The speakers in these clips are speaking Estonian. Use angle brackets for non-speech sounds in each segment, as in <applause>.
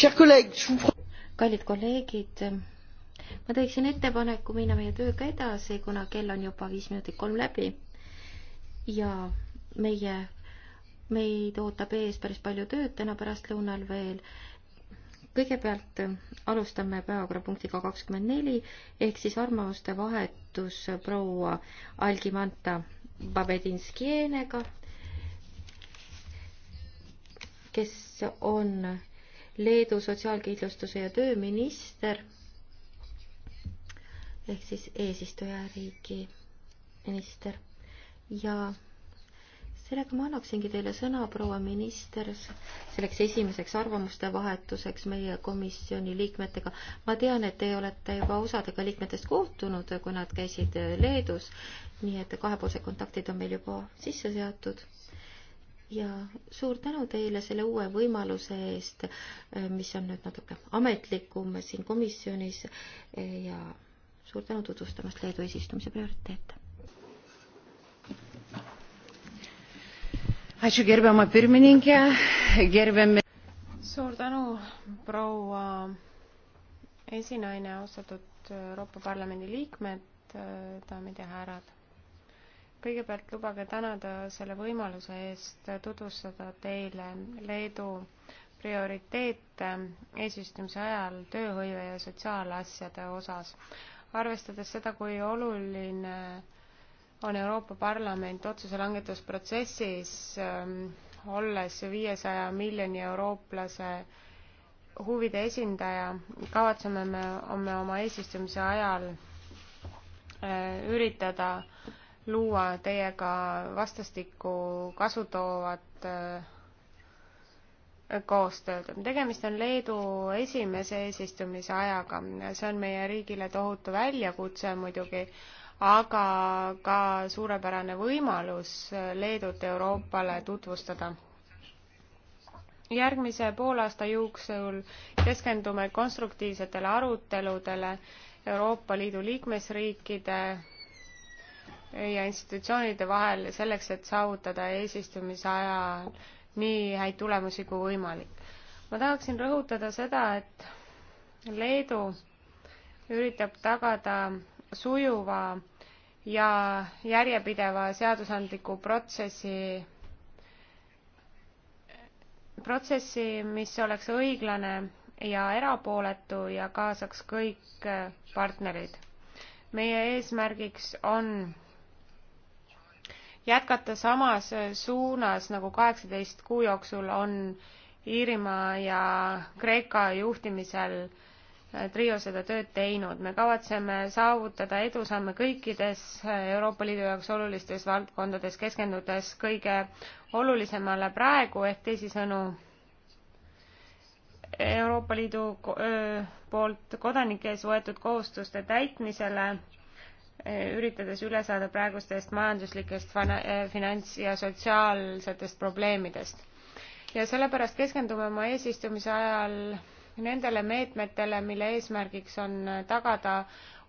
kallid kolleegid, ma teeksin ettepaneku minna meie tööga edasi, kuna kell on juba viis minutit kolm läbi. ja meie, meid ootab ees päris palju tööd täna pärastlõunal veel. kõigepealt alustame päevakorrapunktiga kakskümmend neli ehk siis arvamuste vahetus proua Algimanta Babedinskienega, kes on Leedu sotsiaalkindlustuse ja tööminister ehk siis eesistujariigi minister ja sellega ma annaksingi teile sõna, proua minister, selleks esimeseks arvamuste vahetuseks meie komisjoni liikmetega. ma tean, et te olete juba osadega liikmetest kohtunud, kui nad käisid Leedus, nii et kahepoolsed kontaktid on meil juba sisse seatud ja suur tänu teile selle uue võimaluse eest, eh, mis on nüüd natuke ametlikum siin komisjonis eh, ja suur tänu tutvustamast Leedu eesistumise prioriteete. suur tänu, proua esinaine, austatud Euroopa Parlamendi liikmed, eh, daamid ja härrad kõigepealt lubage tänada selle võimaluse eest tutvustada teile Leedu prioriteete eesistumise ajal tööhõive ja sotsiaalasjade osas. arvestades seda, kui oluline on Euroopa Parlament otsuse langetusprotsessis, ähm, olles viiesaja miljoni eurooplase huvide esindaja, kavatseme me, me oma eesistumise ajal äh, üritada äh, luua teiega vastastikku kasu toovat äh, koostööd. tegemist on Leedu esimese eesistumise ajaga, see on meie riigile tohutu väljakutse muidugi, aga ka suurepärane võimalus Leedut Euroopale tutvustada. järgmise poolaasta jooksul keskendume konstruktiivsetele aruteludele Euroopa Liidu liikmesriikide ja institutsioonide vahel selleks, et saavutada eesistumise ajal nii häid tulemusi kui võimalik. ma tahaksin rõhutada seda, et Leedu üritab tagada sujuva ja järjepideva seadusandliku protsessi, protsessi, mis oleks õiglane ja erapooletu ja kaasaks kõik partnerid. meie eesmärgiks on jätkata samas suunas, nagu kaheksateist kuu jooksul on Iirimaa ja Kreeka juhtimisel äh, trio seda tööd teinud. me kavatseme saavutada edusamme kõikides äh, Euroopa Liidu jaoks olulistes valdkondades, keskendudes kõige olulisemale praegu ehk teisisõnu Euroopa Liidu poolt kodanike ees võetud kohustuste täitmisele üritades üle saada praegustest majanduslikest finants ja sotsiaalsetest probleemidest. ja sellepärast keskendume oma eesistumise ajal nendele meetmetele, mille eesmärgiks on tagada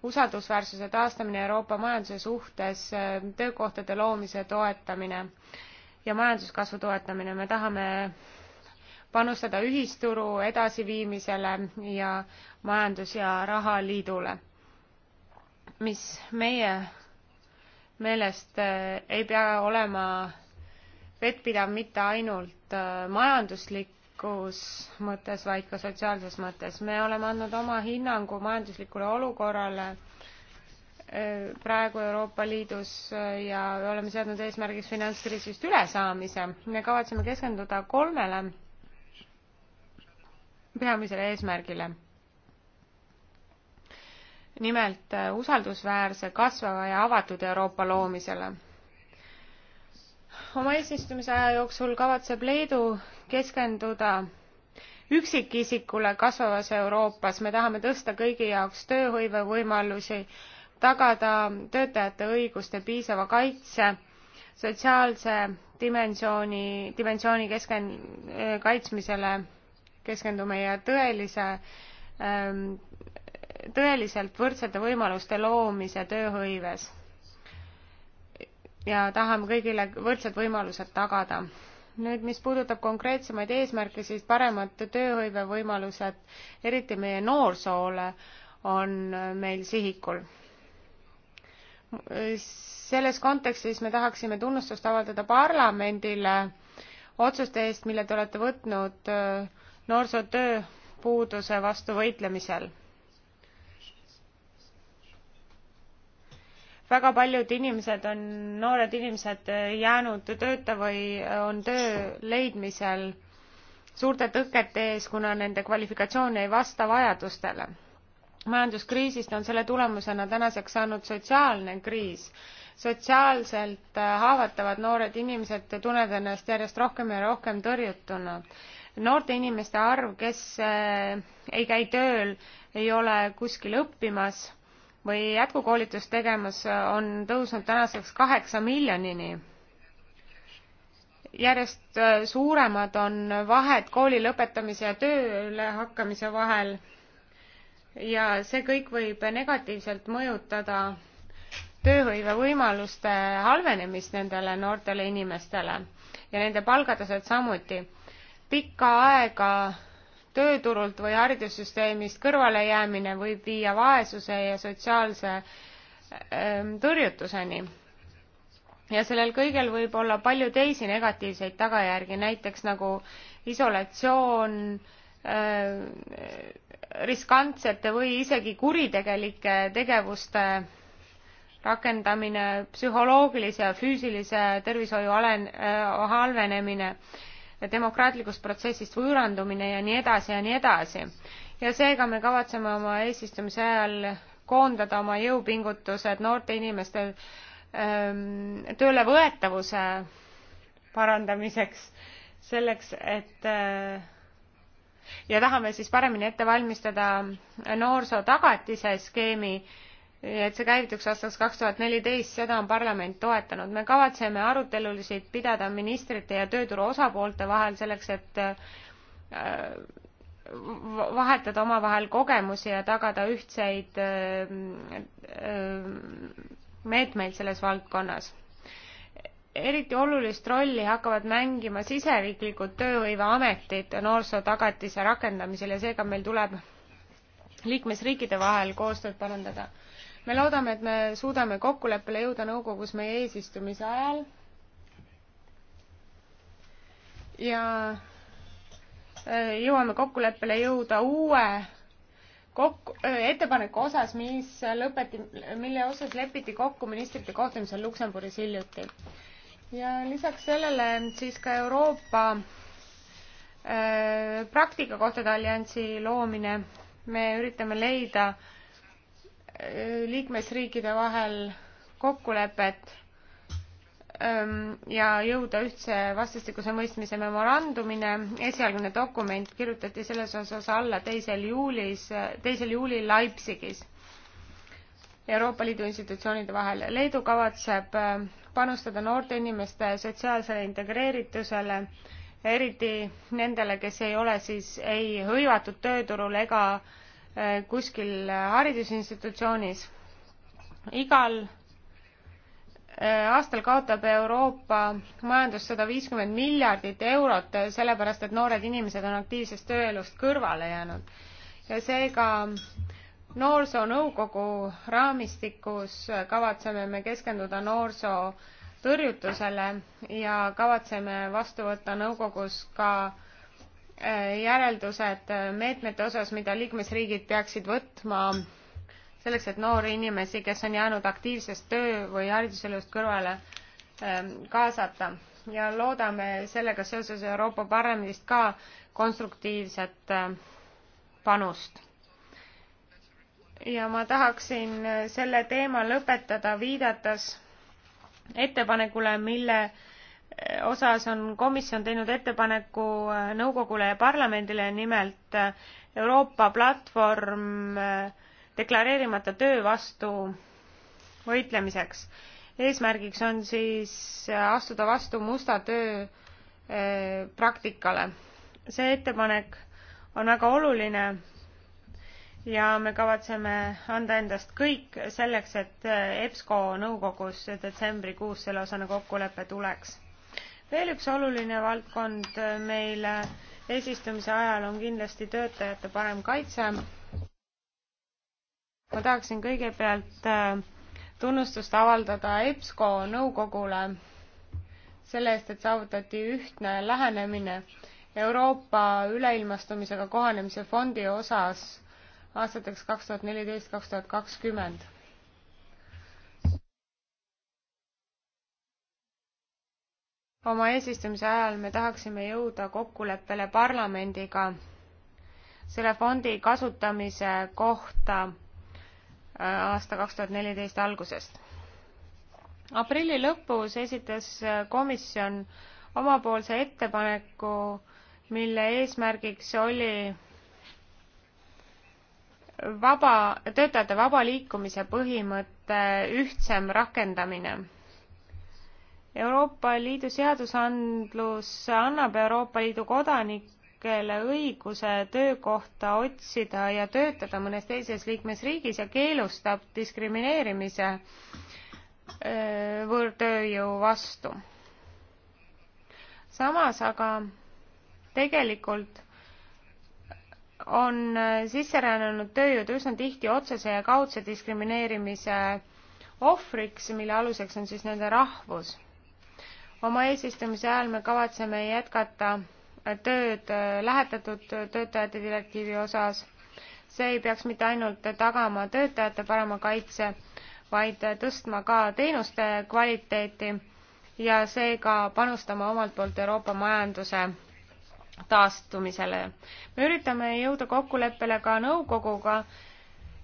usaldusväärsuse taastamine Euroopa majanduse suhtes, töökohtade loomise toetamine ja majanduskasvu toetamine. me tahame panustada ühisturu edasiviimisele ja majandus- ja rahaliidule mis meie meelest äh, ei pea olema vettpidav mitte ainult äh, majanduslikus mõttes, vaid ka sotsiaalses mõttes. me oleme andnud oma hinnangu majanduslikule olukorrale äh, praegu Euroopa Liidus ja oleme seadnud eesmärgiks finantskriisist ülesaamise. me kavatseme keskenduda kolmele peamisele eesmärgile nimelt äh, usaldusväärse, kasvava ja avatud Euroopa loomisele. oma eesistumise aja jooksul kavatseb Leedu keskenduda üksikisikule kasvavas Euroopas, me tahame tõsta kõigi jaoks tööhõivevõimalusi, tagada töötajate õiguste piisava kaitse, sotsiaalse dimensiooni, dimensiooni kesken-, kaitsmisele keskendume ja tõelise ähm, tõeliselt võrdsete võimaluste loomise tööhõives. ja tahame kõigile võrdsed võimalused tagada. nüüd, mis puudutab konkreetsemaid eesmärke, siis paremad tööhõivevõimalused, eriti meie noorsoole, on meil sihikul. selles kontekstis me tahaksime tunnustust avaldada parlamendile otsuste eest, mille te olete võtnud äh, noorsootööpuuduse vastu võitlemisel väga paljud inimesed on, noored inimesed eh, jäänud tööta või eh, on töö leidmisel suurte tõkete ees, kuna nende kvalifikatsioon ei vasta vajadustele. majanduskriisist on selle tulemusena tänaseks saanud sotsiaalne kriis. sotsiaalselt eh, haavatavad noored inimesed tunnevad ennast järjest rohkem ja rohkem tõrjutuna. noorte inimeste arv, kes ei käi tööl, ei ole kuskil õppimas või jätkukoolitust tegemas, äh, on tõusnud tänaseks kaheksa miljonini. järjest äh, suuremad on vahed kooli lõpetamise ja tööle hakkamise vahel ja see kõik võib negatiivselt mõjutada tööhõive võimaluste halvenemist nendele noortele inimestele ja nende palgataset samuti. pikka aega tööturult või haridussüsteemist kõrvalejäämine võib viia vaesuse ja sotsiaalse ähm, tõrjutuseni. ja sellel kõigel võib olla palju teisi negatiivseid tagajärgi, näiteks nagu isolatsioon, äh, riskantsete või isegi kuritegelike tegevuste rakendamine, psühholoogilise ja füüsilise tervishoiu alen-, äh, halvenemine demokraatlikust protsessist võõrandumine ja nii edasi ja nii edasi. ja seega me kavatseme oma eesistumise ajal koondada oma jõupingutused noorte inimeste ähm, tööle võetavuse parandamiseks, selleks et äh, ja tahame siis paremini ette valmistada noorsotagatise skeemi et see käivituks aastaks kaks tuhat neliteist, seda on parlament toetanud. me kavatseme arutelusid pidada ministrite ja tööturu osapoolte vahel selleks, et äh, vahetada omavahel kogemusi ja tagada ühtseid äh, äh, meetmeid selles valdkonnas. eriti olulist rolli hakkavad mängima siseriiklikud tööhõiveametid noorsootagatise rakendamisel ja seega meil tuleb liikmesriikide vahel koostööd parandada me loodame, et me suudame kokkuleppele jõuda nõukogus meie eesistumise ajal. ja äh, jõuame kokkuleppele jõuda uue kokku, äh, ettepaneku osas, mis lõpeti, mille osas lepiti kokku ministrite kohtumisel Luksemburgis hiljuti. ja lisaks sellele siis ka Euroopa äh, praktikakohtade alliansi loomine. me üritame leida äh, liikmesriikide vahel kokkulepet ähm, ja jõuda ühtse vastastikuse mõistmise memorandumine. esialgne dokument kirjutati selles osas alla teisel juulis, teisel juulil Leipzigis Euroopa Liidu institutsioonide vahel. Leedu kavatseb ähm, panustada noorte inimeste sotsiaalsele integreeritusele, eriti nendele, kes ei ole siis ei hõivatud tööturul ega äh, Äh, kuskil haridusinstitutsioonis. igal äh, aastal kaotab Euroopa majandus sada viiskümmend miljardit eurot, äh, sellepärast et noored inimesed on aktiivsest tööelust kõrvale jäänud. ja seega noorsoonõukogu raamistikus kavatseme me keskenduda noorsoo tõrjutusele ja kavatseme vastu võtta nõukogus ka äh, järeldused äh, meetmete osas, mida liikmesriigid peaksid võtma selleks, et noori inimesi, kes on jäänud aktiivsest töö või hariduselust kõrvale, ähm, kaasata ja loodame sellega seoses Euroopa Parlamendist ka konstruktiivset ähm, panust. ja ma tahaksin äh, selle teema lõpetada viidates ettepanekule, mille äh, osas on komisjon teinud ettepaneku äh, nõukogule ja parlamendile nimelt äh, Euroopa platvorm äh, deklareerimata töö vastu võitlemiseks. eesmärgiks on siis astuda vastu musta töö praktikale. see ettepanek on väga oluline ja me kavatseme anda endast kõik selleks, et EBSCO nõukogus detsembrikuus selleosane kokkulepe tuleks veel üks oluline valdkond meile eesistumise ajal on kindlasti töötajate parem kaitse. ma tahaksin kõigepealt äh, tunnustust avaldada EBSCO nõukogule selle eest, et saavutati ühtne lähenemine Euroopa üleilmastumisega kohanemise fondi osas aastateks kaks tuhat neliteist, kaks tuhat kakskümmend oma eesistumise ajal me tahaksime jõuda kokkuleppele parlamendiga selle fondi kasutamise kohta äh, aasta 2014 algusest. aprilli lõpus esitas komisjon omapoolse ettepaneku, mille eesmärgiks oli vaba, töötajate vaba liikumise põhimõtte ühtsem rakendamine Euroopa Liidu seadusandlus annab Euroopa Liidu kodanikele õiguse töökohta otsida ja töötada mõnes teises liikmesriigis ja keelustab diskrimineerimise võõrtööjõu vastu. samas aga tegelikult on sisserännanud tööjõud üsna tihti otsese ja kaudse diskrimineerimise ohvriks, mille aluseks on siis nende rahvus oma eesistumise ajal me kavatseme jätkata tööd äh, lähetatud töötajate direktiivi osas. see ei peaks mitte ainult tagama töötajate parema kaitse, vaid tõstma ka teenuste kvaliteeti ja seega panustama omalt poolt Euroopa majanduse taastumisele. me üritame jõuda kokkuleppele ka nõukoguga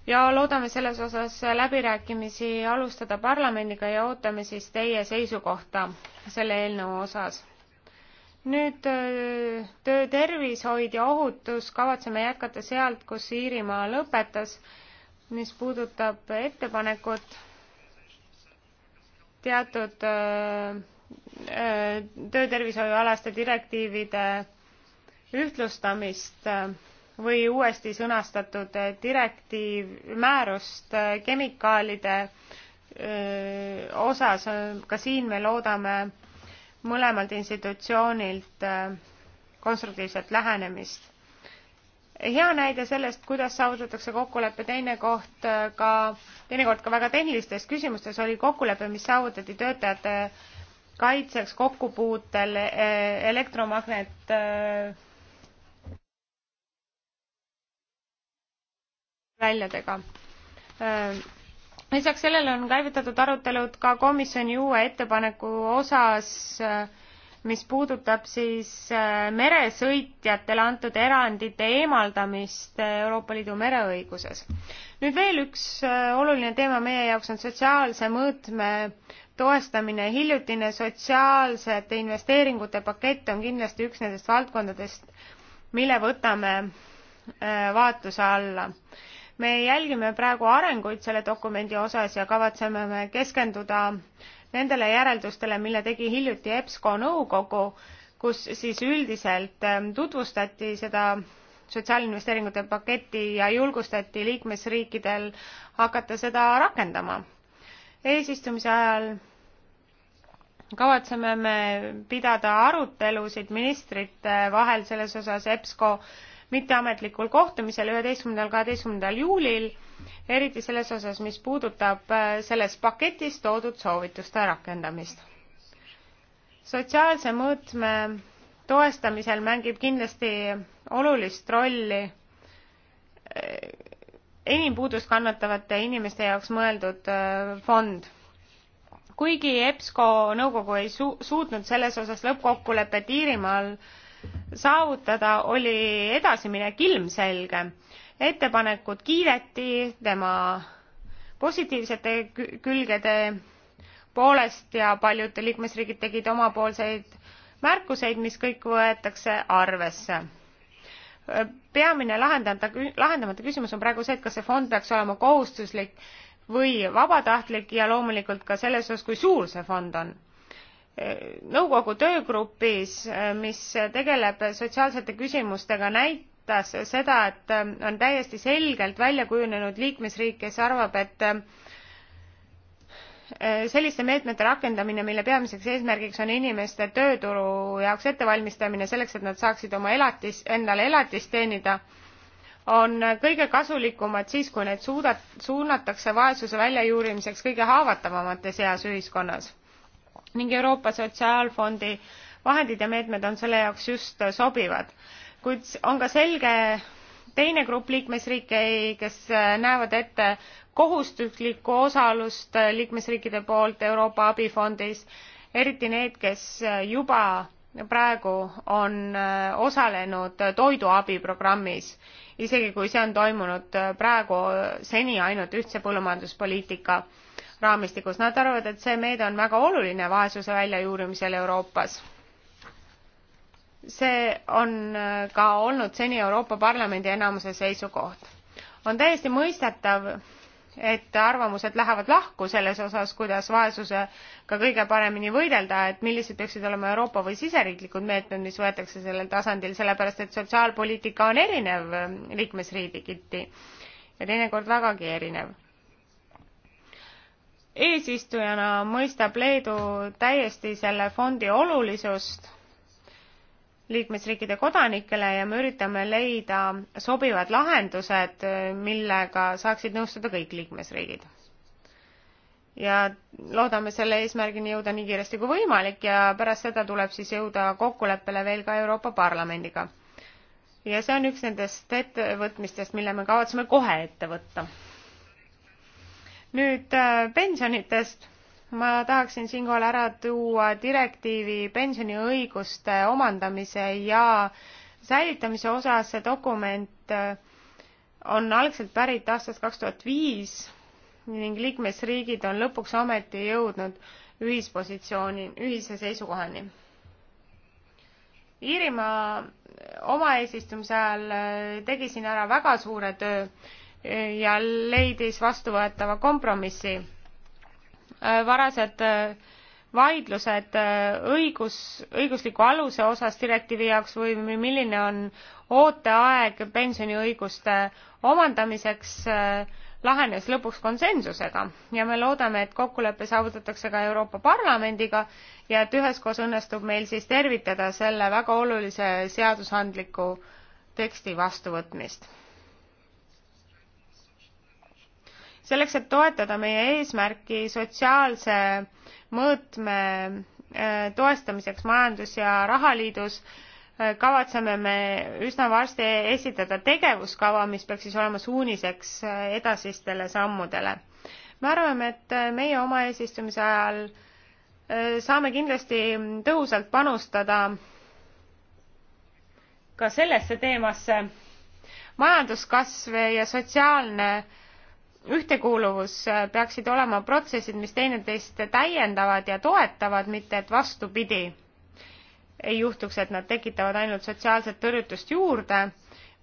ja loodame selles osas läbirääkimisi alustada parlamendiga ja ootame siis teie seisukohta selle eelnõu osas. nüüd äh, töötervishoid ja ohutus, kavatseme jätkata sealt, kus Iirimaa lõpetas, mis puudutab ettepanekut teatud äh, äh, töötervishoiualaste direktiivide ühtlustamist või uuesti sõnastatud eh, direktiiv, määrust eh, kemikaalide eh, osas, ka siin me loodame mõlemalt institutsioonilt konstruktiivset lähenemist. hea näide sellest, kuidas saavutatakse kokkulepe, teine koht ka, teinekord ka väga tehnilistes küsimustes oli kokkulepe, mis saavutati töötajate kaitseks kokkupuutel elektromagnet väljadega. lisaks sellele on käivitatud arutelud ka komisjoni uue ettepaneku osas, mis puudutab siis meresõitjatele antud erandite eemaldamist Euroopa Liidu mereõiguses. nüüd veel üks oluline teema meie jaoks on sotsiaalse mõõtme toestamine. hiljutine sotsiaalsete investeeringute pakett on kindlasti üks nendest valdkondadest, mille võtame vaatluse alla me jälgime praegu arenguid selle dokumendi osas ja kavatseme me keskenduda nendele järeldustele mille tegi hiljuti epsco nõukogu kus siis üldiselt ähm, tutvustati seda sotsiaalinvesteeringute paketti ja julgustati liikmesriikidel hakata seda rakendama eesistumise ajal kavatseme me pidada arutelusid ministrite vahel selles osas EBSCO mitteametlikul kohtumisel üheteistkümnendal kaheteistkümnendal juulil eriti selles osas mis puudutab äh, selles paketis toodud soovituste rakendamist sotsiaalse mõõtme toestamisel mängib kindlasti olulist rolli äh, enim puudust kannatavate inimeste jaoks mõeldud äh, fond kuigi EBSCO nõukogu ei su- suutnud selles osas lõppkokkulepet Iirimaal saavutada, oli edasiminek ilmselge. ettepanekut kiideti tema positiivsete külgede poolest ja paljud liikmesriigid tegid omapoolseid märkuseid, mis kõik võetakse arvesse. peamine lahendamata, lahendamata küsimus on praegu see, et kas see fond peaks olema kohustuslik või vabatahtlik ja loomulikult ka selles osas, kui suur see fond on nõukogu töögrupis, mis tegeleb sotsiaalsete küsimustega, näitas seda, et on täiesti selgelt välja kujunenud liikmesriik, kes arvab, et äh, selliste meetmete rakendamine, mille peamiseks eesmärgiks on inimeste tööturu jaoks ettevalmistamine selleks, et nad saaksid oma elatis, endale elatist teenida, on kõige kasulikumad siis, kui need suuda-, suunatakse vaesuse väljajuurimiseks kõige haavatavamate seas ühiskonnas ning Euroopa Sotsiaalfondi vahendid ja meetmed on selle jaoks just sobivad. kuid on ka selge teine grupp liikmesriike, kes näevad ette kohustuslikku osalust liikmesriikide poolt Euroopa abifondis, eriti need, kes juba praegu on osalenud toiduabiprogrammis, isegi kui see on toimunud praegu seni ainult ühtse põllumajanduspoliitika raamistikus. Nad arvavad, et see meede on väga oluline vaesuse väljajuurimisel Euroopas. see on äh, ka olnud seni Euroopa Parlamendi enamuse seisukoht. on täiesti mõistetav, et arvamused lähevad lahku selles osas, kuidas vaesusega kõige paremini võidelda, et millised peaksid olema Euroopa või siseriiklikud meetmed, mis võetakse sellel tasandil, sellepärast et sotsiaalpoliitika on erinev äh, liikmesriigiti ja teinekord vägagi erinev eesistujana mõistab Leedu täiesti selle fondi olulisust liikmesriikide kodanikele ja me üritame leida sobivad lahendused, millega saaksid nõustuda kõik liikmesriigid. ja loodame selle eesmärgini jõuda nii kiiresti kui võimalik ja pärast seda tuleb siis jõuda kokkuleppele veel ka Euroopa Parlamendiga. ja see on üks nendest ettevõtmistest, mille me kavatseme kohe ette võtta nüüd äh, pensionitest ma tahaksin siinkohal ära tuua direktiivi pensioniõiguste omandamise ja säilitamise osas see dokument äh, on algselt pärit aastast kaks tuhat viis ning liikmesriigid on lõpuks ometi jõudnud ühispositsiooni, ühise seisukohani. Iirimaa oma eesistumise ajal äh, tegi siin ära väga suure töö ja leidis vastuvõetava kompromissi. varased äh, vaidlused äh, õigus, õigusliku aluse osas direktiivi jaoks või milline on ooteaeg pensioniõiguste omandamiseks, äh, lahenes lõpuks konsensusega ja me loodame, et kokkulepe saavutatakse ka Euroopa Parlamendiga ja et üheskoos õnnestub meil siis tervitada selle väga olulise seadusandliku teksti vastuvõtmist selleks, et toetada meie eesmärki sotsiaalse mõõtme äh, toestamiseks Majandus- ja Rahaliidus, äh, kavatseme me üsna varsti esitada tegevuskava, mis peaks siis olema suuniseks äh, edasistele sammudele. me arvame, et meie oma eesistumise ajal saame kindlasti tõhusalt panustada ka sellesse teemasse. majanduskasv ja sotsiaalne ühtekuuluvus äh, peaksid olema protsessid, mis teineteist täiendavad ja toetavad, mitte et vastupidi ei juhtuks, et nad tekitavad ainult sotsiaalset tõrjutust juurde,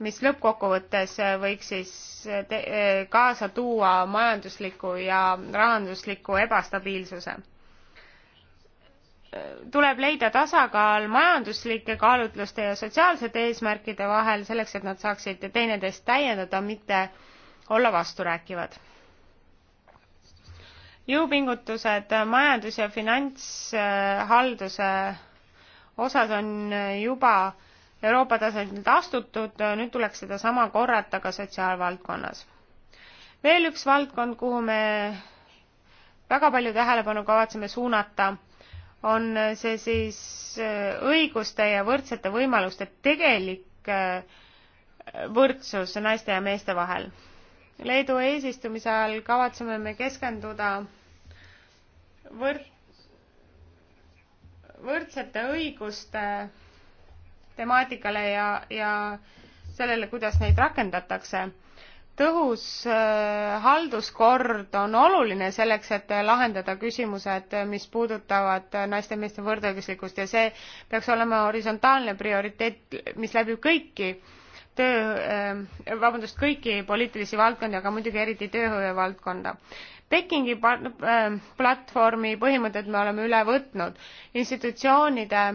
mis lõppkokkuvõttes äh, võiks siis äh, kaasa tuua majandusliku ja rahandusliku ebastabiilsuse. tuleb leida tasakaal majanduslike kaalutluste ja sotsiaalsete eesmärkide vahel selleks, et nad saaksid teineteist täiendada, mitte olla vasturääkivad jõupingutused majandus ja finantshalduse osas on juba Euroopa tasandilt astutud, nüüd tuleks sedasama korrata ka sotsiaalvaldkonnas. veel üks valdkond, kuhu me väga palju tähelepanu kavatseme suunata, on see siis äh, õiguste ja võrdsete võimaluste tegelik äh, võrdsus naiste ja meeste vahel Leedu eesistumise ajal kavatseme me keskenduda võrd-, võrdsete õiguste temaatikale ja, ja sellele, kuidas neid rakendatakse. tõhus äh, halduskord on oluline selleks, et lahendada küsimused, mis puudutavad naiste ja meeste võrdõiguslikkust ja see peaks olema horisontaalne prioriteet, mis läbib kõiki äh, töö, äh, vabandust, kõiki poliitilisi valdkondi, aga muidugi eriti tööhõive valdkonda. Pekingi äh, platvormi põhimõtted me oleme üle võtnud. institutsioonide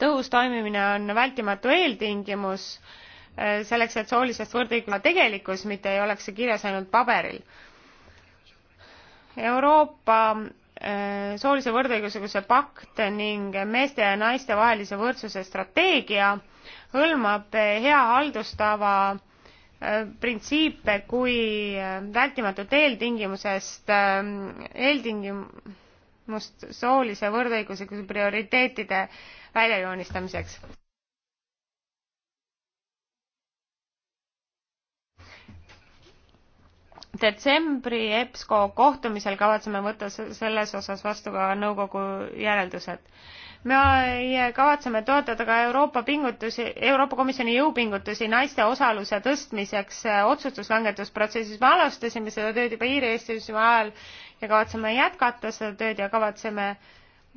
tõhus toimimine on vältimatu eeltingimus äh, selleks, et soolisest võrdõigla tegelikkus, mitte ei oleks see kirjas ainult paberil. Euroopa soolise võrdõiguslikkuse pakt ning meeste ja naiste vahelise võrdsuse strateegia hõlmab hea haldustava äh, printsiipe kui äh, vältimatut eeltingimusest, ähm, eeltingimust soolise võrdõiguslikkuse prioriteetide väljajoonistamiseks. detsembri EBSCO kohtumisel kavatseme võtta selles osas vastu ka nõukogu järeldused me kavatseme toetada ka Euroopa pingutusi, Euroopa Komisjoni jõupingutusi naiste osaluse tõstmiseks eh, otsustuslangetusprotsessis. me alustasime seda tööd juba Iiri eesistumise ajal ja kavatseme jätkata seda tööd ja kavatseme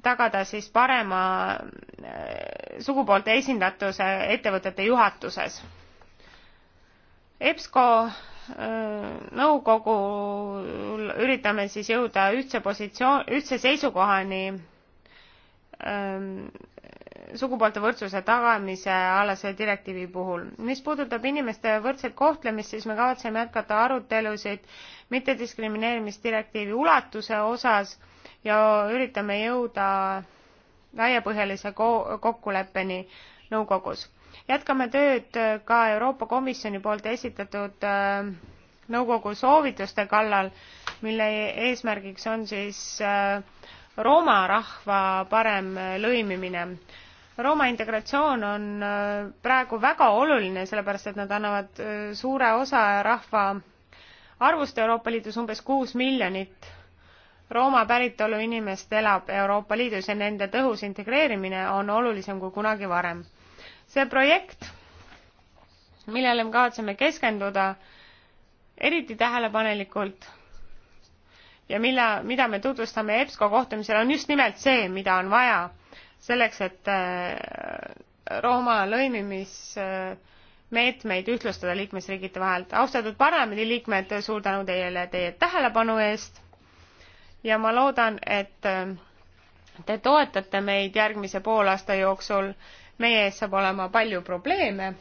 tagada siis parema eh, sugupoolte esindatuse ettevõtete juhatuses. EBSCO eh, nõukogul üritame siis jõuda ühtse positsioon, ühtse seisukohani ähm, sugupoolte võrdsuse tagamise alase direktiivi puhul. mis puudutab inimeste võrdset kohtlemist, siis me kavatseme jätkata arutelusid mittediskrimineerimisdirektiivi ulatuse osas ja üritame jõuda laiapõhjalise ko kokkuleppeni nõukogus. jätkame tööd ka Euroopa Komisjoni poolt esitatud äh, nõukogu soovituste kallal, mille eesmärgiks on siis äh, Rooma rahva parem lõimimine. Rooma integratsioon on äh, praegu väga oluline, sellepärast et nad annavad äh, suure osa rahva arvust Euroopa Liidus umbes kuus miljonit Rooma päritolu inimest elab Euroopa Liidus ja nende tõhus integreerimine on olulisem kui kunagi varem. see projekt, millele me kavatseme keskenduda eriti tähelepanelikult, ja mille, mida me tutvustame EBSCO kohtumisel, on just nimelt see, mida on vaja selleks, et äh, Rooma lõimimismeetmeid ühtlustada liikmesriigite vahelt. austatud parlamendiliikmed, suur tänu teile teie tähelepanu eest ja ma loodan, et äh, te toetate meid järgmise poolaasta jooksul. meie ees saab olema palju probleeme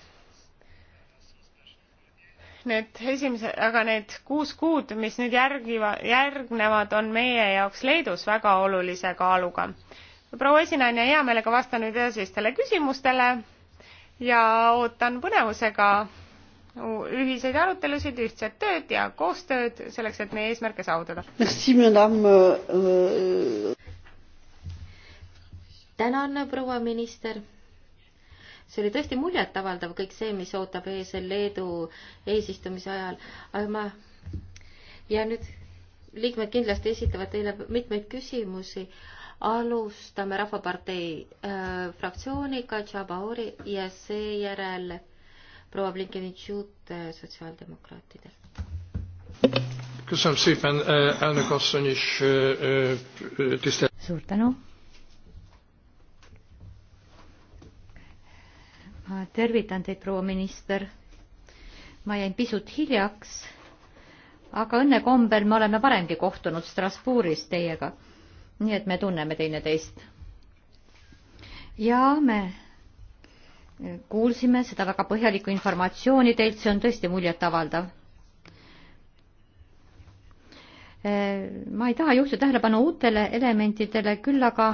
need esimese, aga need kuus kuud, mis nüüd järgiva, järgnevad, on meie jaoks Leedus väga olulise kaaluga. proua esinaine, hea meelega vastan nüüd edasistele küsimustele ja ootan põnevusega ühiseid arutelusid, ühtset tööd ja koostööd selleks, et meie eesmärke saavutada. Euh, euh. tänan, proua minister see oli tõesti muljetavaldav, kõik see, mis ootab ees Leedu eesistumise ajal, aga ma ja nüüd liikmed kindlasti esitavad teile mitmeid küsimusi. alustame Rahvapartei äh, fraktsiooniga, Tšabauri ja seejärel proua Blinkevičiut äh, sotsiaaldemokraatidelt. Eh, eh, eh, suur tänu ma tervitan teid, proua minister. ma jäin pisut hiljaks, aga õnne kombel me oleme varemgi kohtunud Strasbourgis teiega. nii et me tunneme teineteist. ja me kuulsime seda väga põhjalikku informatsiooni teilt, see on tõesti muljetavaldav. Eh, ma ei taha juhtida tähelepanu uutele elementidele, küll aga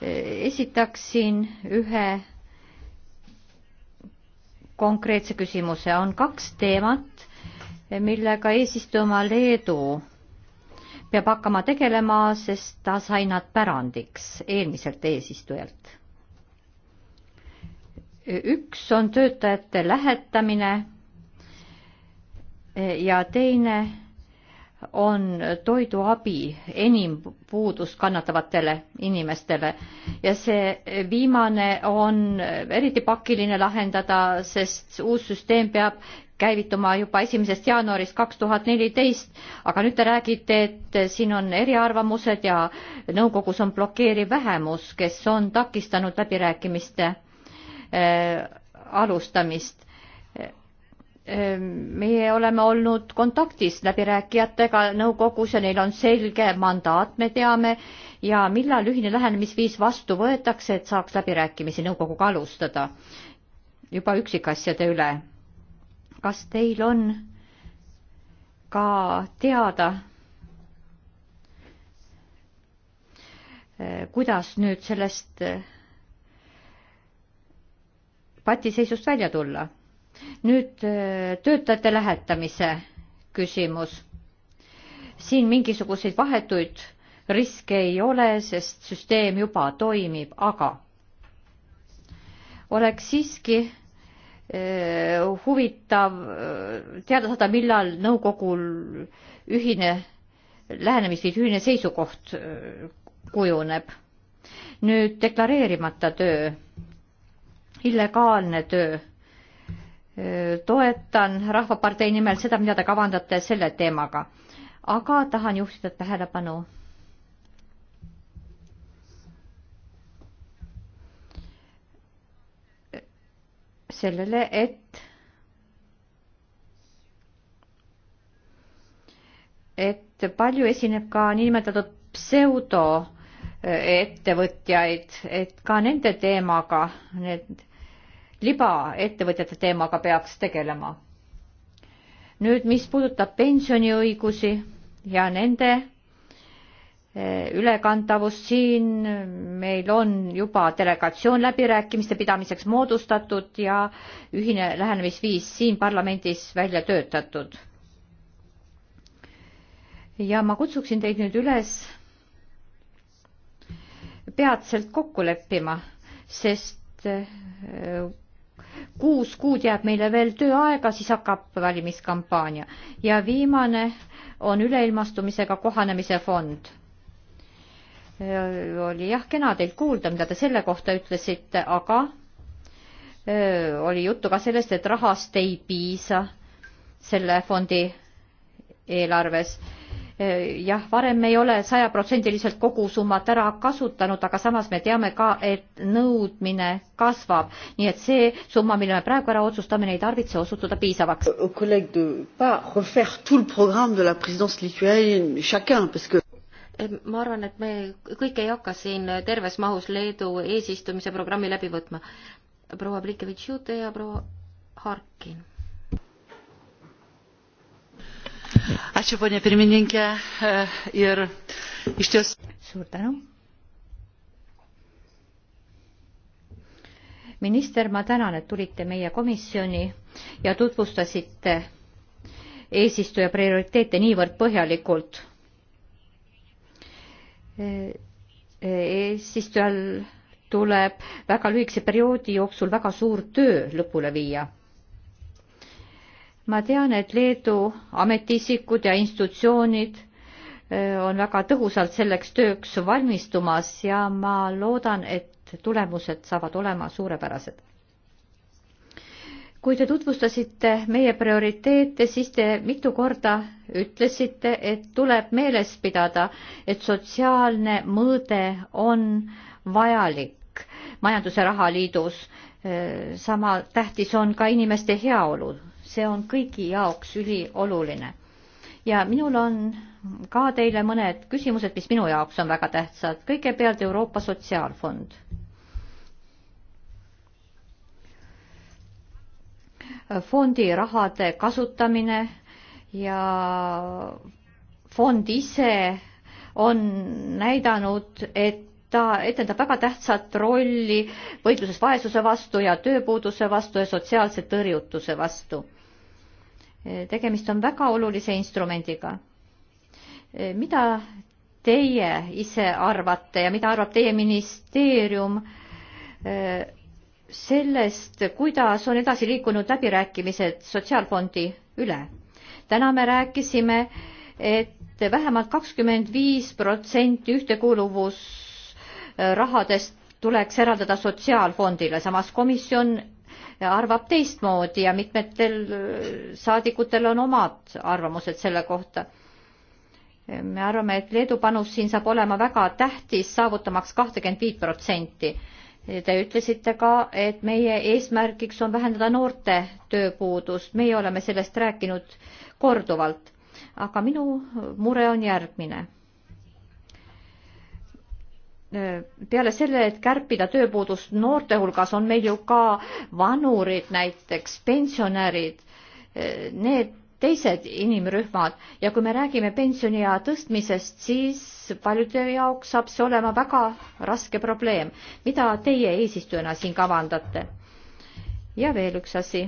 eh, esitaksin ühe konkreetse küsimuse. on kaks teemat, millega eesistuma Leedu peab hakkama tegelema, sest ta sai nad pärandiks eelmiselt eesistujalt. üks on töötajate lähetamine ja teine on toiduabi enim puudust kannatavatele inimestele ja see viimane on eriti pakiline lahendada, sest uus süsteem peab käivituma juba esimesest jaanuarist kaks tuhat neliteist, aga nüüd te räägite, et siin on eriarvamused ja nõukogus on blokeeriv vähemus, kes on takistanud läbirääkimiste äh, alustamist Ehm, meie oleme olnud kontaktis läbirääkijatega nõukogus ja neil on selge mandaat, me teame, ja millal ühine lähenemisviis vastu võetakse, et saaks läbirääkimisi nõukoguga alustada juba üksikasjade üle. kas teil on ka teada, eh, kuidas nüüd sellest eh, patiseisust välja tulla? nüüd äh, töötajate lähetamise küsimus. siin mingisuguseid vahetuid riske ei ole, sest süsteem juba toimib, aga oleks siiski äh, huvitav äh, teada saada, millal nõukogul ühine lähenemisviis, ühine seisukoht kujuneb. nüüd deklareerimata töö, illegaalne töö toetan Rahvapartei nimel seda, mida te kavandate selle teemaga. aga tahan juhtida tähelepanu sellele, et et palju esineb ka niinimetatud pseudoettevõtjaid, et ka nende teemaga need libaettevõtjate teemaga peaks tegelema. nüüd, mis puudutab pensioniõigusi ja nende eh, ülekantavust, siin meil on juba delegatsioon läbirääkimiste pidamiseks moodustatud ja ühine lähenemisviis siin parlamendis välja töötatud. ja ma kutsuksin teid nüüd üles peatselt kokku leppima, sest eh, kuus kuud jääb meile veel tööaega, siis hakkab valimiskampaania ja viimane on üleilmastumisega kohanemise fond. oli jah kena teilt kuulda, mida te selle kohta ütlesite, aga öö, oli juttu ka sellest, et rahast ei piisa selle fondi eelarves Eh, jah, varem ei ole sajaprotsendiliselt kogu summat ära kasutanud, aga samas me teame ka, et nõudmine kasvab, nii et see summa, mille me praegu ära otsustame, ei tarvitse osutuda piisavaks. Eh, ma arvan, et me kõik ei hakka siin terves mahus Leedu eesistumise programmi läbi võtma. proua Plikevitš-Jute ja proua Harkin Ačiū, ponė pirmininkė. E, ir iš tiesų. Suur tänu. minister, ma tänan, et tulite meie komisjoni ja tutvustasite eesistuja prioriteete niivõrd põhjalikult. E, e, eesistujal tuleb väga lühikese perioodi jooksul väga suur töö lõpule viia ma tean, et Leedu ametiisikud ja institutsioonid äh, on väga tõhusalt selleks tööks valmistumas ja ma loodan, et tulemused saavad olema suurepärased. kui te tutvustasite meie prioriteete, siis te mitu korda ütlesite, et tuleb meeles pidada, et sotsiaalne mõõde on vajalik majandus- ja rahaliidus. Äh, sama tähtis on ka inimeste heaolu see on kõigi jaoks ülioluline. ja minul on ka teile mõned küsimused, mis minu jaoks on väga tähtsad. kõigepealt Euroopa Sotsiaalfond. fondi rahade kasutamine ja fond ise on näidanud, et ta etendab väga tähtsat rolli võitluses vaesuse vastu ja tööpuuduse vastu ja sotsiaalse tõrjutuse vastu tegemist on väga olulise instrumendiga. mida teie ise arvate ja mida arvab teie ministeerium sellest, kuidas on edasi liikunud läbirääkimised sotsiaalfondi üle? täna me rääkisime, et vähemalt kakskümmend viis protsenti ühtekuuluvusrahadest tuleks eraldada sotsiaalfondile, samas komisjon arvab teistmoodi ja mitmetel äh, saadikutel on omad arvamused selle kohta. me arvame, et Leedu panus siin saab olema väga tähtis, saavutamaks kahtekümmet viit protsenti. Te ütlesite ka, et meie eesmärgiks on vähendada noorte tööpuudust, meie oleme sellest rääkinud korduvalt. aga minu mure on järgmine Äh, peale selle, et kärpida tööpuudust noorte hulgas, on meil ju ka vanurid näiteks, pensionärid, äh, need teised inimrühmad ja kui me räägime pensioniea tõstmisest, siis paljude jaoks saab see olema väga raske probleem. mida teie eesistujana siin kavandate? ja veel üks asi.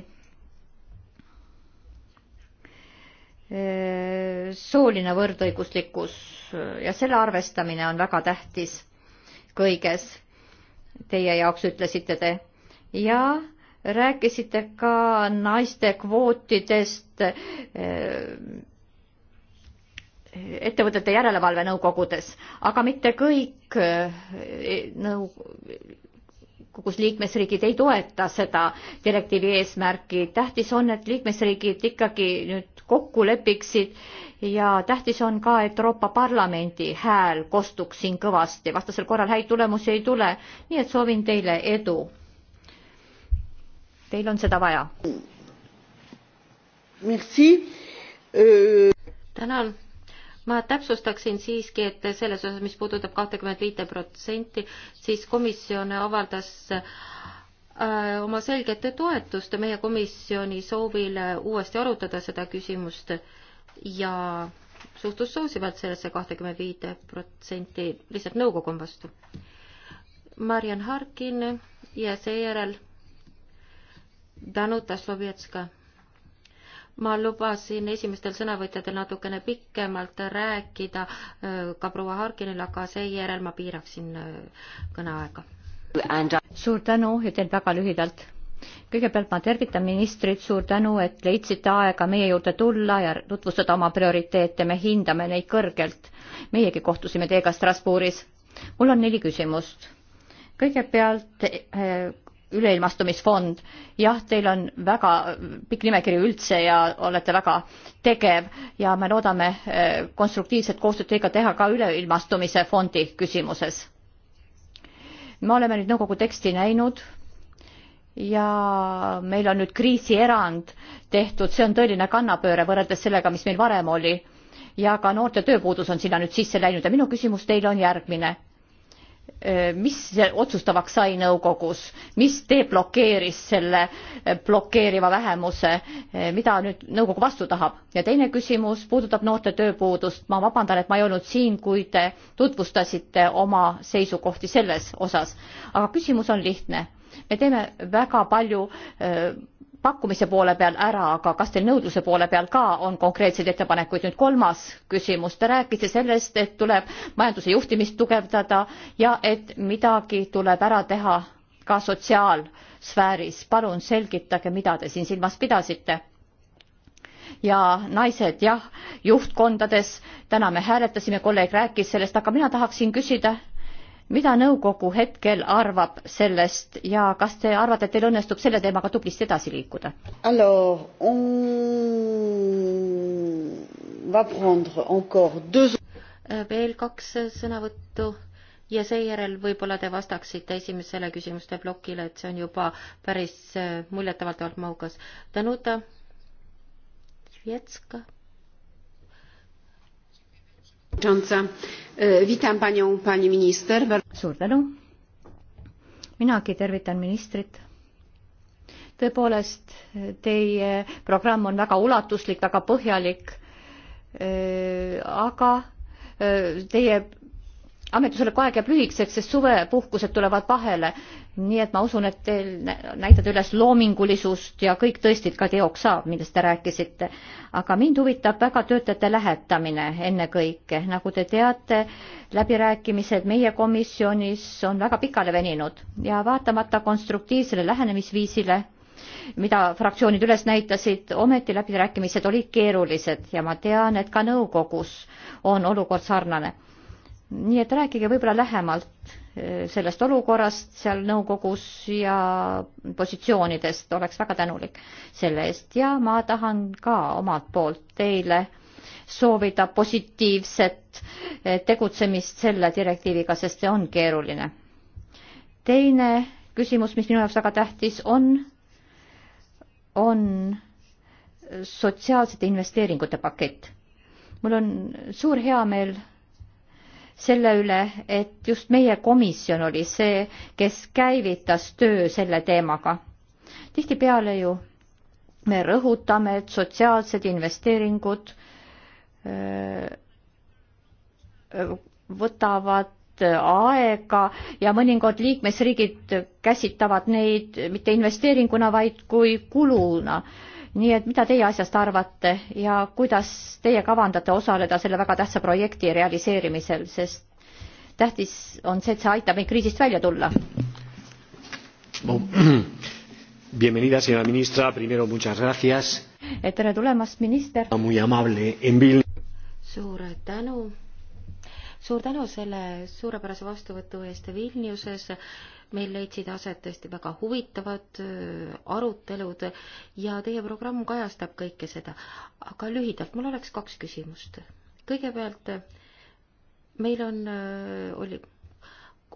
Äh, sooline võrdõiguslikkus ja selle arvestamine on väga tähtis kõiges, teie jaoks ütlesite te, ja rääkisite ka naiste kvootidest eh, ettevõtete järelevalve nõukogudes, aga mitte kõik eh, nõukogus liikmesriigid ei toeta seda direktiivi eesmärki. tähtis on, et liikmesriigid ikkagi nüüd kokku lepiksid ja tähtis on ka, et Euroopa Parlamendi hääl kostuks siin kõvasti, vastasel korral häid tulemusi ei tule. nii et soovin teile edu. Teil on seda vaja. Äh. tänan ma täpsustaksin siiski, et selles osas, mis puudutab kahtekümmet viite protsenti, siis komisjon avaldas äh, Äh, oma selgete toetust meie komisjoni soovile äh, uuesti arutada seda küsimust ja suhtus soosivalt sellesse kahtekümmend viite protsenti, lihtsalt nõukogu on vastu. Marian Harkin ja seejärel Danuta Slovjetska. ma lubasin esimestel sõnavõtjatel natukene pikemalt rääkida äh, ka proua Harkinil, aga seejärel ma piiraksin kõneaega suur tänu ja teen väga lühidalt. kõigepealt ma tervitan ministrit, suur tänu, et leidsite aega meie juurde tulla ja tutvustada oma prioriteete, me hindame neid kõrgelt. meiegi kohtusime teiega Strasbourgis. mul on neli küsimust. kõigepealt eh, üleilmastumisfond, jah, teil on väga pikk nimekiri üldse ja olete väga tegev ja me loodame eh, konstruktiivset koostööd teiega teha ka üleilmastumise fondi küsimuses me oleme nüüd nõukogu teksti näinud ja meil on nüüd kriisierand tehtud, see on tõeline kannapööre võrreldes sellega, mis meil varem oli. ja ka noorte tööpuudus on sinna nüüd sisse läinud ja minu küsimus teile on järgmine Äh, mis otsustavaks sai nõukogus, mis deblokeeris selle äh, blokeeriva vähemuse, äh, mida nüüd nõukogu vastu tahab? ja teine küsimus puudutab noorte tööpuudust. ma vabandan, et ma ei olnud siin, kui te tutvustasite oma seisukohti selles osas, aga küsimus on lihtne. me teeme väga palju öö, pakkumise poole peal ära, aga kas teil nõudluse poole peal ka on konkreetseid ettepanekuid? nüüd kolmas küsimus, te rääkisite sellest, et tuleb majanduse juhtimist tugevdada ja et midagi tuleb ära teha ka sotsiaalsfääris. palun selgitage, mida te siin silmas pidasite? ja naised jah, juhtkondades, täna me hääletasime, kolleeg rääkis sellest, aga mina tahaksin küsida mida nõukogu hetkel arvab sellest ja kas te arvate, et teil õnnestub selle teemaga tublisti edasi liikuda? Äh, veel kaks sõnavõttu ja seejärel võib-olla te vastaksite esimesele küsimuste plokile, et see on juba päris äh, muljetavaldavalt mahukas. Danuta Svetska E, suur tänu. minagi tervitan ministrit. tõepoolest, teie programm on väga ulatuslik, väga põhjalik. E, aga e, teie ametisoleku aeg jääb lühikeseks, sest suvepuhkused tulevad vahele. nii et ma usun, et teil näitate üles loomingulisust ja kõik tõesti ka teoks saab, millest te rääkisite. aga mind huvitab väga töötajate lähetamine ennekõike. nagu te teate, läbirääkimised meie komisjonis on väga pikale veninud ja vaatamata konstruktiivsele lähenemisviisile, mida fraktsioonid üles näitasid, ometi läbirääkimised olid keerulised ja ma tean, et ka nõukogus on olukord sarnane nii et rääkige võib-olla lähemalt eh, sellest olukorrast seal nõukogus ja positsioonidest, oleks väga tänulik selle eest ja ma tahan ka omalt poolt teile soovida positiivset eh, tegutsemist selle direktiiviga, sest see on keeruline. teine küsimus, mis minu jaoks väga tähtis on, on sotsiaalsete investeeringute pakett. mul on suur heameel selle üle, et just meie komisjon oli see, kes käivitas töö selle teemaga. tihtipeale ju me rõhutame, et sotsiaalsed investeeringud äh, võtavad aega ja mõningad liikmesriigid käsitavad neid mitte investeeringuna, vaid kui kuluna nii et mida teie asjast arvate ja kuidas teie kavandate osaleda selle väga tähtsa projekti realiseerimisel, sest tähtis on see, et see aitab meid kriisist välja tulla. <clears throat> Bienvenida, señora ministra. Primero, muchas gracias. tere tulemast, minister. Muy amable en Vil-. suur tänu. suur tänu selle suurepärase vastuvõtu eest Vilniuses meil leidsid aset tõesti väga huvitavad äh, arutelud ja teie programm kajastab kõike seda. aga lühidalt, mul oleks kaks küsimust. kõigepealt, äh, meil on, äh, oli,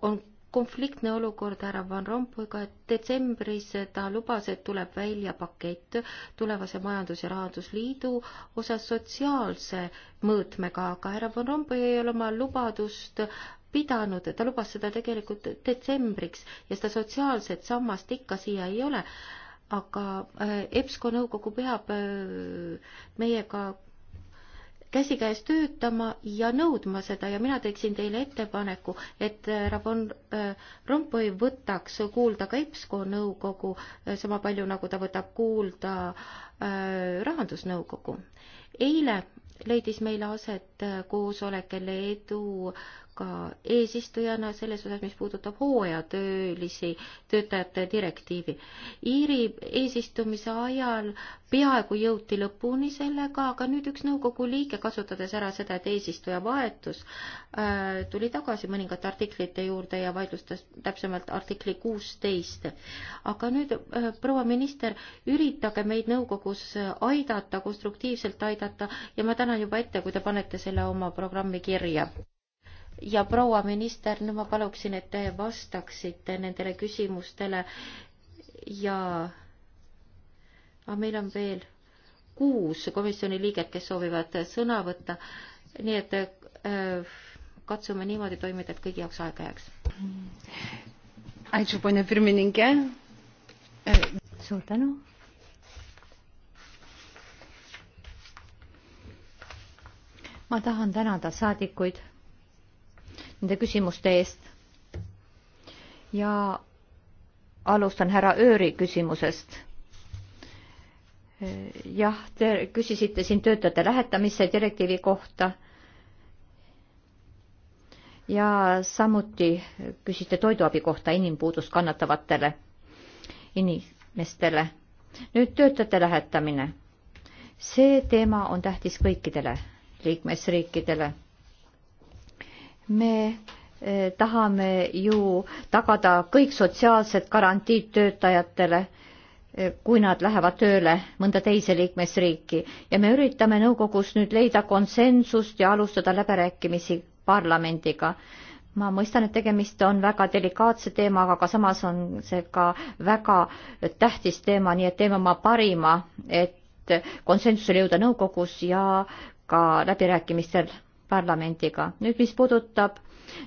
on konfliktne olukord härra Van Rompuyga, et detsembris ta lubas, et tuleb välja pakett tulevase majandus- ja rahandusliidu osas sotsiaalse mõõtmega, aga härra Van Rompuy ei ole oma lubadust pidanud, ta lubas seda tegelikult detsembriks ja seda sotsiaalset sammast ikka siia ei ole. aga äh, EBSCO nõukogu peab äh, meiega käsikäes töötama ja nõudma seda ja mina teeksin teile ettepaneku, et äh, Ravon Rompuy võtaks kuulda ka EBSCO nõukogu sama palju, nagu ta võtab kuulda rahandusnõukogu. eile leidis meil aset koosolek Leedu ka eesistujana selles osas, mis puudutab hooajatöölisi töötajate direktiivi. Iiri eesistumise ajal peaaegu jõuti lõpuni sellega, aga nüüd üks nõukogu liige, kasutades ära seda, et eesistuja vahetus, äh, tuli tagasi mõningate artiklite juurde ja vaidlustas täpsemalt artikli kuusteist. aga nüüd, äh, proua minister, üritage meid nõukogus aidata, konstruktiivselt aidata ja ma tänan juba ette, kui te panete selle oma programmi kirja ja proua minister, nüüd ma paluksin, et te vastaksite nendele küsimustele ja aga meil on veel kuus komisjoni liiget, kes soovivad sõna võtta, nii et äh, katsume niimoodi toimida, et kõigi jaoks aega jääks. Äh, suur tänu. ma tahan tänada saadikuid nende küsimuste eest. ja alustan härra Ööri küsimusest. jah, te küsisite siin töötajate lähetamise direktiivi kohta. ja samuti küsite toiduabi kohta inimpuudust kannatavatele inimestele. nüüd töötajate lähetamine. see teema on tähtis kõikidele liikmesriikidele me eh, tahame ju tagada kõik sotsiaalsed garantiid töötajatele, eh, kui nad lähevad tööle mõnda teise liikmesriiki ja me üritame nõukogus nüüd leida konsensust ja alustada läbirääkimisi parlamendiga. ma mõistan, et tegemist on väga delikaatse teemaga, aga samas on see ka väga tähtis teema, nii et teeme oma parima, et konsensusele jõuda nõukogus ja ka läbirääkimistel parlamendiga. nüüd, mis puudutab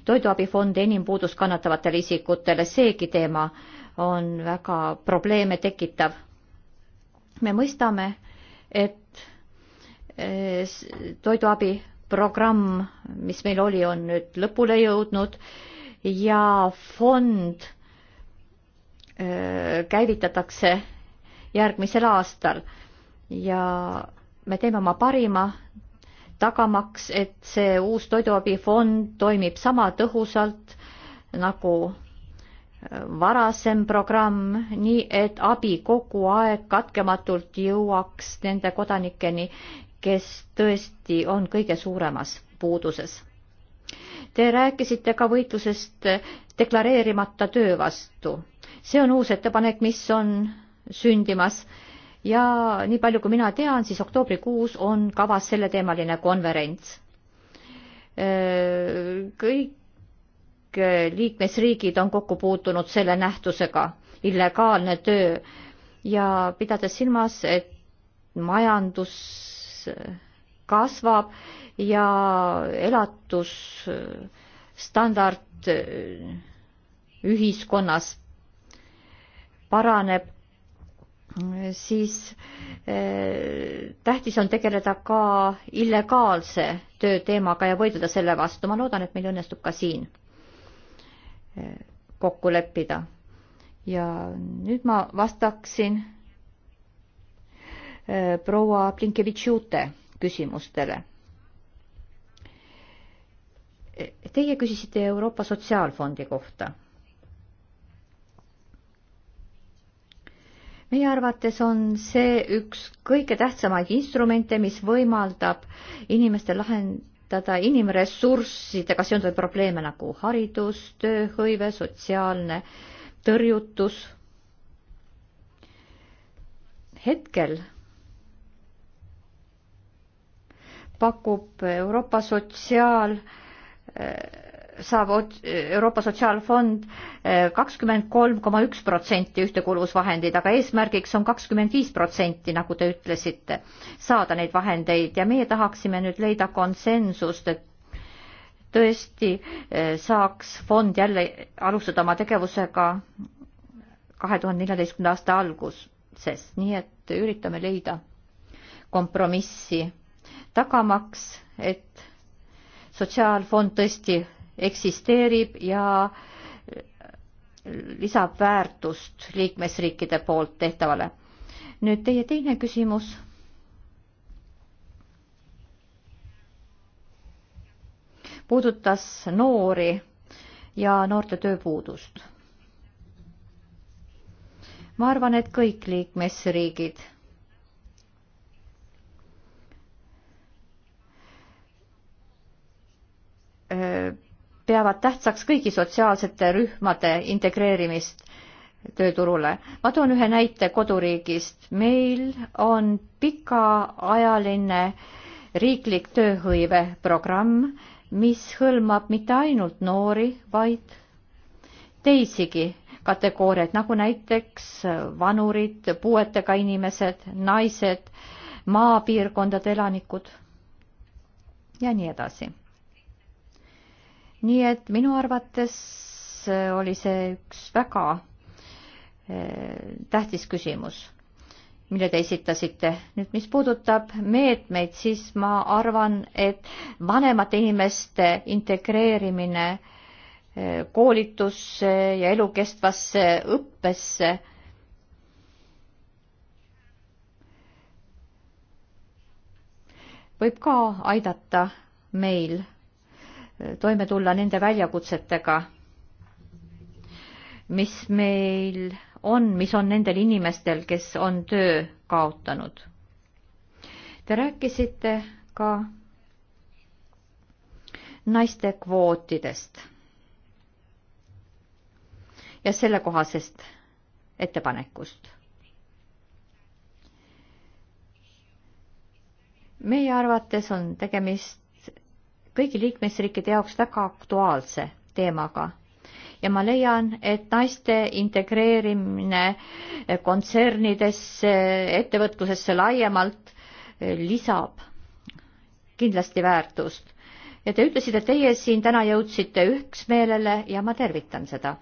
toiduabifondi enim puudust kannatavatele isikutele, seegi teema on väga probleeme tekitav. me mõistame, et eh, toiduabiprogramm, mis meil oli, on nüüd lõpule jõudnud ja fond eh, käivitatakse järgmisel aastal ja me teeme oma parima tagamaks, et see uus toiduabifond toimib sama tõhusalt nagu äh, varasem programm, nii et abi kogu aeg katkematult jõuaks nende kodanikeni, kes tõesti on kõige suuremas puuduses. Te rääkisite ka võitlusest äh, deklareerimata töö vastu. see on uus ettepanek, mis on sündimas ja nii palju, kui mina tean, siis oktoobrikuus on kavas selleteemaline konverents. Äh, kõik äh, liikmesriigid on kokku puutunud selle nähtusega, illegaalne töö ja pidades silmas, et majandus äh, kasvab ja elatusstandard ühiskonnas paraneb siis eh, tähtis on tegeleda ka illegaalse töö teemaga ja võidelda selle vastu. ma loodan, et meil õnnestub ka siin eh, kokku leppida. ja nüüd ma vastaksin eh, proua Blinkevitšute küsimustele. Teie küsisite Euroopa Sotsiaalfondi kohta meie arvates on see üks kõige tähtsamaid instrumente, mis võimaldab inimestel lahendada inimressurssidega seonduvaid probleeme nagu haridus, tööhõive, sotsiaalne tõrjutus. hetkel pakub Euroopa Sotsiaal saab Euroopa Sotsiaalfond eh, kakskümmend kolm koma üks protsenti ühtekuuluvusvahendeid, aga eesmärgiks on kakskümmend viis protsenti, nagu te ütlesite, saada neid vahendeid ja meie tahaksime nüüd leida konsensust, et tõesti eh, saaks fond jälle alustada oma tegevusega kahe tuhande neljateistkümnenda aasta alguses, nii et üritame leida kompromissi, tagamaks, et sotsiaalfond tõesti eksisteerib ja lisab väärtust liikmesriikide poolt tehtavale. nüüd teie teine küsimus. puudutas noori ja noorte tööpuudust. ma arvan, et kõik liikmesriigid öö, peavad tähtsaks kõigi sotsiaalsete rühmade integreerimist tööturule. ma toon ühe näite koduriigist. meil on pikaajaline riiklik tööhõiveprogramm, mis hõlmab mitte ainult noori, vaid teisigi kategooriaid, nagu näiteks vanurid, puuetega inimesed, naised, maapiirkondade elanikud ja nii edasi nii et minu arvates äh, oli see üks väga äh, tähtis küsimus, mille te esitasite. nüüd, mis puudutab meetmeid, siis ma arvan, et vanemate inimeste integreerimine äh, koolitusse ja elukestvasse õppesse võib ka aidata meil toime tulla nende väljakutsetega, mis meil on, mis on nendel inimestel, kes on töö kaotanud. Te rääkisite ka naiste kvootidest ja sellekohasest ettepanekust meie arvates on tegemist kõigi liikmesriikide jaoks väga aktuaalse teemaga ja ma leian, et naiste integreerimine kontsernidesse, ettevõtlusesse laiemalt eh, lisab kindlasti väärtust. ja te ütlesite, et teie siin täna jõudsite üksmeelele ja ma tervitan seda.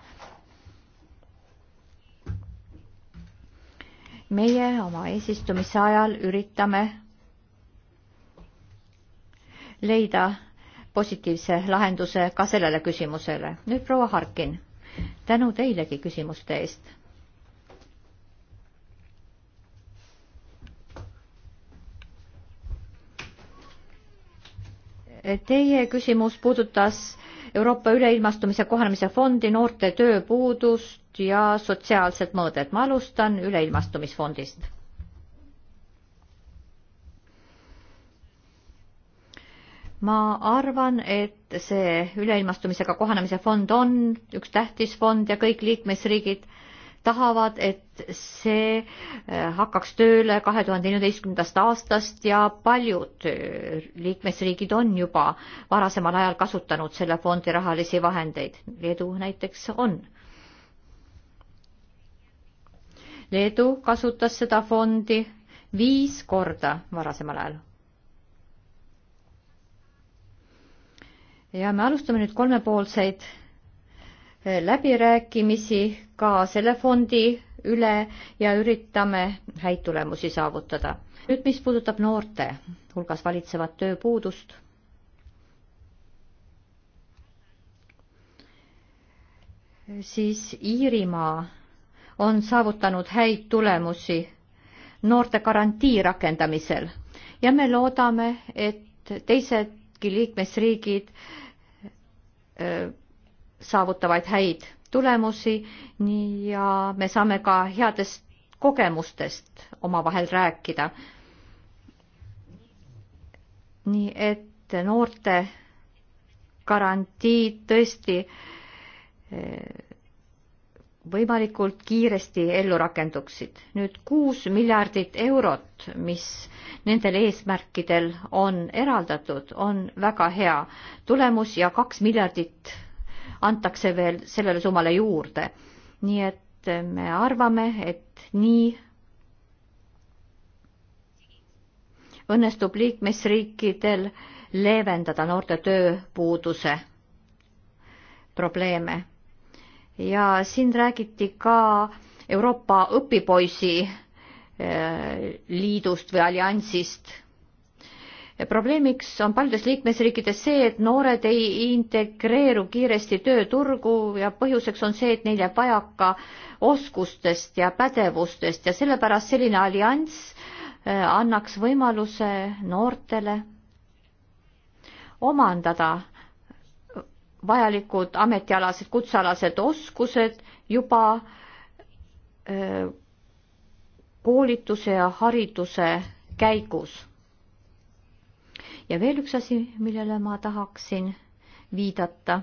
meie oma eesistumise ajal üritame leida positiivse lahenduse ka sellele küsimusele. nüüd proua Harkin, tänu teilegi küsimuste eest. Teie küsimus puudutas Euroopa üleilmastumise kohanemise fondi, noorte tööpuudust ja sotsiaalset mõõdet. ma alustan üleilmastumisfondist ma arvan, et see üleilmastumisega kohanemise fond on üks tähtis fond ja kõik liikmesriigid tahavad, et see äh, hakkaks tööle kahe tuhande neljateistkümnendast aastast ja paljud äh, liikmesriigid on juba varasemal ajal kasutanud selle fondi rahalisi vahendeid. Leedu näiteks on. Leedu kasutas seda fondi viis korda varasemal ajal ja me alustame nüüd kolmepoolseid eh, läbirääkimisi ka selle fondi üle ja üritame häid tulemusi saavutada. nüüd, mis puudutab noorte hulgas valitsevat tööpuudust. siis Iirimaa on saavutanud häid tulemusi noorte garantii rakendamisel ja me loodame, et teisedki liikmesriigid äh, Äh, saavutavaid häid tulemusi nii ja me saame ka headest kogemustest omavahel rääkida. nii et noorte garantiid tõesti äh, võimalikult kiiresti ellu rakenduksid. nüüd kuus miljardit eurot, mis nendel eesmärkidel on eraldatud, on väga hea tulemus ja kaks miljardit antakse veel sellele summale juurde. nii et me arvame, et nii õnnestub liikmesriikidel leevendada noorte tööpuuduse probleeme. ja siin räägiti ka Euroopa õpipoisi liidust või alliansist. probleemiks on paljudes liikmesriikides see, et noored ei integreeru kiiresti tööturgu ja põhjuseks on see, et neil jääb vajaka oskustest ja pädevustest ja sellepärast selline allianss äh, annaks võimaluse noortele omandada vajalikud ametialased, kutsealased oskused juba äh, koolituse ja hariduse käigus. ja veel üks asi, millele ma tahaksin viidata.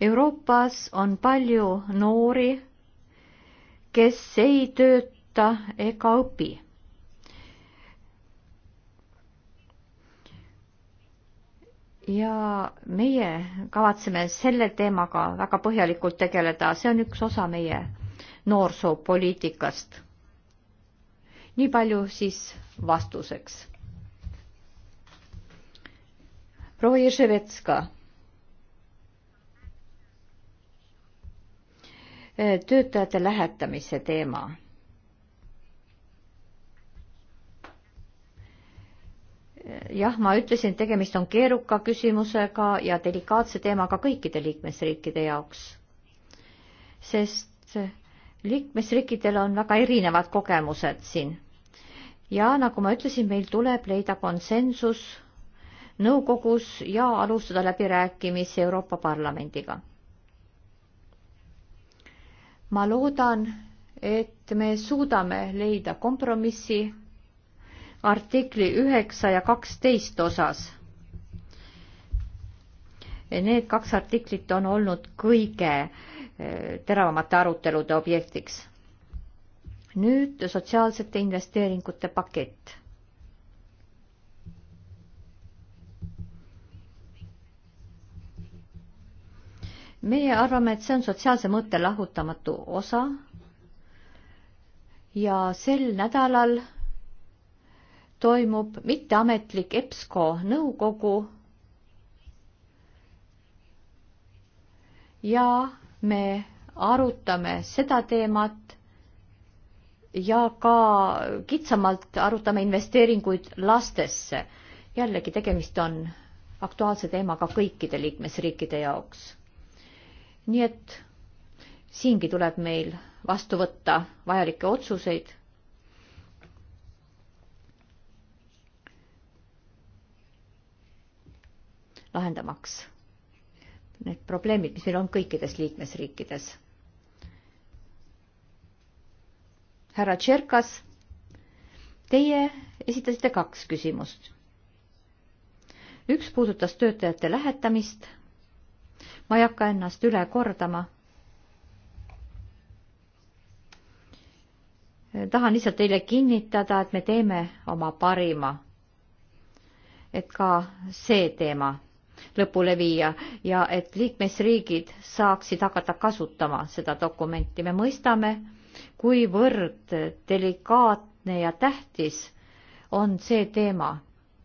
Euroopas on palju noori, kes ei tööta ega õpi ja meie kavatseme selle teemaga väga põhjalikult tegeleda, see on üks osa meie noorsoopoliitikast. nii palju siis vastuseks. proua Ježevetska. töötajate lähetamise teema. jah, ma ütlesin, tegemist on keeruka küsimusega ja delikaatse teemaga kõikide liikmesriikide jaoks, sest liikmesriikidel on väga erinevad kogemused siin. ja nagu ma ütlesin, meil tuleb leida konsensus nõukogus ja alustada läbirääkimisi Euroopa Parlamendiga. ma loodan, et me suudame leida kompromissi artikli üheksa ja kaksteist osas. Need kaks artiklit on olnud kõige äh, teravamate arutelude objektiks. nüüd sotsiaalsete investeeringute pakett. meie arvame, et see on sotsiaalse mõtte lahutamatu osa ja sel nädalal toimub mitteametlik EBSCO nõukogu ja me arutame seda teemat ja ka kitsamalt arutame investeeringuid lastesse. jällegi, tegemist on aktuaalse teemaga kõikide liikmesriikide jaoks. nii et siingi tuleb meil vastu võtta vajalikke otsuseid. lahendamaks need probleemid, mis meil on kõikides liikmesriikides. härra Tšerkas, teie esitasite kaks küsimust. üks puudutas töötajate lähetamist. ma ei hakka ennast üle kordama. tahan lihtsalt teile kinnitada, et me teeme oma parima, et ka see teema lõpule viia ja et liikmesriigid saaksid hakata kasutama seda dokumenti. me mõistame, kuivõrd delikaatne ja tähtis on see teema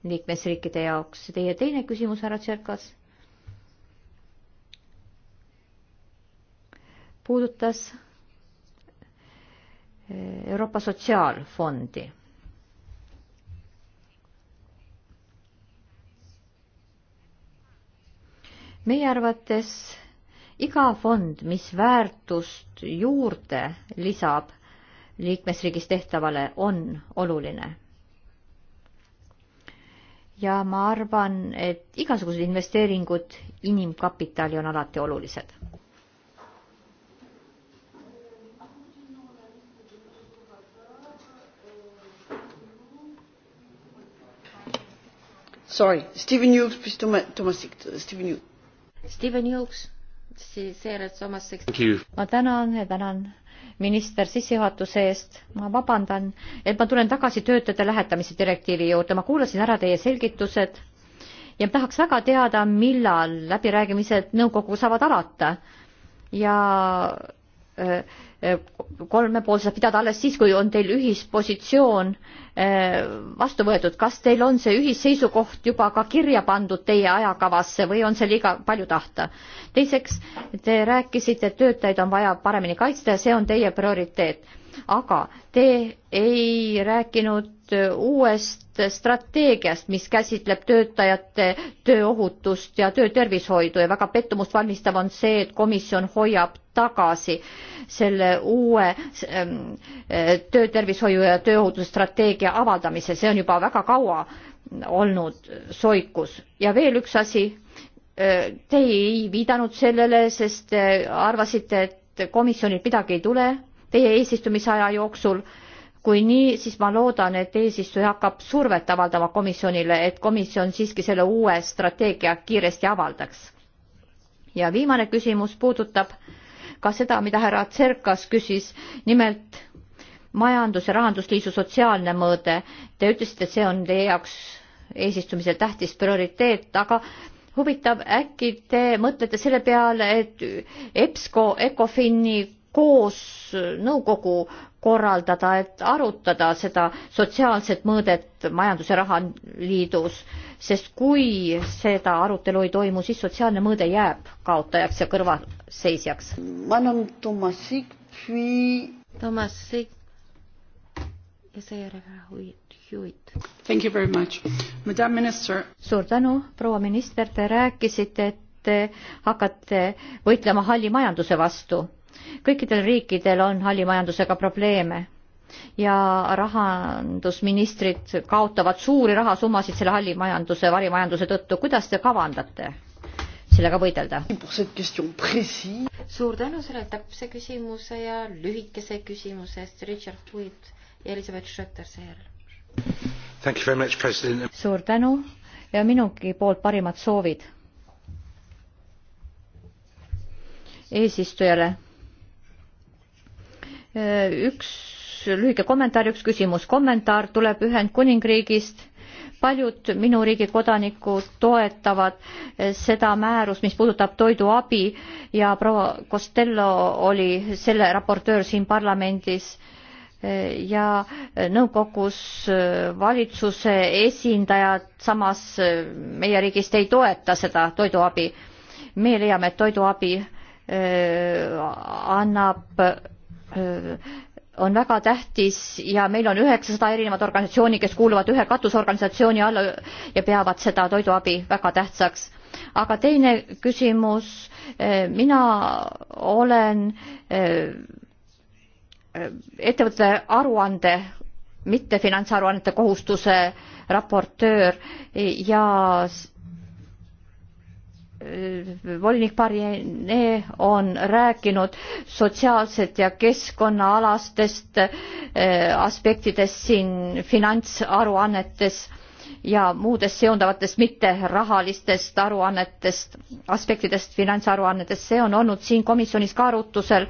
liikmesriikide jaoks. Teie teine küsimus, härra Tšerkas? puudutas Euroopa Sotsiaalfondi meie arvates iga fond, mis väärtust juurde lisab liikmesriigis tehtavale, on oluline. ja ma arvan, et igasugused investeeringud inimkapitali on alati olulised. Sorry, Steven Hughes, please to my, to my seat, Steven Hughes Steven Hughes, siis seejärel Toomas Seks-. ma tänan ja tänan minister sissejuhatuse eest. ma vabandan, et ma tulen tagasi töötajate lähetamise direktiivi juurde, ma kuulasin ära teie selgitused ja tahaks väga teada, millal läbirääkimised nõukogu saavad alata ja öö, äh, kolmepoolselt pidada alles siis, kui on teil ühispositsioon eh, vastu võetud. kas teil on see ühisseisukoht juba ka kirja pandud teie ajakavasse või on see liiga palju tahta? teiseks, te rääkisite, et töötajaid on vaja paremini kaitsta ja see on teie prioriteet. aga te ei rääkinud uuest strateegiast, mis käsitleb töötajate tööohutust ja töötervishoidu ja väga pettumust valmistav on see, et komisjon hoiab tagasi selle uue ähm, äh, töötervishoiu ja tööohutuse strateegia avaldamise, see on juba väga kaua olnud soikus. ja veel üks asi, äh, te ei viidanud sellele, sest äh, arvasite, et komisjonilt midagi ei tule teie eesistumise aja jooksul kui nii, siis ma loodan, et eesistuja hakkab survet avaldama komisjonile, et komisjon siiski selle uue strateegia kiiresti avaldaks. ja viimane küsimus puudutab ka seda, mida härra Tserkas küsis, nimelt majandus- ja rahandusliisu sotsiaalne mõõde. Te ütlesite, et see on teie jaoks eesistumisel tähtis prioriteet, aga huvitav, äkki te mõtlete selle peale, et EBSCO, ECOFIN-i koos nõukogu korraldada, et arutada seda sotsiaalset mõõdet Majandus- ja Rahaliidus, sest kui seda arutelu ei toimu, siis sotsiaalne mõõde jääb kaotajaks ja kõrvalseisjaks. ma annan Tomasik, puis. Tomasik ja seejärel Hewitt. Thank you very much. Madam minister. suur tänu, proua minister, te rääkisite, et te hakkate võitlema halli majanduse vastu kõikidel riikidel on halli majandusega probleeme ja rahandusministrid kaotavad suuri rahasummasid selle halli majanduse, varimajanduse tõttu. kuidas te kavandate sellega võidelda? suur tänu selle täpse küsimuse ja lühikese küsimuse eest, Richard Wood ja Elizabeth Schröter seejärel. suur tänu ja minugi poolt parimad soovid eesistujale Äh, üks lühike kommentaar, üks küsimus. kommentaar tuleb Ühendkuningriigist. paljud minu riigi kodanikud toetavad äh, seda määrust, mis puudutab toiduabi ja proua Costello oli selle raportöör siin parlamendis äh, ja nõukogus valitsuse esindajad samas meie riigist ei toeta seda toiduabi. meie leiame, et toiduabi annab on väga tähtis ja meil on üheksasada erinevat organisatsiooni, kes kuuluvad ühe katusorganisatsiooni alla ja peavad seda toiduabi väga tähtsaks. aga teine küsimus, eh, mina olen eh, ettevõtte aruande, mittefinantsaruannete kohustuse raportöör ja Äh, volinik Barjene on rääkinud sotsiaalset ja keskkonnaalastest äh, aspektidest siin finantsaruannetes ja muudest seonduvatest mitterahalistest aruannetest aspektidest finantsaruannetest see on olnud siin komisjonis ka arutusel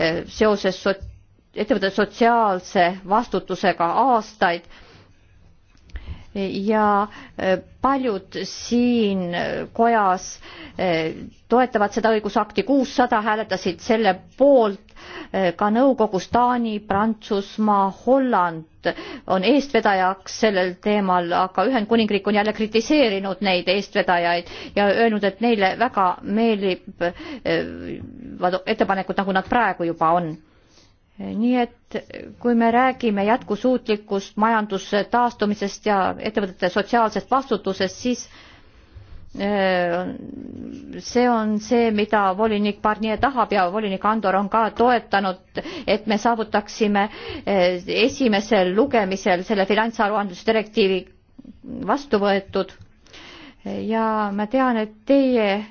äh, seoses so ettevõtte sotsiaalse vastutusega aastaid ja e, paljud siin e, kojas e, toetavad seda õigusakti, kuussada hääletasid selle poolt, ka nõukogus Taani, Prantsusmaa, Holland on eestvedajaks sellel teemal, aga Ühendkuningriik on jälle kritiseerinud neid eestvedajaid ja öelnud, et neile väga meelib ettepanekud, nagu nad praegu juba on nii et kui me räägime jätkusuutlikust majanduse taastumisest ja ettevõtete sotsiaalsest vastutusest, siis eh, see on see, mida volinik Barnier tahab ja volinik Andor on ka toetanud, et me saavutaksime eh, esimesel lugemisel selle finantsaruandlusdirektiivi vastu võetud. ja ma tean, et teie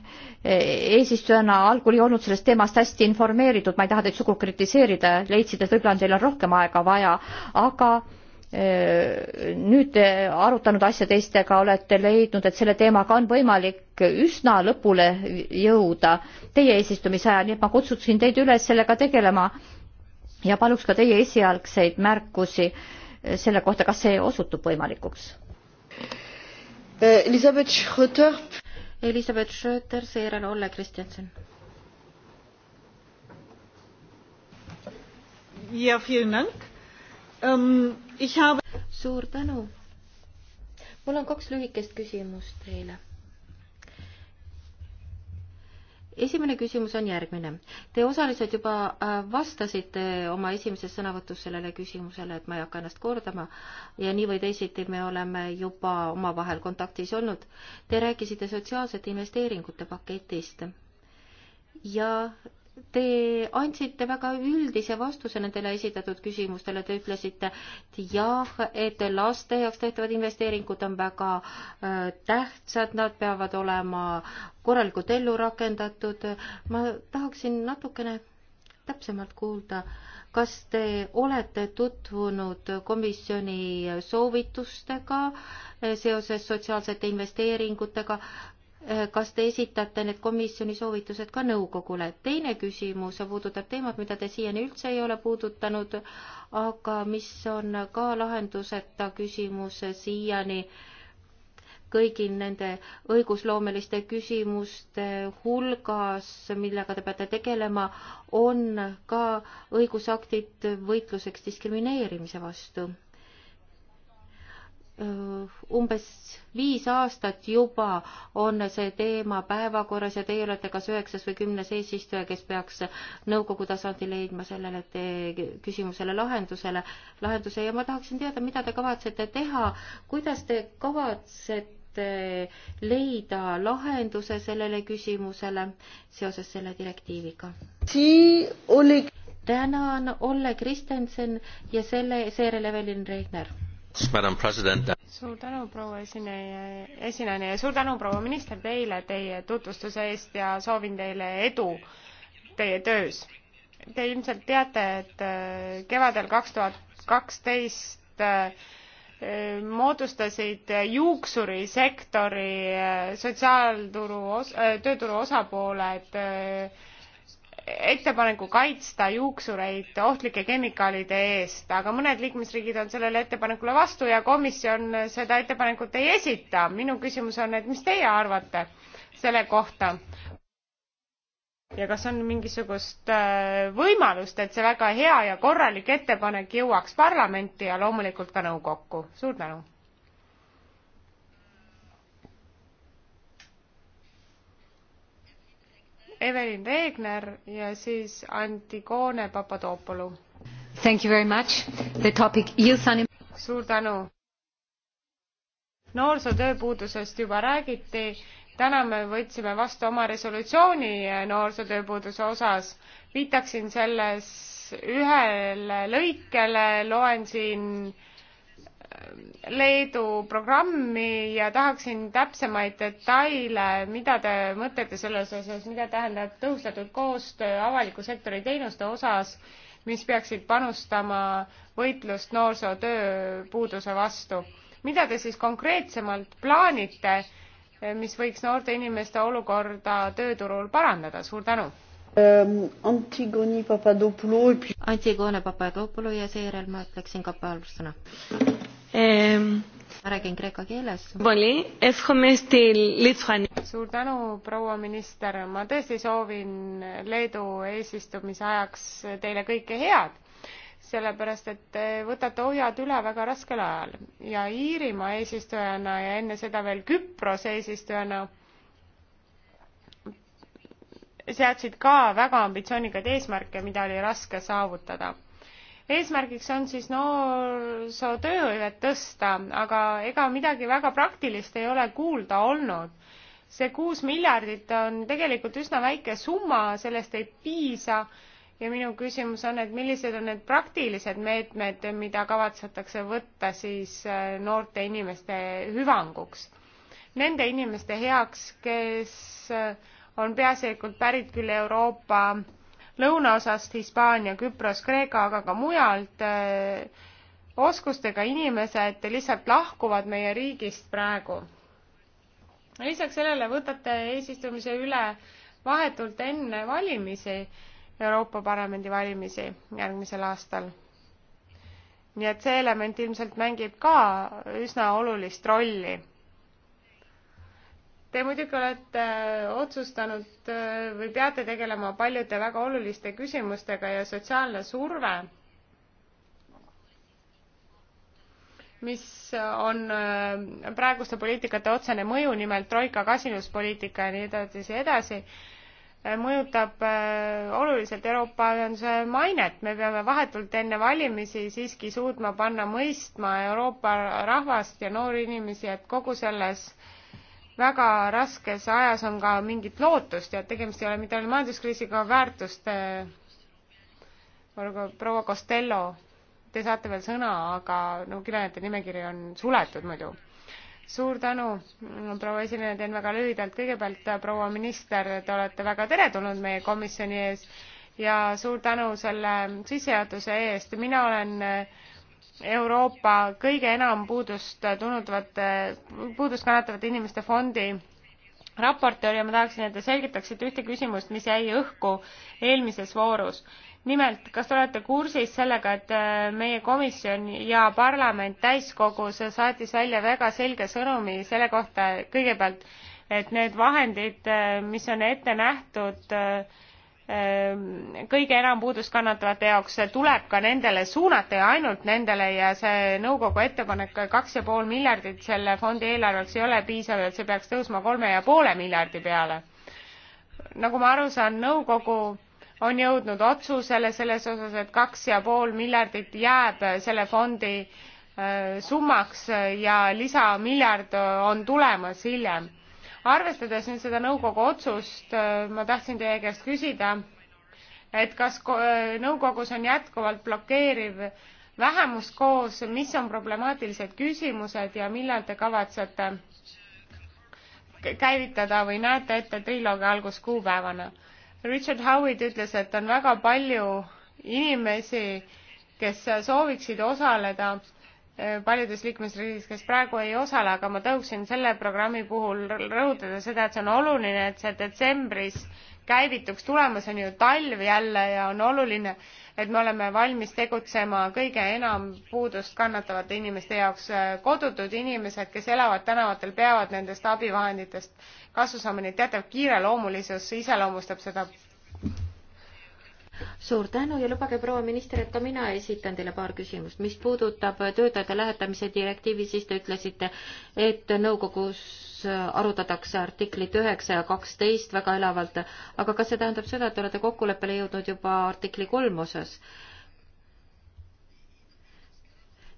eesistujana algul ei olnud sellest teemast hästi informeeritud, ma ei taha teid sugu kritiseerida, leidsid, et võib-olla on teil on rohkem aega vaja, aga eh, nüüd eh, arutanud asja teistega olete leidnud, et selle teemaga on võimalik üsna lõpule jõuda teie eesistumise ajal, nii et ma kutsuksin teid üles sellega tegelema ja paluks ka teie esialgseid märkusi eh, selle kohta, kas see osutub võimalikuks. Elizabeth Schröter Elizabeth Schröter, seejärel Olle Kristjanson. ja, um, habe... suur tänu. mul on kaks lühikest küsimust teile esimene küsimus on järgmine. Te osaliselt juba äh, vastasite oma esimeses sõnavõtus sellele küsimusele, et ma ei hakka ennast kordama ja nii või teisiti me oleme juba omavahel kontaktis olnud. Te rääkisite sotsiaalsete investeeringute paketist ja Te andsite väga üldise vastuse nendele esitatud küsimustele, te ütlesite, et jah, et laste jaoks tehtavad investeeringud on väga äh, tähtsad, nad peavad olema korralikult ellu rakendatud. ma tahaksin natukene täpsemalt kuulda, kas te olete tutvunud komisjoni soovitustega äh, seoses sotsiaalsete investeeringutega Äh, kas te esitate need komisjoni soovitused ka nõukogule? teine küsimus puudutab teemat, mida te siiani üldse ei ole puudutanud, aga mis on ka lahenduseta küsimus siiani kõigi nende õigusloomeliste küsimuste hulgas, millega te peate tegelema, on ka õigusaktid võitluseks diskrimineerimise vastu Äh, umbes viis aastat juba on see teema päevakorras ja teie olete kas üheksas või kümnes eesistuja, kes peaks nõukogu tasandil leidma sellele küsimusele lahendusele, lahenduse ja ma tahaksin teada, mida te kavatsete teha, kuidas te kavatsete leida lahenduse sellele küsimusele seoses selle direktiiviga? tänan, Olle Kristensen ja selle, seejärel Evelyn Reigner suur tänu proua esineja esinaine ja suur tänu proua minister teile teie tutvustuse eest ja soovin teile edu teie töös te ilmselt teate et äh, kevadel kaks tuhat kaksteist äh, moodustasid juuksurisektori äh, sotsiaalturu os- tööturu osapooled ettepaneku kaitsta juuksureid ohtlike kemikaalide eest aga mõned liikmesriigid on sellele ettepanekule vastu ja komisjon seda ettepanekut ei esita minu küsimus on et mis teie arvate selle kohta ja kas on mingisugust äh, võimalust et see väga hea ja korralik ettepanek jõuaks parlamenti ja loomulikult ka nõukokku suur tänu Evelyn Regner ja siis Antigone Papadopoulou. Thank you very much. The topic youth unemployment suur tänu. noorsootööpuudusest juba räägiti, täna me võtsime vastu oma resolutsiooni noorsootööpuuduse osas. viitaksin selles ühele lõikele, loen siin Leedu programmi ja tahaksin täpsemaid detaile, mida te mõtlete selles osas, mida tähendab tõhustatud koostöö avaliku sektori teenuste osas, mis peaksid panustama võitlust noorsootööpuuduse vastu. mida te siis konkreetsemalt plaanite, mis võiks noorte inimeste olukorda tööturul parandada, suur tänu! Ähm, Antigone Papadopoulou ja seejärel ma ütleksin ka paar sõna ma räägin kreeka keeles. suur tänu, proua minister, ma tõesti soovin Leedu eesistumise ajaks teile kõike head sellepärast et te võtate ohjad üle väga raskel ajal ja Iirimaa eesistujana ja enne seda veel Küprose eesistujana seadsid ka väga ambitsioonikaid eesmärke, mida oli raske saavutada eesmärgiks on siis noorsootööhõivet tõsta, aga ega midagi väga praktilist ei ole kuulda olnud. see kuus miljardit on tegelikult üsna väike summa, sellest ei piisa ja minu küsimus on, et millised on need praktilised meetmed, mida kavatsetakse võtta siis äh, noorte inimeste hüvanguks? Nende inimeste heaks, kes äh, on peaasjalikult pärit küll Euroopa lõunaosast Hispaania, Küpros, Kreeka, aga ka mujalt äh, oskustega inimesed lihtsalt lahkuvad meie riigist praegu. lisaks sellele võtate eesistumise üle vahetult enne valimisi, Euroopa Parlamendi valimisi järgmisel aastal. nii et see element ilmselt mängib ka üsna olulist rolli Te muidugi olete äh, otsustanud äh, või peate tegelema paljude väga oluliste küsimustega ja sotsiaalne surve, mis on äh, praeguste poliitikate otsene mõju, nimelt troika kasinuspoliitika ja nii edasi ja edasi, mõjutab oluliselt Euroopa Ühenduse mainet. me peame vahetult enne valimisi siiski suutma panna mõistma Euroopa rahvast ja noori inimesi, et kogu selles äh, väga raskes ajas on ka mingit lootust ja tegemist ei ole mitte ainult majanduskriisiga, väärtuste, olgu proua Costello, te saate veel sõna, aga no kõnelejate nimekiri on suletud muidu suur tänu, proua esineja, teen väga lühidalt. kõigepealt, proua minister, te olete väga teretulnud meie komisjoni ees ja suur tänu selle sissejuhatuse eest. mina olen äh, Euroopa kõige enam puudust tunnetavate, puudust kannatavate inimeste fondi raportöör ja ma tahaksin, et te selgitaksite ühte küsimust, mis jäi õhku eelmises voorus. nimelt, kas te olete kursis sellega, et äh, meie komisjon ja parlament täiskogus saatis välja väga selge sõnumi selle kohta kõigepealt, et need vahendid, äh, mis on ette nähtud äh, Ehm, kõige enam puudust kannatavate jaoks tuleb ka nendele suunata ja ainult nendele ja see nõukogu ettepanek kaks ja pool miljardit selle fondi eelarveks ei ole piisav ja see peaks tõusma kolme ja poole miljardi peale. nagu ma aru saan, nõukogu on jõudnud otsusele selles osas, et kaks ja pool miljardit jääb selle fondi ehm, summaks ja lisamiljard on tulemas hiljem arvestades nüüd seda nõukogu otsust, äh, ma tahtsin teie käest küsida, et kas äh, nõukogus on jätkuvalt blokeeriv vähemus koos, mis on problemaatilised küsimused ja millal te kavatsete käivitada või näete ette triloogi alguskuupäevana? Richard Howitt ütles, et on väga palju inimesi, kes sooviksid osaleda äh, Äh, paljudes liikmesriigis, kes praegu ei osale, aga ma tõuksin selle programmi puhul rõhutada seda, et see on oluline, et see detsembris käivituks, tulemas on ju talv jälle ja on oluline, et me oleme valmis tegutsema kõige enam puudust kannatavate inimeste jaoks. Äh, kodutud inimesed, kes elavad tänavatel, peavad nendest abivahenditest kasu saama, nii et teatav kiireloomulisus iseloomustab seda suur tänu ja lubage, proua minister, et ka mina esitan teile paar küsimust. mis puudutab töötajate lähetamise direktiivi, siis te ütlesite, et nõukogus arutatakse artiklit üheksa ja kaksteist väga elavalt, aga kas see tähendab seda, et te olete kokkuleppele jõudnud juba artikli kolm osas?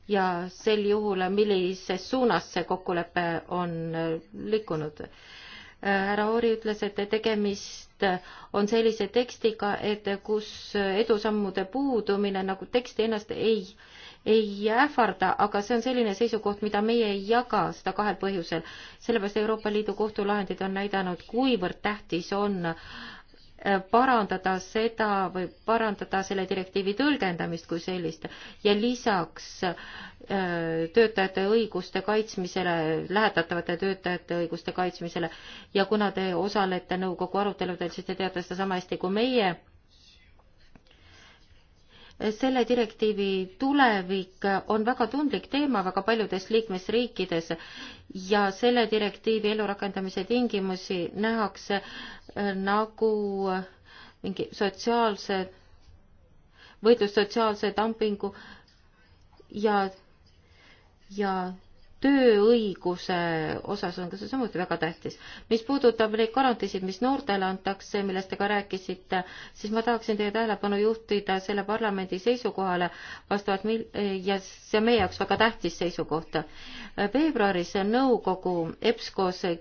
ja sel juhul, millises suunas see kokkulepe on liikunud? härra Oori ütles, et tegemist on sellise tekstiga, et kus edusammude puudumine nagu teksti ennast ei, ei ähvarda, aga see on selline seisukoht, mida meie ei jaga, seda kahel põhjusel. sellepärast Euroopa Liidu kohtulahendid on näidanud, kuivõrd tähtis on parandada seda või parandada selle direktiivi tõlgendamist kui sellist ja lisaks äh, töötajate õiguste kaitsmisele, lähetatavate töötajate õiguste kaitsmisele ja kuna te osalete nõukogu aruteludel, siis te teate seda sama hästi kui meie selle direktiivi tulevik on väga tundlik teema väga paljudes liikmesriikides ja selle direktiivi elurakendamise tingimusi nähakse äh, nagu äh, mingi sotsiaalse, võitlus sotsiaalse dumpingu ja, ja tööõiguse osas on ka see samuti väga tähtis. mis puudutab neid garantiisid, mis noortele antakse, millest te ka rääkisite, siis ma tahaksin teie tähelepanu juhtida selle parlamendi seisukohale vastavalt mil- ja see on meie jaoks väga tähtis seisukoht. veebruaris nõukogu EBSCO-s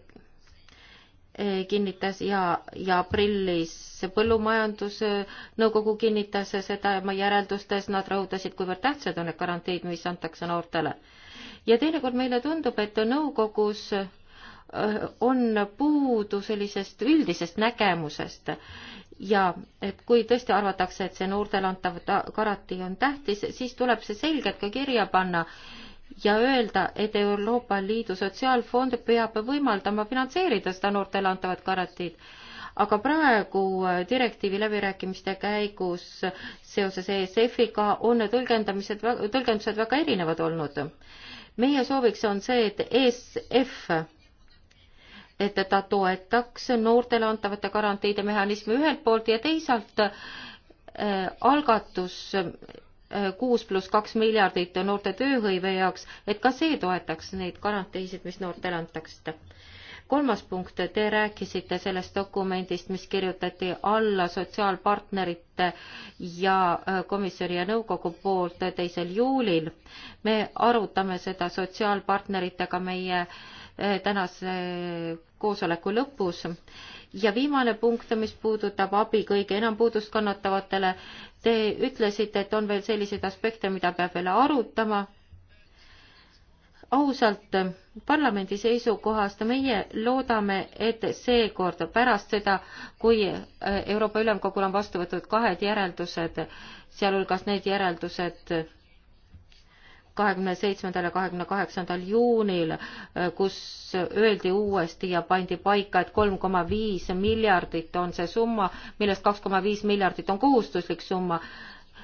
kinnitas ja, ja aprillis Põllumajandusnõukogu kinnitas seda ja oma järeldustes nad rõhutasid, kuivõrd tähtsad on need garantiid, mis antakse noortele ja teinekord meile tundub, et nõukogus äh, on puudu sellisest üldisest nägemusest ja et kui tõesti arvatakse, et see noortele antav garantii on tähtis, siis tuleb see selgelt ka kirja panna ja öelda, et Euroopa Liidu Sotsiaalfond peab võimaldama finantseerida seda noortele antavat garantiid aga praegu äh, direktiivi läbirääkimiste käigus seoses ESF-iga on tõlgendamised, tõlgendused väga erinevad olnud meie sooviks on see, et ESF, et ta toetaks noortele antavate garantiide mehhanismi ühelt poolt ja teisalt äh, algatus äh, kuus pluss kaks miljardit noorte tööhõive jaoks, et ka see toetaks neid garantiisid, mis noortele antakse kolmas punkt, te rääkisite sellest dokumendist, mis kirjutati alla sotsiaalpartnerite ja äh, komisjoni ja nõukogu poolt teisel juulil. me arutame seda sotsiaalpartneritega meie äh, tänase koosoleku lõpus ja viimane punkt, mis puudutab abi kõige enam puudust kannatavatele. Te ütlesite, et on veel selliseid aspekte, mida peab veel arutama ausalt parlamendi seisukohast meie loodame, et seekord pärast seda, kui äh, Euroopa Ülemkogul on vastu võetud kahed järeldused, sealhulgas need järeldused kahekümne seitsmendal ja kahekümne kaheksandal juunil, äh, kus öeldi uuesti ja pandi paika, et kolm koma viis miljardit on see summa, millest kaks koma viis miljardit on kohustuslik summa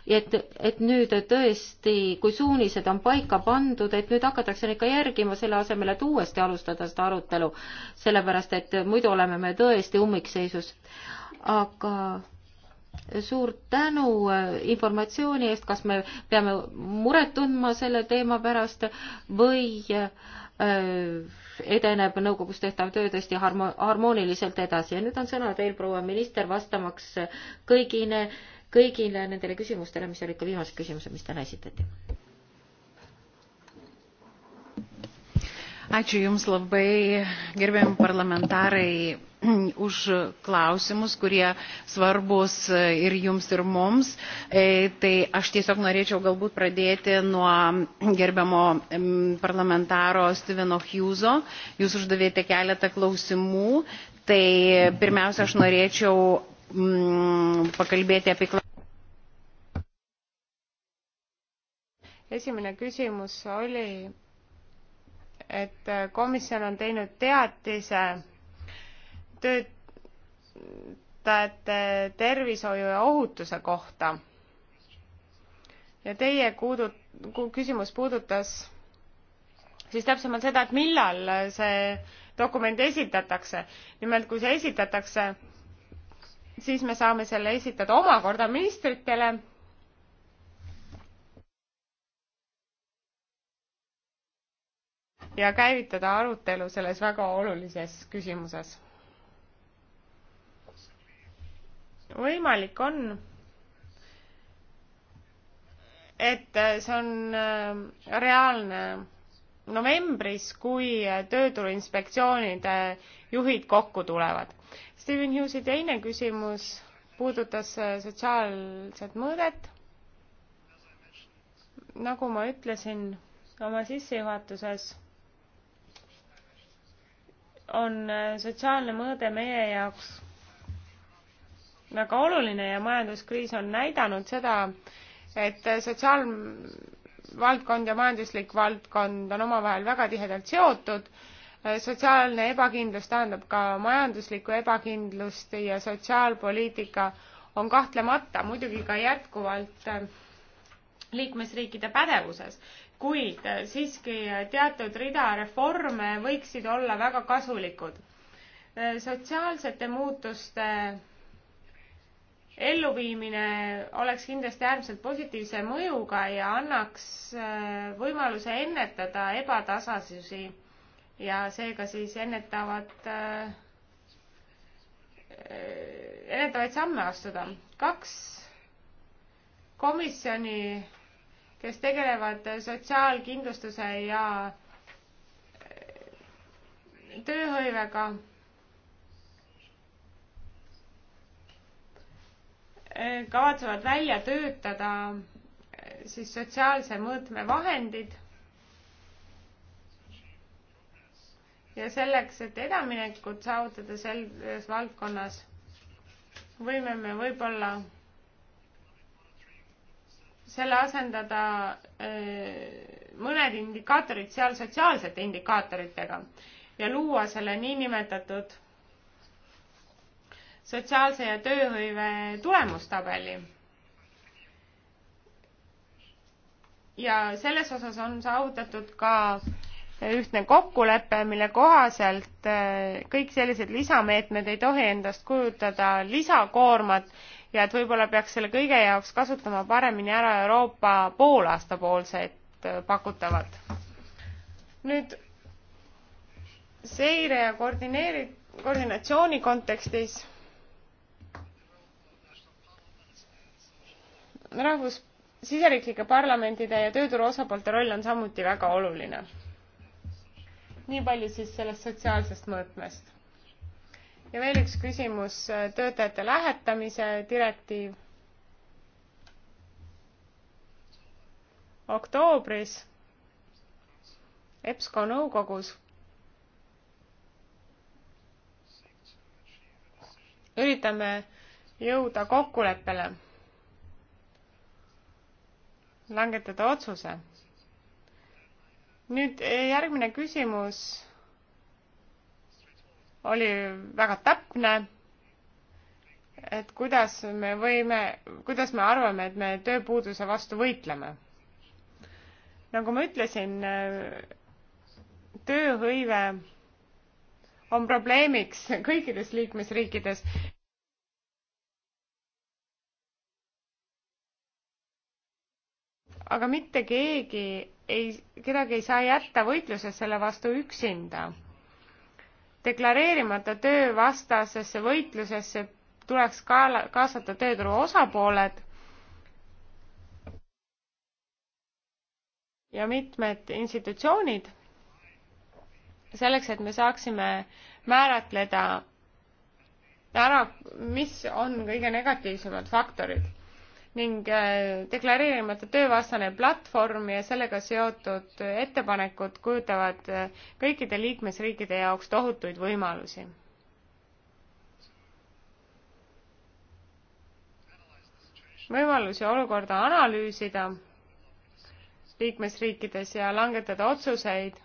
et, et nüüd tõesti, kui suunised on paika pandud, et nüüd hakatakse neid ka järgima, selle asemel, et uuesti alustada seda arutelu, sellepärast et muidu oleme me tõesti ummikseisus. aga suur tänu äh, informatsiooni eest, kas me peame muret tundma selle teema pärast või äh, edeneb nõukogus tehtav töö tõesti harmo-, harmooniliselt edasi ja nüüd on sõna teil, proua minister, vastamaks kõigile kõigile nendele küsimustele, mis olid ka viimased küsimused, mis täna esitati. Ačiū Jums labai, gerbiami parlamentarai, <clears throat> už klausimus, kurie svarbus ir Jums, ir mums. E, tai aš tiesiog norėčiau galbūt pradėti nuo <clears throat> gerbiamo parlamentaro Steveno Hughes'o. Jūs uždavėte keletą klausimų. Tai pirmiausia, aš norėčiau mm, pakalbėti apie esimene küsimus oli, et komisjon on teinud teatise töötajate tervishoiu ja ohutuse kohta. ja teie kuudu-, küsimus puudutas siis täpsemalt seda, et millal see dokument esitatakse. nimelt, kui see esitatakse, siis me saame selle esitada omakorda ministritele ja käivitada arutelu selles väga olulises küsimuses. võimalik on, et see on äh, reaalne novembris, kui tööturuinspektsioonide juhid kokku tulevad. Steven Hughesi teine küsimus puudutas äh, sotsiaalset mõõdet. nagu ma ütlesin oma sissejuhatuses, on äh, sotsiaalne mõõde meie jaoks väga oluline ja majanduskriis on näidanud seda, et äh, sotsiaal valdkond ja majanduslik valdkond on omavahel väga tihedalt seotud. sotsiaalne ebakindlus tähendab ka majanduslikku ebakindlust ja sotsiaalpoliitika on kahtlemata muidugi ka jätkuvalt äh, liikmesriikide pädevuses, kuid äh, siiski teatud rida reforme võiksid olla väga kasulikud. Äh, sotsiaalsete muutuste elluviimine oleks kindlasti äärmiselt positiivse mõjuga ja annaks äh, võimaluse ennetada ebatasasusi ja seega siis ennetavad, äh, ennetavaid samme astuda. kaks komisjoni, kes tegelevad sotsiaalkindlustuse ja äh, tööhõivega Eh, kavatsevad välja töötada eh, siis sotsiaalse mõõtme vahendid. ja selleks, et edaminekut saavutada selles valdkonnas, võime me võib-olla selle asendada eh, mõned indikaatorid seal sotsiaalsete indikaatoritega ja luua selle niinimetatud sotsiaalse ja tööhõive tulemustabeli. ja selles osas on saavutatud ka ühtne kokkulepe, mille kohaselt äh, kõik sellised lisameetmed ei tohi endast kujutada lisakoormat ja et võib-olla peaks selle kõige jaoks kasutama paremini ära Euroopa poolaastapoolset äh, pakutavat. nüüd seire ja koordineeri-, koordinatsiooni kontekstis rahvus, siseriiklike parlamentide ja tööturu osapoolte roll on samuti väga oluline. nii palju siis sellest sotsiaalsest mõõtmest. ja veel üks küsimus, töötajate lähetamise direktiiv. oktoobris EBSCO nõukogus üritame jõuda kokkuleppele langetada otsuse. nüüd eh, järgmine küsimus oli väga täpne, et kuidas me võime, kuidas me arvame, et me tööpuuduse vastu võitleme. nagu ma ütlesin, eh, tööhõive on probleemiks kõikides liikmesriikides aga mitte keegi ei, kedagi ei saa jätta võitluses selle vastu üksinda. deklareerimata töö vastasesse võitlusesse tuleks kaala, kaasata tööturu osapooled ja mitmed institutsioonid, selleks et me saaksime määratleda ära, mis on kõige negatiivsemad faktorid ning äh, deklareerimata töövastane platvorm ja sellega seotud ettepanekud kujutavad äh, kõikide liikmesriikide jaoks tohutuid võimalusi. võimalusi olukorda analüüsida liikmesriikides ja langetada otsuseid,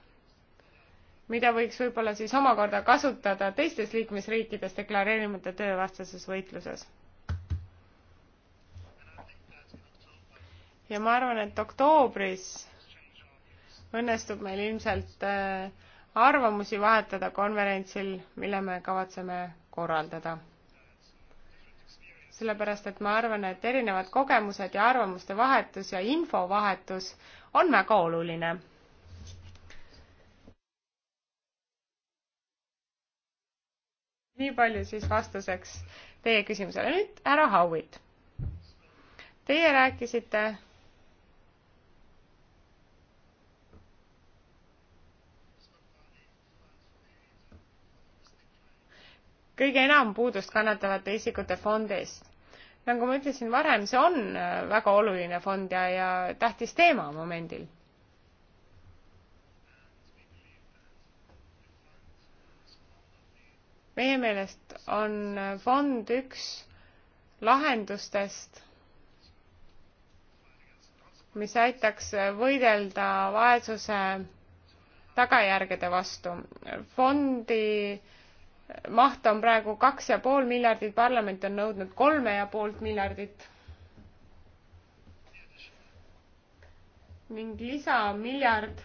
mida võiks võib-olla siis omakorda kasutada teistes liikmesriikides deklareerimata töövastases võitluses ja ma arvan, et oktoobris õnnestub meil ilmselt äh, arvamusi vahetada konverentsil, mille me kavatseme korraldada. sellepärast, et ma arvan, et erinevad kogemused ja arvamuste vahetus ja infovahetus on väga oluline nii palju siis vastuseks teie küsimusele. nüüd härra Howitt. Teie rääkisite kõige enam puudust kannatavate isikute fondist. nagu ma ütlesin varem, see on äh, väga oluline fond ja, ja tähtis teema momendil. meie meelest on äh, fond üks lahendustest, mis aitaks äh, võidelda vaesuse tagajärgede vastu. fondi äh, maht on praegu kaks ja pool miljardit, parlament on nõudnud kolme ja poolt miljardit. ning lisamiljard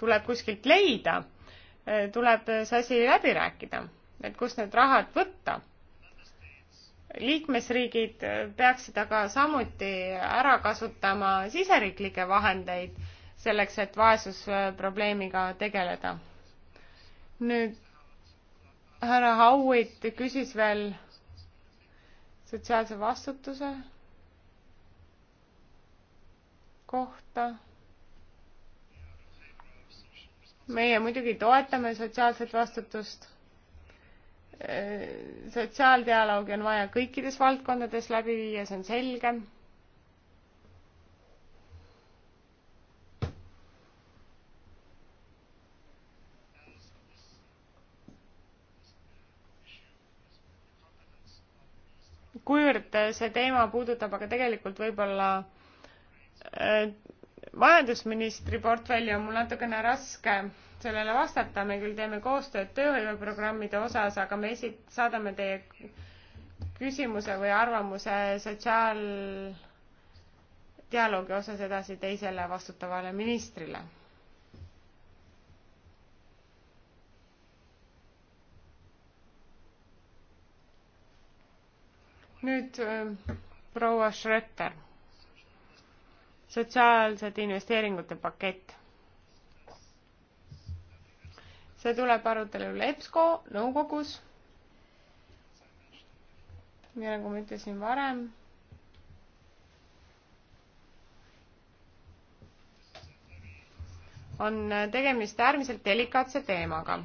tuleb kuskilt leida, tuleb see asi läbi rääkida, et kust need rahad võtta. liikmesriigid peaksid aga samuti ära kasutama siseriiklikke vahendeid selleks, et vaesusprobleemiga tegeleda nüüd härra Howitt küsis veel sotsiaalse vastutuse kohta. meie muidugi toetame sotsiaalset vastutust. sotsiaaldialoogi on vaja kõikides valdkondades läbi viia, see on selge kuivõrd see teema puudutab aga tegelikult võib-olla äh, majandusministri portfelli, on mul natukene raske sellele vastata, me küll teeme koostööd tööhõiveprogrammide osas, aga me esi-, saadame teie küsimuse või arvamuse sotsiaaldialoogi osas edasi teisele vastutavale ministrile nüüd äh, proua Schröter, sotsiaalsete investeeringute pakett. see tuleb arutelule EBSCO nõukogus. ja nagu ma ütlesin varem, on tegemist äärmiselt delikaatse teemaga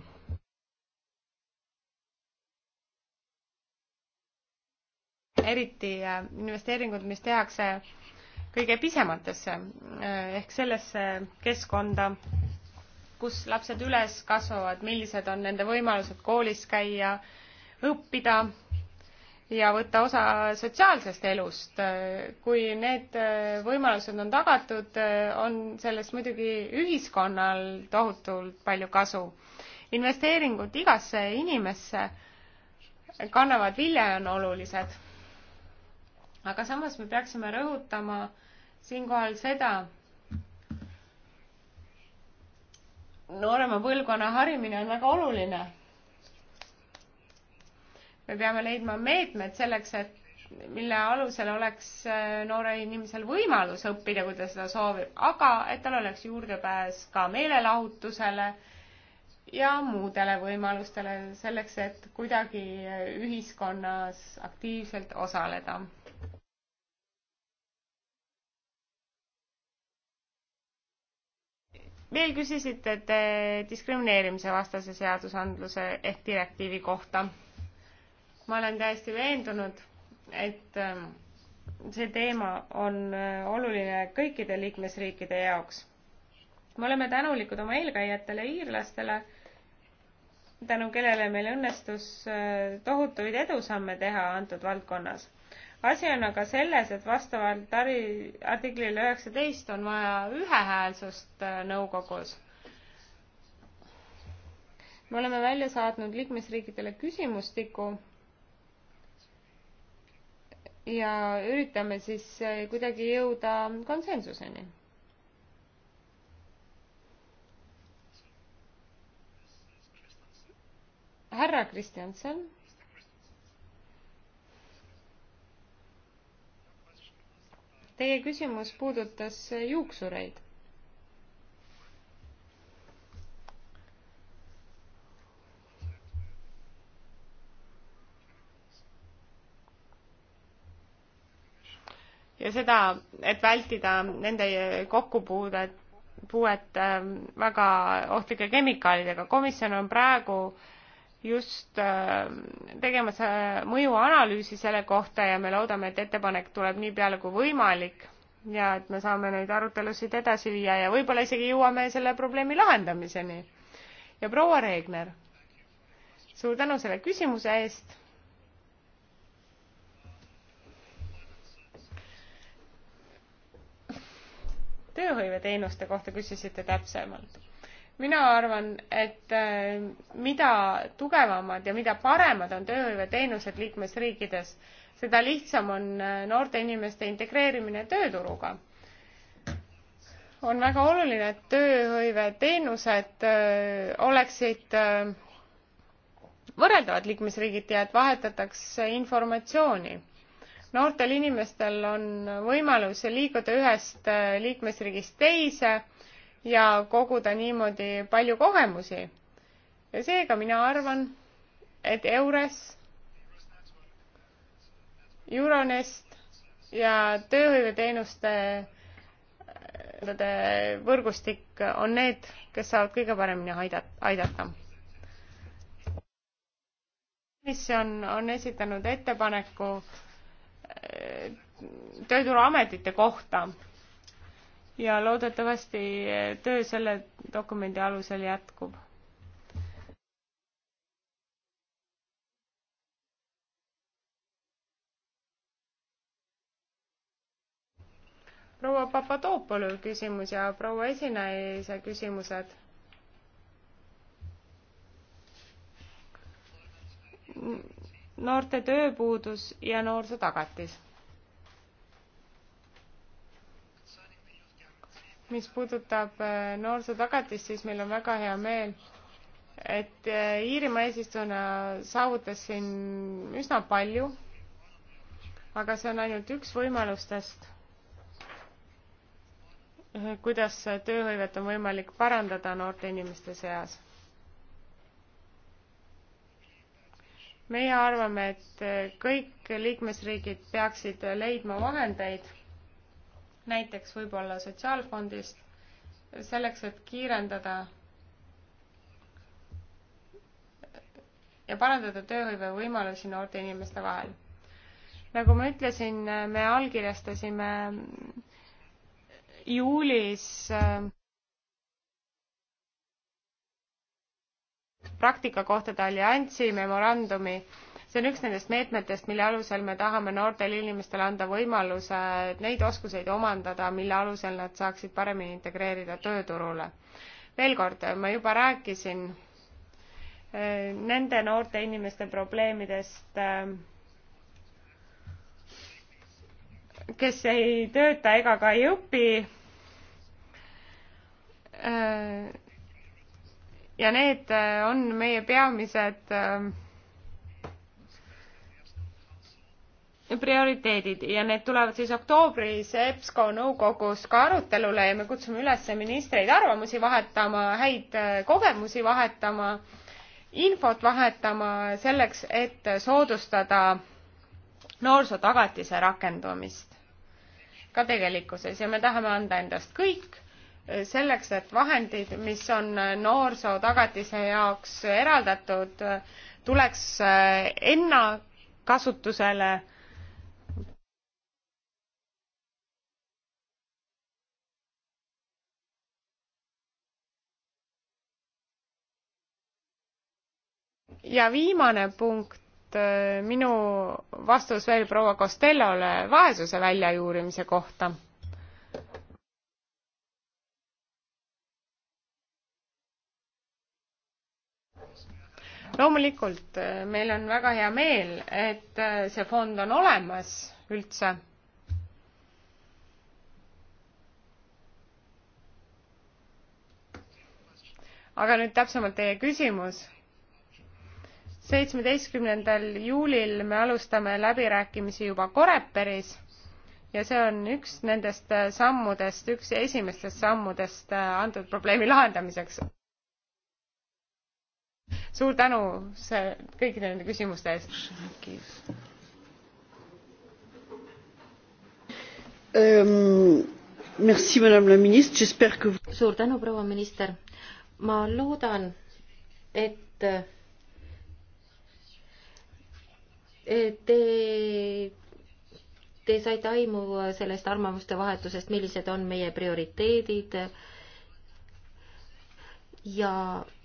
eriti äh, investeeringud, mis tehakse kõige pisematesse äh, ehk sellesse keskkonda, kus lapsed üles kasvavad, millised on nende võimalused koolis käia, õppida ja võtta osa sotsiaalsest elust. kui need äh, võimalused on tagatud, on sellest muidugi ühiskonnal tohutult palju kasu. investeeringud igasse inimesse kannavad vilja ja on olulised aga samas me peaksime rõhutama siinkohal seda, noorema põlvkonna harimine on väga oluline. me peame leidma meetmed selleks, et mille alusel oleks äh, noorel inimesel võimalus õppida, kui ta seda soovib, aga et tal oleks juurdepääs ka meelelahutusele ja muudele võimalustele selleks, et kuidagi äh, ühiskonnas aktiivselt osaleda veel küsisite te diskrimineerimise vastase seadusandluse ehk direktiivi kohta. ma olen täiesti veendunud, et ähm, see teema on äh, oluline kõikide liikmesriikide jaoks. me oleme tänulikud oma eelkäijatele iirlastele, tänu kellele meil õnnestus äh, tohutuid edusamme teha antud valdkonnas asi on aga selles, et vastavalt äri, artiklile üheksateist on vaja ühehäälsust äh, nõukogus. me oleme välja saatnud liikmesriikidele küsimustiku ja üritame siis äh, kuidagi jõuda konsensuseni härra Kristjanson Teie küsimus puudutas juuksureid. ja seda, et vältida nende kokkupuudet, puuet ähm, väga ohtlike kemikaalidega. komisjon on praegu äh, just äh, tegemas äh, mõjuanalüüsi selle kohta ja me loodame, et ettepanek tuleb nii peale kui võimalik ja et me saame neid arutelusid edasi viia ja võib-olla isegi jõuame selle probleemi lahendamiseni. ja proua Reegner, suur tänu selle küsimuse eest. tööhõiveteenuste kohta küsisite täpsemalt mina arvan, et äh, mida tugevamad ja mida paremad on tööhõiveteenused liikmesriikides, seda lihtsam on äh, noorte inimeste integreerimine tööturuga. on väga oluline, et tööhõiveteenused äh, oleksid võrreldavad liikmesriigiti ja et vahetatakse informatsiooni noortel inimestel on võimalus liikuda ühest liikmesriigist teise ja koguda niimoodi palju kogemusi. ja seega mina arvan, et EURES, Euronest ja tööhõiveteenuste võrgustik on need, kes saavad kõige paremini aidata. komisjon on esitanud ettepaneku eh, tööturuametite kohta ja loodetavasti töö selle dokumendi alusel jätkub. proua Papadopoulou küsimus ja proua esinaise küsimused noorte tööpuudus ja noorsoo tagatis. mis puudutab äh, noorsootagatist, siis meil on väga hea meel, et äh, Iirimaa eesistujana saavutas siin üsna palju, aga see on ainult üks võimalustest, kuidas tööhõivet on võimalik parandada noorte inimeste seas. meie arvame, et kõik liikmesriigid peaksid leidma vahendeid näiteks võib-olla sotsiaalfondist, selleks, et kiirendada ja parandada tööhõive võimalusi noorte inimeste vahel. nagu ma ütlesin, me allkirjastasime juulis äh, praktikakohtade alliansi memorandumi see on üks nendest meetmetest, mille alusel me tahame noortele inimestele anda võimaluse neid oskuseid omandada, mille alusel nad saaksid paremini integreerida tööturule. veel kord, ma juba rääkisin eh, nende noorte inimeste probleemidest, eh, kes ei tööta ega ka ei õpi eh, ja need on meie peamised prioriteedid ja need tulevad siis oktoobris EBSCO nõukogus ka arutelule ja me kutsume üles ministreid arvamusi vahetama, häid äh, kogemusi vahetama, infot vahetama selleks, et soodustada noorsootagatise rakendumist ka tegelikkuses ja me tahame anda endast kõik äh, selleks, et vahendid, mis on äh, noorsootagatise jaoks eraldatud, tuleks enna kasutusele ja viimane punkt, äh, minu vastus veel proua Costellole vaesuse väljajuurimise kohta. loomulikult, äh, meil on väga hea meel, et äh, see fond on olemas üldse aga nüüd täpsemalt teie küsimus seitsmeteistkümnendal juulil me alustame läbirääkimisi juba Coreperis ja see on üks nendest äh, sammudest, üks esimestest sammudest äh, antud probleemi lahendamiseks. suur tänu see, kõikide nende küsimuste eest. Ähm, suur tänu, proua minister. ma loodan, et Te, te saite aimu sellest arvamuste vahetusest, millised on meie prioriteedid ja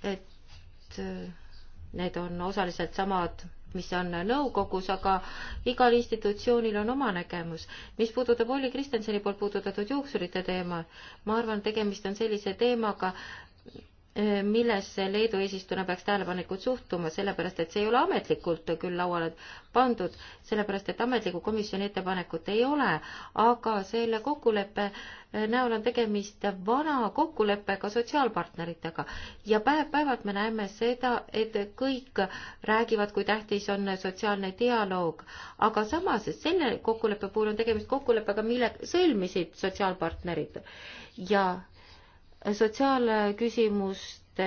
et need on osaliselt samad, mis on nõukogus, aga igal institutsioonil on oma nägemus. mis puudutab Olli Kristjanseni poolt puudutatud juuksurite teema, ma arvan, tegemist on sellise teemaga, millesse Leedu eesistujana peaks tähelepanelikult suhtuma, sellepärast et see ei ole ametlikult küll lauale pandud, sellepärast et ametlikku komisjoni ettepanekut ei ole, aga selle kokkuleppe näol on tegemist vana kokkuleppega sotsiaalpartneritega ja päev-päevalt me näeme seda, et kõik räägivad, kui tähtis on sotsiaalne dialoog, aga samas selle kokkuleppe puhul on tegemist kokkuleppega, mille sõlmisid sotsiaalpartnerid ja sotsiaalküsimuste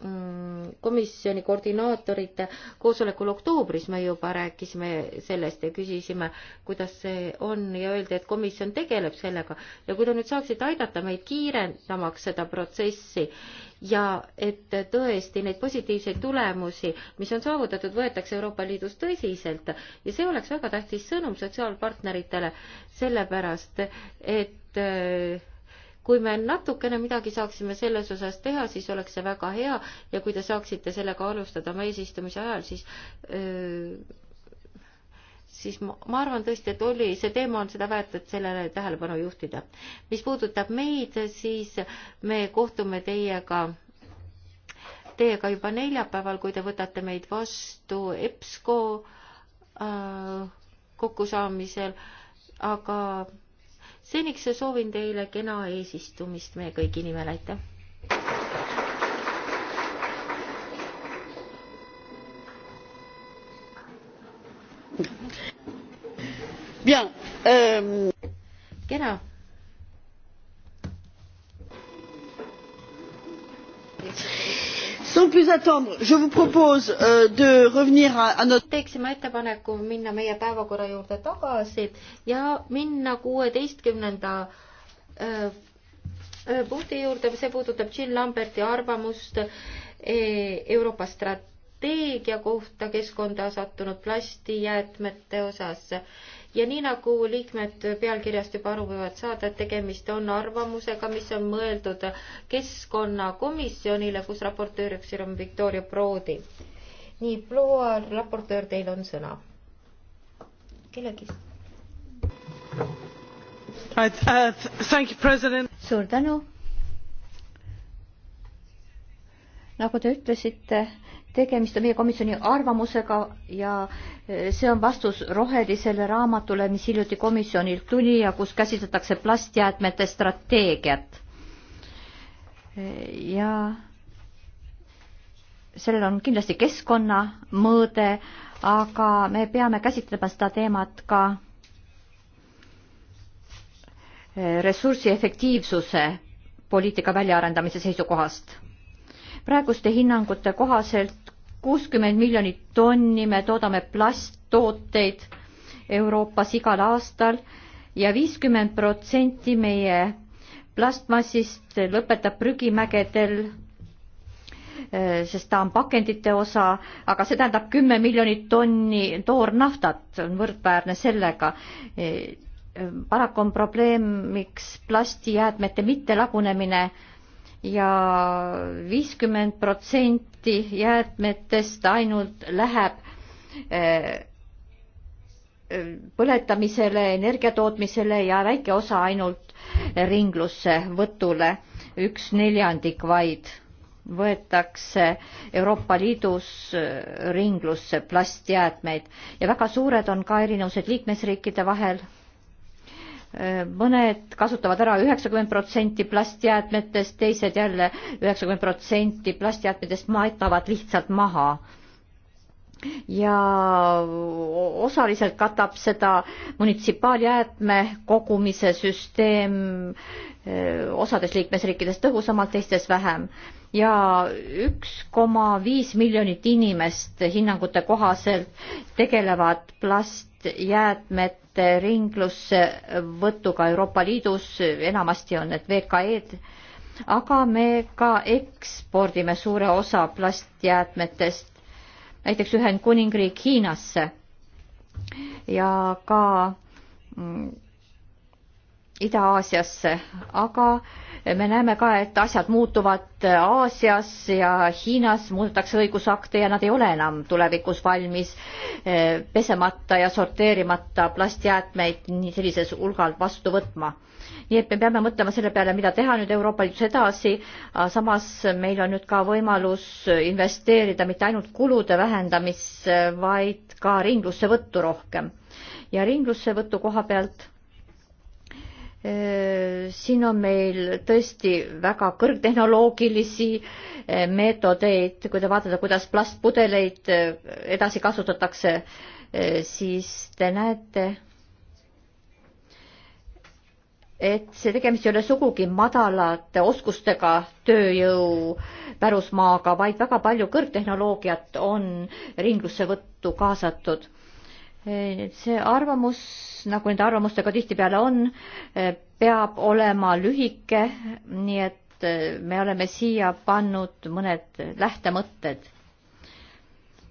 mm, komisjoni koordinaatorite koosolekul oktoobris me juba rääkisime sellest ja küsisime, kuidas see on ja öeldi, et komisjon tegeleb sellega ja kui te nüüd saaksite aidata meid kiirendamaks seda protsessi ja et tõesti neid positiivseid tulemusi, mis on saavutatud, võetakse Euroopa Liidus tõsiselt ja see oleks väga tähtis sõnum sotsiaalpartneritele, sellepärast et kui me natukene midagi saaksime selles osas teha, siis oleks see väga hea ja kui te saaksite sellega alustada oma eesistumise ajal, siis öö, siis ma, ma arvan tõesti, et oli, see teema on seda väärt, et sellele tähelepanu juhtida. mis puudutab meid, siis me kohtume teiega teiega juba neljapäeval, kui te võtate meid vastu EBSCO äh, kokkusaamisel, aga seniks soovin teile kena eesistumist meie kõigi nimel, aitäh! Bien, euh... Ähm, genau. Jetzt sans plus attendre je vous propose euh, de revenir à notre teeksime ettepaneku minna meie päevakorra juurde tagasi ja minna kuueteistkümnenda äh, äh, punkti juurde see puudutab Jill Lamberti arvamust äh, Euroopa strateegia kohta keskkonda sattunud plastijäätmete osas ja nii nagu liikmed pealkirjast juba aru võivad saada, et tegemist on arvamusega, mis on mõeldud keskkonnakomisjonile, kus raportööriks on Victoria Prodi. nii, proua raportöör, teil on sõna. kellegi? Uh, suur tänu. nagu te ütlesite, tegemist on meie komisjoni arvamusega ja e, see on vastus rohelisele raamatule, mis hiljuti komisjonilt tuli ja kus käsitletakse plastjäätmete strateegiat. E, ja sellel on kindlasti keskkonnamõõde, aga me peame käsitlema seda teemat ka e, ressursi efektiivsuse poliitika väljaarendamise seisukohast praeguste hinnangute kohaselt kuuskümmend miljonit tonni me toodame plasttooteid Euroopas igal aastal ja viiskümmend protsenti meie plastmassist lõpetab prügimägedel, eh, sest ta on pakendite osa, aga see tähendab kümme miljonit tonni toornaftat on võrdväärne sellega. Eh, paraku on probleemiks plastijäätmete mittelagunemine ja viiskümmend protsenti jäätmetest ainult läheb eh, põletamisele, energiatootmisele ja väike osa ainult ringlusse võtule, üks neljandik vaid võetakse Euroopa Liidus eh, ringlusse plastjäätmeid ja väga suured on ka erinevused liikmesriikide vahel Äh, mõned kasutavad ära üheksakümmend protsenti plastjäätmetest, teised jälle üheksakümmend protsenti plastjäätmetest maetavad lihtsalt maha. ja osaliselt katab seda munitsipaaljäätme kogumise süsteem äh, osades liikmesriikides tõhusamalt, teistes vähem ja üks koma viis miljonit inimest hinnangute kohaselt tegelevad plast jäätmete ringlussevõtuga Euroopa Liidus, enamasti on need VKE-d, aga me ka ekspordime suure osa plastjäätmetest näiteks Ühendkuningriik Hiinasse ja ka mm, Ida-Aasiasse, aga me näeme ka, et asjad muutuvad Aasias ja Hiinas muudetakse õigusakte ja nad ei ole enam tulevikus valmis eh, pesemata ja sorteerimata plastjäätmeid nii sellises hulgal vastu võtma. nii et me peame mõtlema selle peale, mida teha nüüd Euroopa Liidus edasi, samas meil on nüüd ka võimalus investeerida mitte ainult kulude vähendamisse, vaid ka ringlussevõttu rohkem. ja ringlussevõtu koha pealt Äh, siin on meil tõesti väga kõrgtehnoloogilisi äh, meetodeid, kui te vaatate, kuidas plastpudeleid äh, edasi kasutatakse, siis te näete, et see tegemist ei ole sugugi madalate oskustega tööjõu pärusmaaga, vaid väga palju kõrgtehnoloogiat on ringlussevõttu kaasatud Eh, see arvamus, nagu nende arvamustega tihtipeale on, eh, peab olema lühike, nii et eh, me oleme siia pannud mõned lähtemõtted.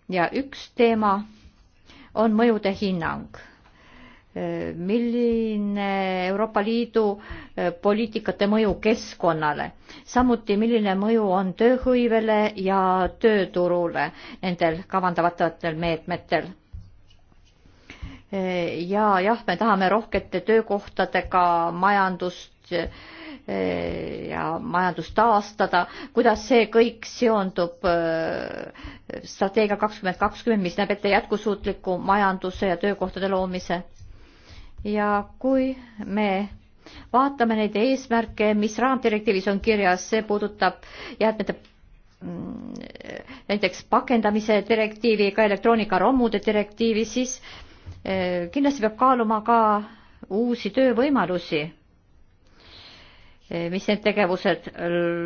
ja üks teema on mõjude hinnang. milline Euroopa Liidu poliitikate mõju keskkonnale, samuti milline mõju on tööhõivele ja tööturule nendel kavandatavatel meetmetel ja jah, me tahame rohkete töökohtadega majandust eh, ja majandust taastada, kuidas see kõik seondub eh, strateegia kakskümmend kakskümmend, mis näeb ette jätkusuutliku majanduse ja töökohtade loomise. ja kui me vaatame neid eesmärke, mis raamdirektiivis on kirjas, see puudutab jäätmete mm, näiteks pakendamise direktiivi, ka elektroonikaromude direktiivi, siis äh, Eh, kindlasti peab kaaluma ka uusi töövõimalusi, eh, mis need tegevused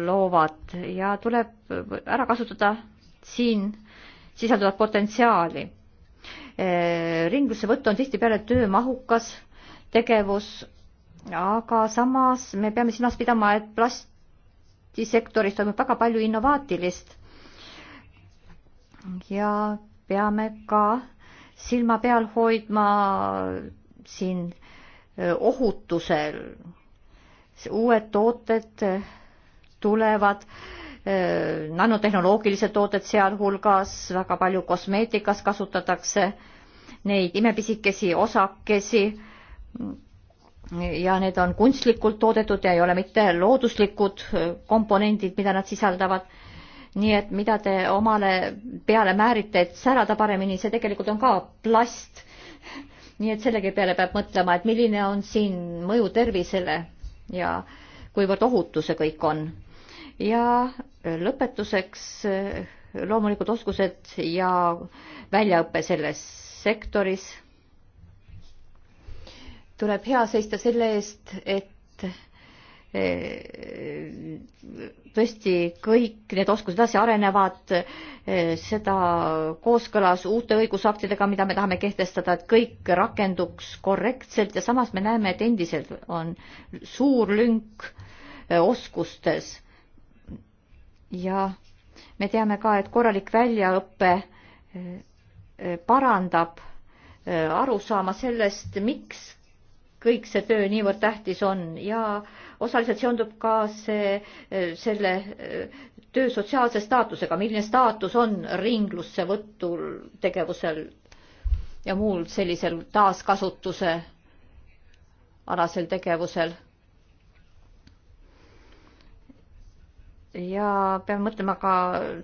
loovad ja tuleb ära kasutada siin sisalduvat potentsiaali. Eh, ringlussevõtt on tihtipeale töömahukas tegevus, aga samas me peame silmas pidama, et plastisektoris toimub väga palju innovaatilist ja peame ka äh, silma peal hoidma siin ohutusel. uued tooted tulevad, nanotehnoloogilised tooted sealhulgas, väga palju kosmeetikas kasutatakse neid imepisikesi osakesi ja need on kunstlikult toodetud ja ei ole mitte looduslikud komponendid, mida nad sisaldavad nii et mida te omale peale määrite, et särada paremini, see tegelikult on ka plast. nii et sellegi peale peab mõtlema, et milline on siin mõju tervisele ja kuivõrd ohutu see kõik on. ja lõpetuseks eh, loomulikult oskused ja väljaõpe selles sektoris. tuleb hea seista selle eest, et Eh, tõesti kõik need oskused edasi arenevad, eh, seda kooskõlas uute õigusaktidega, mida me tahame kehtestada, et kõik rakenduks korrektselt ja samas me näeme, et endiselt on suur lünk eh, oskustes. ja me teame ka, et korralik väljaõpe parandab arusaama sellest, miks kõik see töö niivõrd tähtis on ja osaliselt seondub ka see, eh, selle eh, töö sotsiaalse staatusega, milline staatus on ringlusse võtul tegevusel ja muul sellisel taaskasutuse alasel tegevusel. ja peame mõtlema ka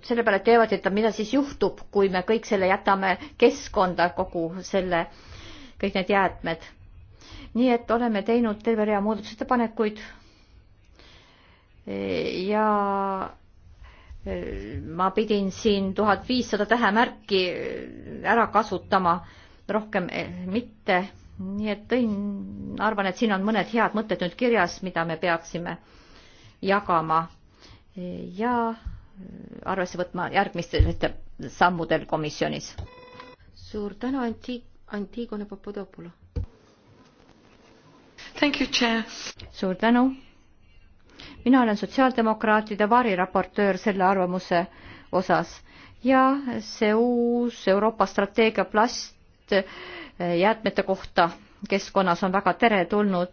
selle peale, et teevad, et mida siis juhtub, kui me kõik selle jätame keskkonda, kogu selle, kõik need jäätmed nii et oleme teinud terve rea muudatusettepanekuid ja e, ma pidin siin tuhat viissada tähemärki ära kasutama, rohkem e, mitte, nii et tõin, arvan, et siin on mõned head mõtted nüüd kirjas, mida me peaksime jagama e, ja arvesse võtma järgmistel sammudel komisjonis. suur tänu, Anti-, Antigone Papadopoulos suur tänu. mina olen sotsiaaldemokraatide variraportöör selle arvamuse osas ja see uus Euroopa strateegia plastjäätmete eh, kohta keskkonnas on väga teretulnud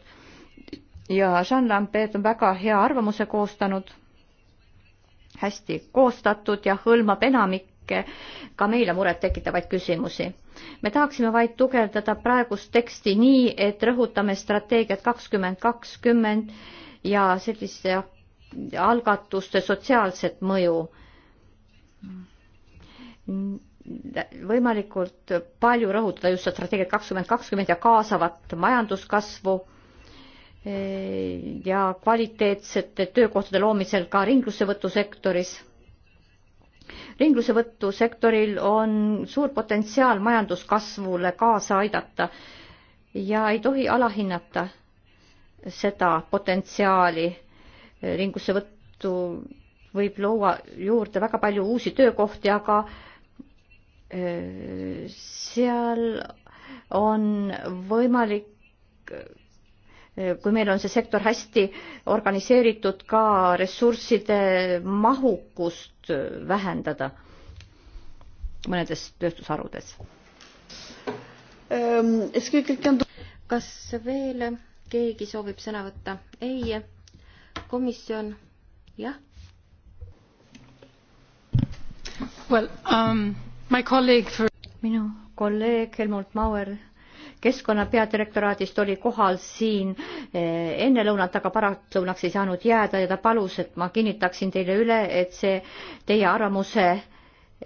ja Jean Lambert on väga hea arvamuse koostanud, hästi koostatud ja hõlmab enamikke ka meile murettekitavaid küsimusi me tahaksime vaid tugevdada praegust teksti nii, et rõhutame strateegiat kakskümmend kakskümmend ja selliste algatuste sotsiaalset mõju. võimalikult palju rõhutada just strateegiat kakskümmend kakskümmend ja kaasavat majanduskasvu ja kvaliteetsete töökohtade loomisel ka ringlussevõtusektoris ringlusevõttu sektoril on suur potentsiaal majanduskasvule kaasa aidata ja ei tohi alahinnata seda potentsiaali. ringlusevõttu võib luua juurde väga palju uusi töökohti, aga äh, seal on võimalik kui meil on see sektor hästi organiseeritud, ka ressursside mahukust vähendada mõnedes tööstusharudes. Ähm, kas veel keegi soovib sõna võtta? ei, komisjon, jah. Well, um, my colleague for... minu kolleeg Helmut Mauer keskkonna peadirektoraadist oli kohal siin eh, enne lõunat, aga paratlõunaks ei saanud jääda ja ta palus, et ma kinnitaksin teile üle, et see teie arvamuse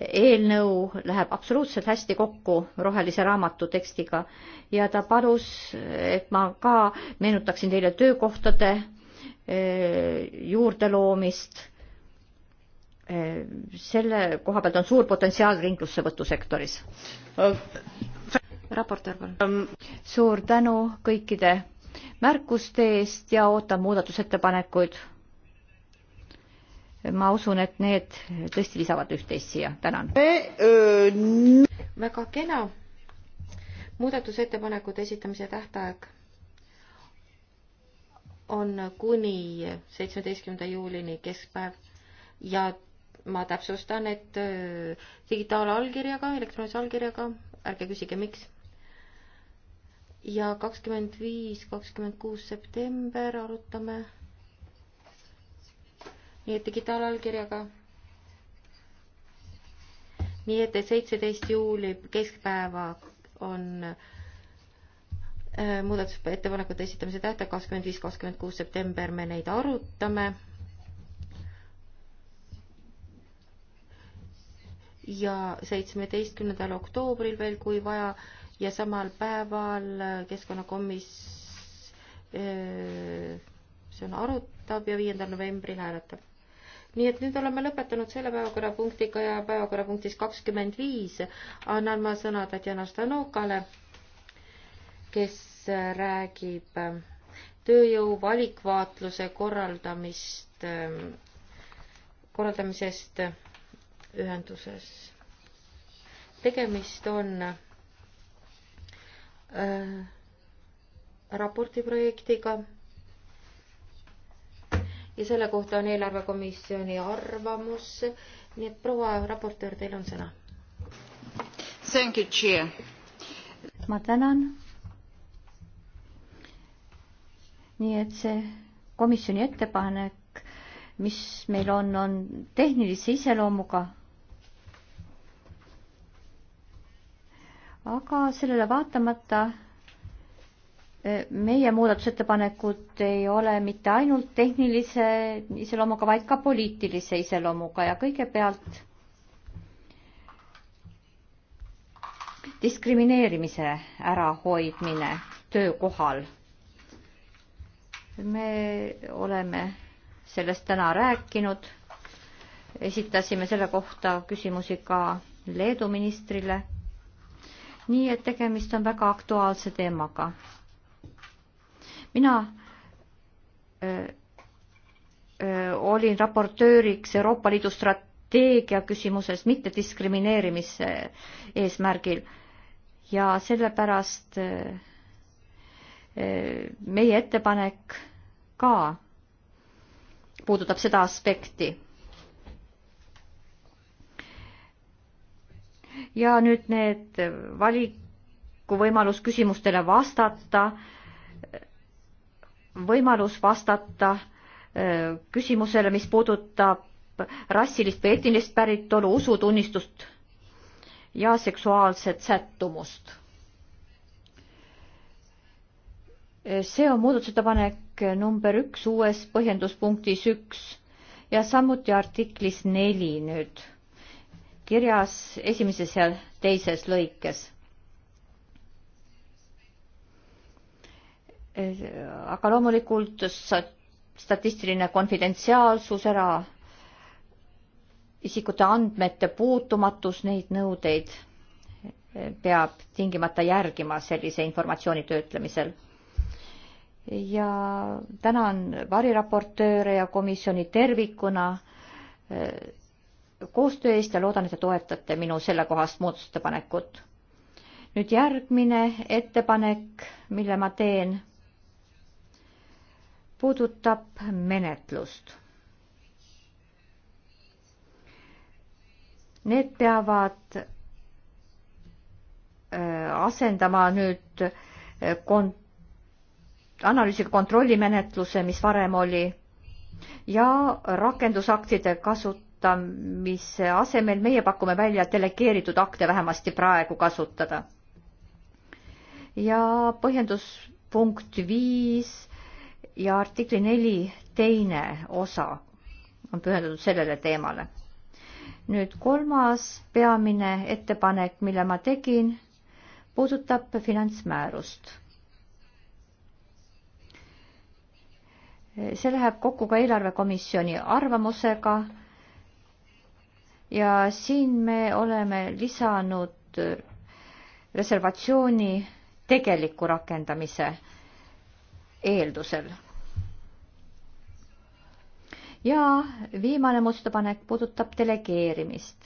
eelnõu läheb absoluutselt hästi kokku rohelise raamatu tekstiga ja ta palus, et ma ka meenutaksin teile töökohtade eh, juurde loomist. Eh, selle koha pealt on suur potentsiaal ringlussevõtusektoris äh, raportöör, palun. Um, suur tänu kõikide märkuste eest ja ootan muudatusettepanekuid. ma usun, et need tõesti lisavad üht-teist siia, tänan. Uh, väga kena. muudatusettepanekute esitamise tähtaeg on kuni seitsmeteistkümnenda juulini keskpäev ja ma täpsustan, et uh, digitaalallkirjaga, elektroonilise allkirjaga, ärge küsige, miks ja kakskümmend viis, kakskümmend kuus september arutame. nii et digitaalallkirjaga. nii et seitseteist juuli keskpäeva on äh, muudatusettepanekute esitamise tähtaeg kakskümmend viis, kakskümmend kuus september, me neid arutame. ja seitsmeteistkümnendal oktoobril veel, kui vaja ja samal päeval äh, keskkonnakomis- äh, see on arutab ja viiendal novembril hääletab nii et nüüd oleme lõpetanud selle päevakorrapunktiga ja päevakorrapunktis kakskümmend viis annan ma sõna Tatjana Stanokale, kes äh, räägib tööjõu valikvaatluse korraldamist, ähm, korraldamisest ühenduses. tegemist on äh, raporti projektiga. ja selle kohta on eelarvekomisjoni arvamus. nii et proua raportöör, teil on sõna. ma tänan. nii et see komisjoni ettepanek, mis meil on, on tehnilise iseloomuga aga sellele vaatamata eh, meie muudatusettepanekud ei ole mitte ainult tehnilise iseloomuga, vaid ka poliitilise iseloomuga ja kõigepealt diskrimineerimise ärahoidmine töökohal. me oleme sellest täna rääkinud, esitasime selle kohta küsimusi ka Leedu ministrile nii et tegemist on väga aktuaalse teemaga. mina öö, öö, olin raportööriks Euroopa Liidu strateegia küsimuses mittediskrimineerimise eesmärgil ja sellepärast öö, meie ettepanek ka puudutab seda aspekti ja nüüd need valikuvõimalus küsimustele vastata, võimalus vastata äh, küsimusele, mis puudutab rassilist või etnilist päritolu, usutunnistust ja seksuaalset sättumust. Äh, see on muudatusettepanek number üks uues põhjenduspunktis üks ja samuti artiklis neli nüüd kirjas esimeses ja teises lõikes. aga loomulikult statistiline konfidentsiaalsus, era isikute andmete puutumatus, neid nõudeid peab tingimata järgima sellise informatsiooni töötlemisel. ja tänan variraportööre ja komisjoni tervikuna koostöö eest ja loodan, et te toetate minu sellekohast muudatusettepanekut. nüüd järgmine ettepanek, mille ma teen, puudutab menetlust. Need peavad äh, asendama nüüd äh, kont-, analüüsiga kontrollimenetluse, mis varem oli, ja rakendusaktide kasut-, kasutamise asemel meie pakume välja delegeeritud akte vähemasti praegu kasutada. ja põhjendus punkt viis ja artikli neli teine osa on pühendatud sellele teemale. nüüd kolmas peamine ettepanek, mille ma tegin, puudutab finantsmäärust see läheb kokku ka eelarvekomisjoni arvamusega ja siin me oleme lisanud reservatsiooni tegeliku rakendamise eeldusel. ja viimane muudatusettepanek puudutab delegeerimist.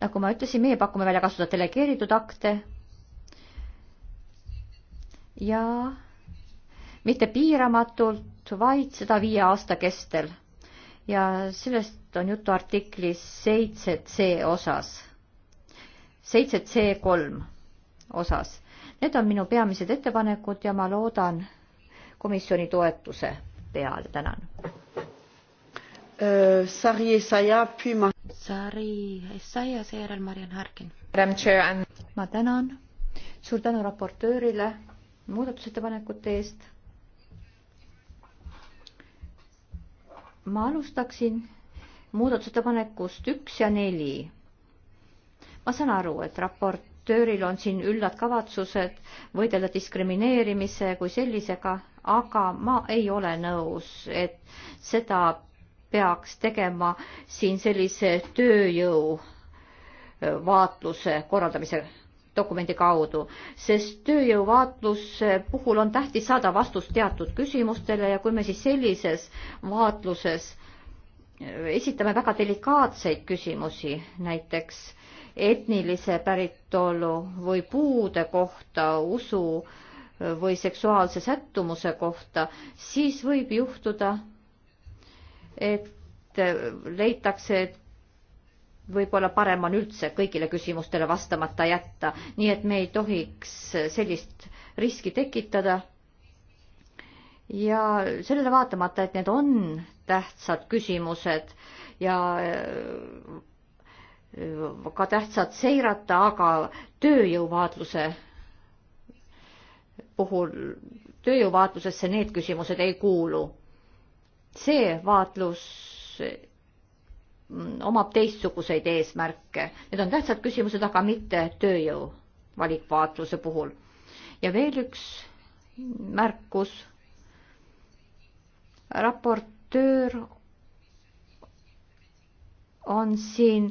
nagu ma ütlesin, meie pakume välja kasutada delegeeritud akte ja mitte piiramatult, vaid seda viie aasta kestel ja sellest on juttu artiklis seitse C osas, seitse C kolm osas. Need on minu peamised ettepanekud ja ma loodan komisjoni toetuse peale, tänan. Äh, Sari Essaia, Püüma. Sari Essaia, seejärel Mariann Harkin. ma tänan, suur tänu raportöörile muudatusettepanekute eest ma alustaksin muudatusettepanekust üks ja neli. ma saan aru, et raportööril on siin üllad kavatsused võidelda diskrimineerimise kui sellisega, aga ma ei ole nõus, et seda peaks tegema siin sellise tööjõu vaatluse korraldamise dokumendi kaudu, sest tööjõuvaatluse eh, puhul on tähtis saada vastust teatud küsimustele ja kui me siis sellises vaatluses eh, esitame väga delikaatseid küsimusi, näiteks etnilise päritolu või puude kohta, usu eh, või seksuaalse sättumuse kohta, siis võib juhtuda, et leitakse, et võib-olla parem on üldse kõigile küsimustele vastamata jätta, nii et me ei tohiks sellist riski tekitada. ja sellele vaatamata, et need on tähtsad küsimused ja äh, ka tähtsad seirata, aga tööjõuvaatluse puhul, tööjõuvaatlusesse need küsimused ei kuulu. see vaatlus omab teistsuguseid eesmärke. Need on tähtsad küsimused, aga mitte tööjõu valikvaatluse puhul. ja veel üks märkus. raportöör on siin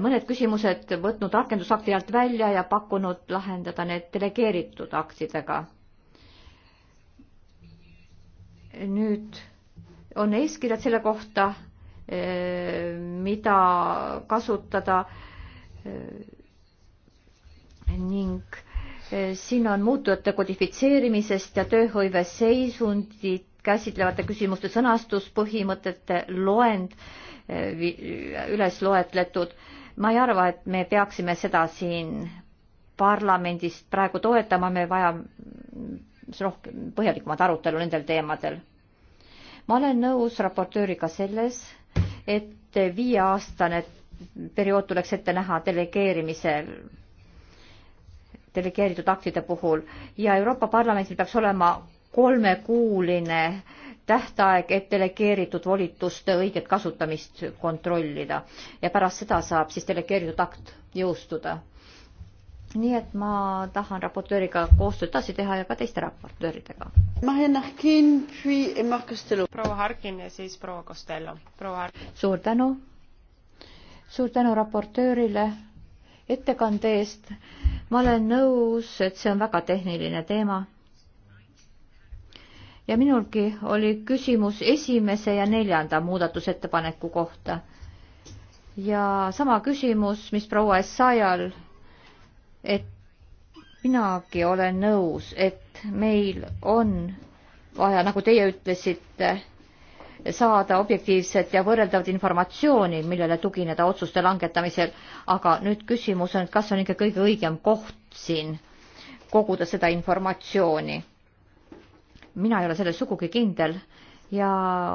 mõned küsimused võtnud rakendusakti alt välja ja pakkunud lahendada need delegeeritud aktidega. nüüd on eeskirjad selle kohta Eh, mida kasutada. Eh, ning eh, siin on muutujate kodifitseerimisest ja tööhõive seisundit käsitlevate küsimuste sõnastus, põhimõtete loend üles loetletud. ma ei arva, et me peaksime seda siin parlamendis praegu toetama, me vajame rohkem põhjalikumat arutelu nendel teemadel ma olen nõus raportööriga selles, et viieaastane periood tuleks ette näha delegeerimisel, delegeeritud aktide puhul ja Euroopa Parlamendil peaks olema kolmekuuline tähtaeg, et delegeeritud volituste õiget kasutamist kontrollida ja pärast seda saab siis delegeeritud akt jõustuda nii et ma tahan raportööriga koostööd edasi teha ja ka teiste raportööridega. proua Harkin ja siis proua Costello. suur tänu. suur tänu raportöörile ettekande eest. ma olen nõus, et see on väga tehniline teema. ja minulgi oli küsimus esimese ja neljanda muudatusettepaneku kohta ja sama küsimus, mis proua Essayal et minagi olen nõus, et meil on vaja, nagu teie ütlesite, saada objektiivset ja võrreldavat informatsiooni, millele tugineda otsuste langetamisel, aga nüüd küsimus on, et kas on ikka kõige õigem koht siin koguda seda informatsiooni. mina ei ole selles sugugi kindel ja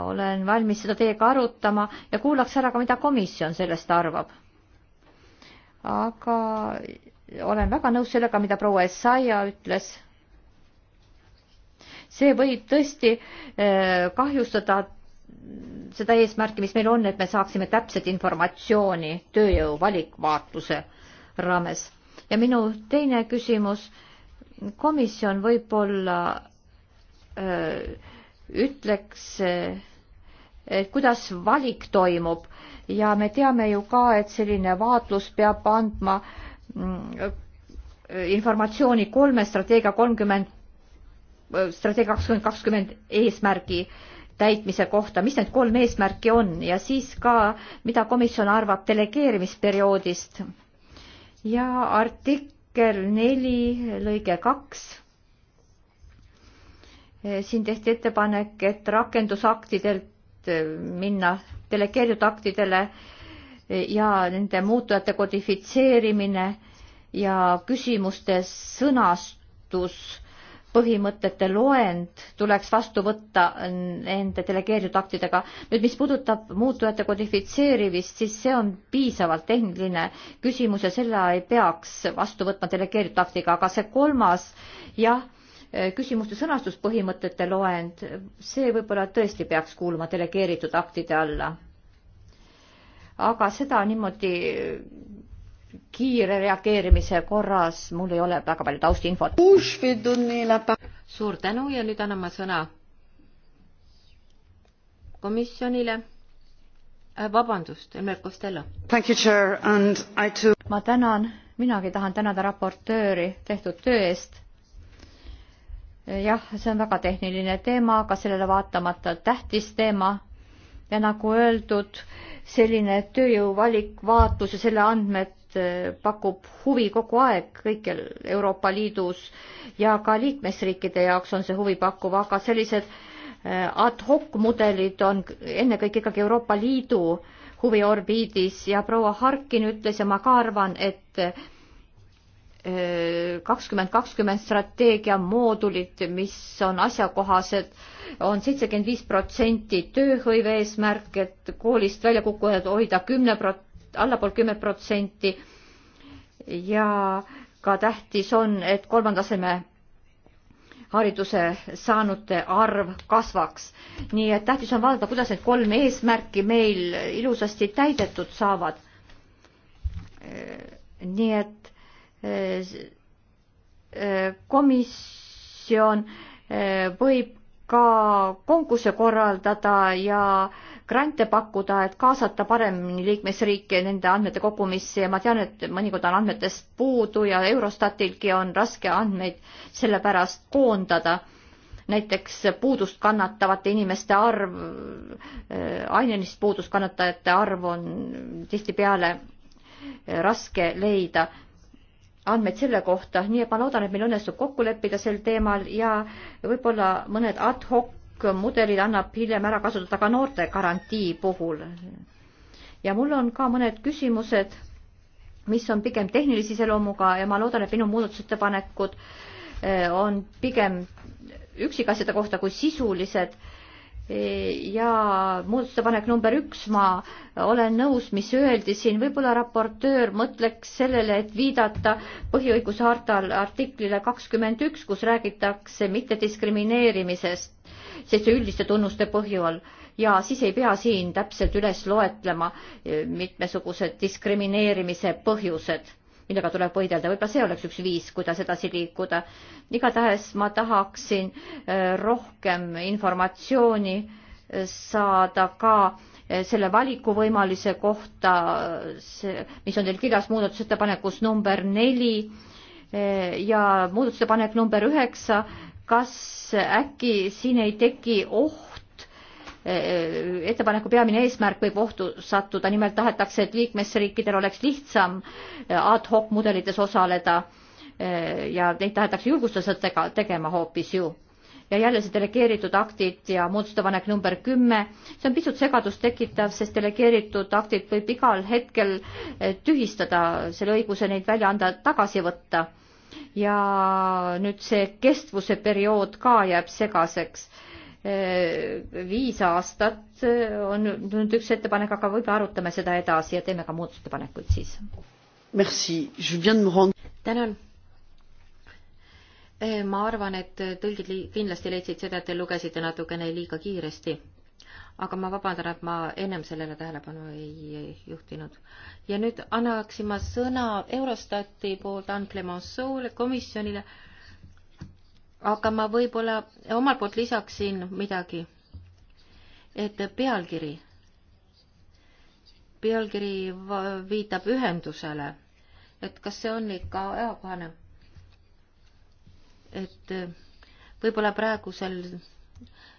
olen valmis seda teiega arutama ja kuulaks ära ka, mida komisjon sellest arvab. aga olen väga nõus sellega, mida proua Essaia ütles. see võib tõesti äh, kahjustada seda eesmärki, mis meil on, et me saaksime täpset informatsiooni tööjõu valikvaatluse raames. ja minu teine küsimus, komisjon võib-olla äh, ütleks, äh, et kuidas valik toimub ja me teame ju ka, et selline vaatlus peab andma öö, Mm, informatsiooni kolme strateegia kolmkümmend, strateegia kakskümmend kakskümmend eesmärgi täitmise kohta, mis need kolm eesmärki on ja siis ka, mida komisjon arvab delegeerimisperioodist. ja artikkel neli lõige kaks. siin tehti ettepanek, et rakendusaktidelt eh, minna delegeeritud aktidele äh, ja nende muutujate kodifitseerimine ja küsimuste sõnastus, põhimõtete loend tuleks vastu võtta nende delegeeritud aktidega. nüüd, mis puudutab muutujate kodifitseerimist, siis see on piisavalt tehniline küsimus ja selle ei peaks vastu võtma delegeeritud aktiga, aga see kolmas, jah, küsimuste sõnastuspõhimõtete loend, see võib-olla tõesti peaks kuuluma delegeeritud aktide alla aga seda niimoodi kiire reageerimise korras mul ei ole väga palju taustinfot. suur tänu ja nüüd annan ma sõna komisjonile. Äh, vabandust, Elmer Costello. ma tänan, minagi tahan tänada raportööri tehtud töö eest jah, see on väga tehniline teema, aga sellele vaatamata tähtis teema ja nagu öeldud, selline tööjõu valik, vaatlus ja selle andmed äh, pakub huvi kogu aeg kõikjal Euroopa Liidus ja ka liikmesriikide jaoks on see huvipakkuv, aga sellised äh, ad hoc mudelid on ennekõike ikkagi Euroopa Liidu huviorbiidis ja proua Harkin ütles ja ma ka arvan, et äh, kakskümmend kakskümmend strateegia moodulit, mis on asjakohased on, on seitsekümmend viis protsenti tööhõive eesmärk, et koolist väljakukkujad hoida kümne prot-, allapool kümme protsenti ja ka tähtis on, et kolmandaseme hariduse saanute arv kasvaks. nii et tähtis on vaadata, kuidas need kolm eesmärki meil ilusasti täidetud saavad. nii et komisjon eh, võib ka konkursse korraldada ja grante pakkuda, et kaasata paremini liikmesriike nende andmete kogumisse ja ma tean, et mõnikord on andmetest puudu ja Eurostatilgi on raske andmeid sellepärast koondada. näiteks puudust kannatavate inimeste arv, eh, ainelist puudust kannatajate arv on tihtipeale eh, raske leida andmeid selle kohta, nii et ma loodan, et meil õnnestub kokku leppida sel teemal ja võib-olla mõned ad hoc mudelid annab hiljem ära kasutada ka noorte garantii puhul. ja mul on ka mõned küsimused, mis on pigem tehnilise iseloomuga ja ma loodan, et minu muudatusettepanekud eh, on pigem üksikasjade kohta kui sisulised ja muudatusepanek number üks, ma olen nõus, mis öeldi siin, võib-olla raportöör mõtleks sellele, et viidata põhiõiguse hartal artiklile kakskümmend üks, kus räägitakse mittediskrimineerimisest selliste üldiste tunnuste põhjal ja siis ei pea siin täpselt üles loetlema mitmesugused diskrimineerimise põhjused millega tuleb võidelda. võib-olla see oleks üks viis, kuidas edasi liikuda. igatahes ma tahaksin äh, rohkem informatsiooni äh, saada ka äh, selle valikuvõimalise kohta, mis on teil kirjas muudatusettepanekus number neli ja muudatusettepanek number üheksa, kas äkki siin ei teki oht, Eh, eh, ettepaneku peamine eesmärk võib ohtu sattuda, nimelt tahetakse, et liikmesriikidel oleks lihtsam eh, ad hoc mudelites osaleda ja neid tahetakse julgustusega tegema hoopis ju ja jälle see delegeeritud aktid ja muudatusettepanek number kümme, see on pisut segadust tekitav, sest delegeeritud aktid võib igal hetkel tühistada, selle õiguse neid välja anda, tagasi võtta. ja nüüd see kestvuse periood ka jääb segaseks Äh, viis aastat äh, on nüüd üks ettepanek, aga võib-olla arutame seda edasi ja teeme ka muudatusettepanekuid siis. tänan. Äh, ma arvan, et tõlgid kindlasti leidsid seda, et te lugesite natukene liiga kiiresti. aga ma vabandan, et ma ennem sellele tähelepanu ei juhtinud. ja nüüd annaksin ma sõna Eurostati poolt Anne Clemenceau'le, komisjonile aga ma võib-olla omalt poolt lisaksin midagi. et pealkiri, pealkiri viitab ühendusele, et kas see on ikka ajakohane. et eh, võib-olla praegusel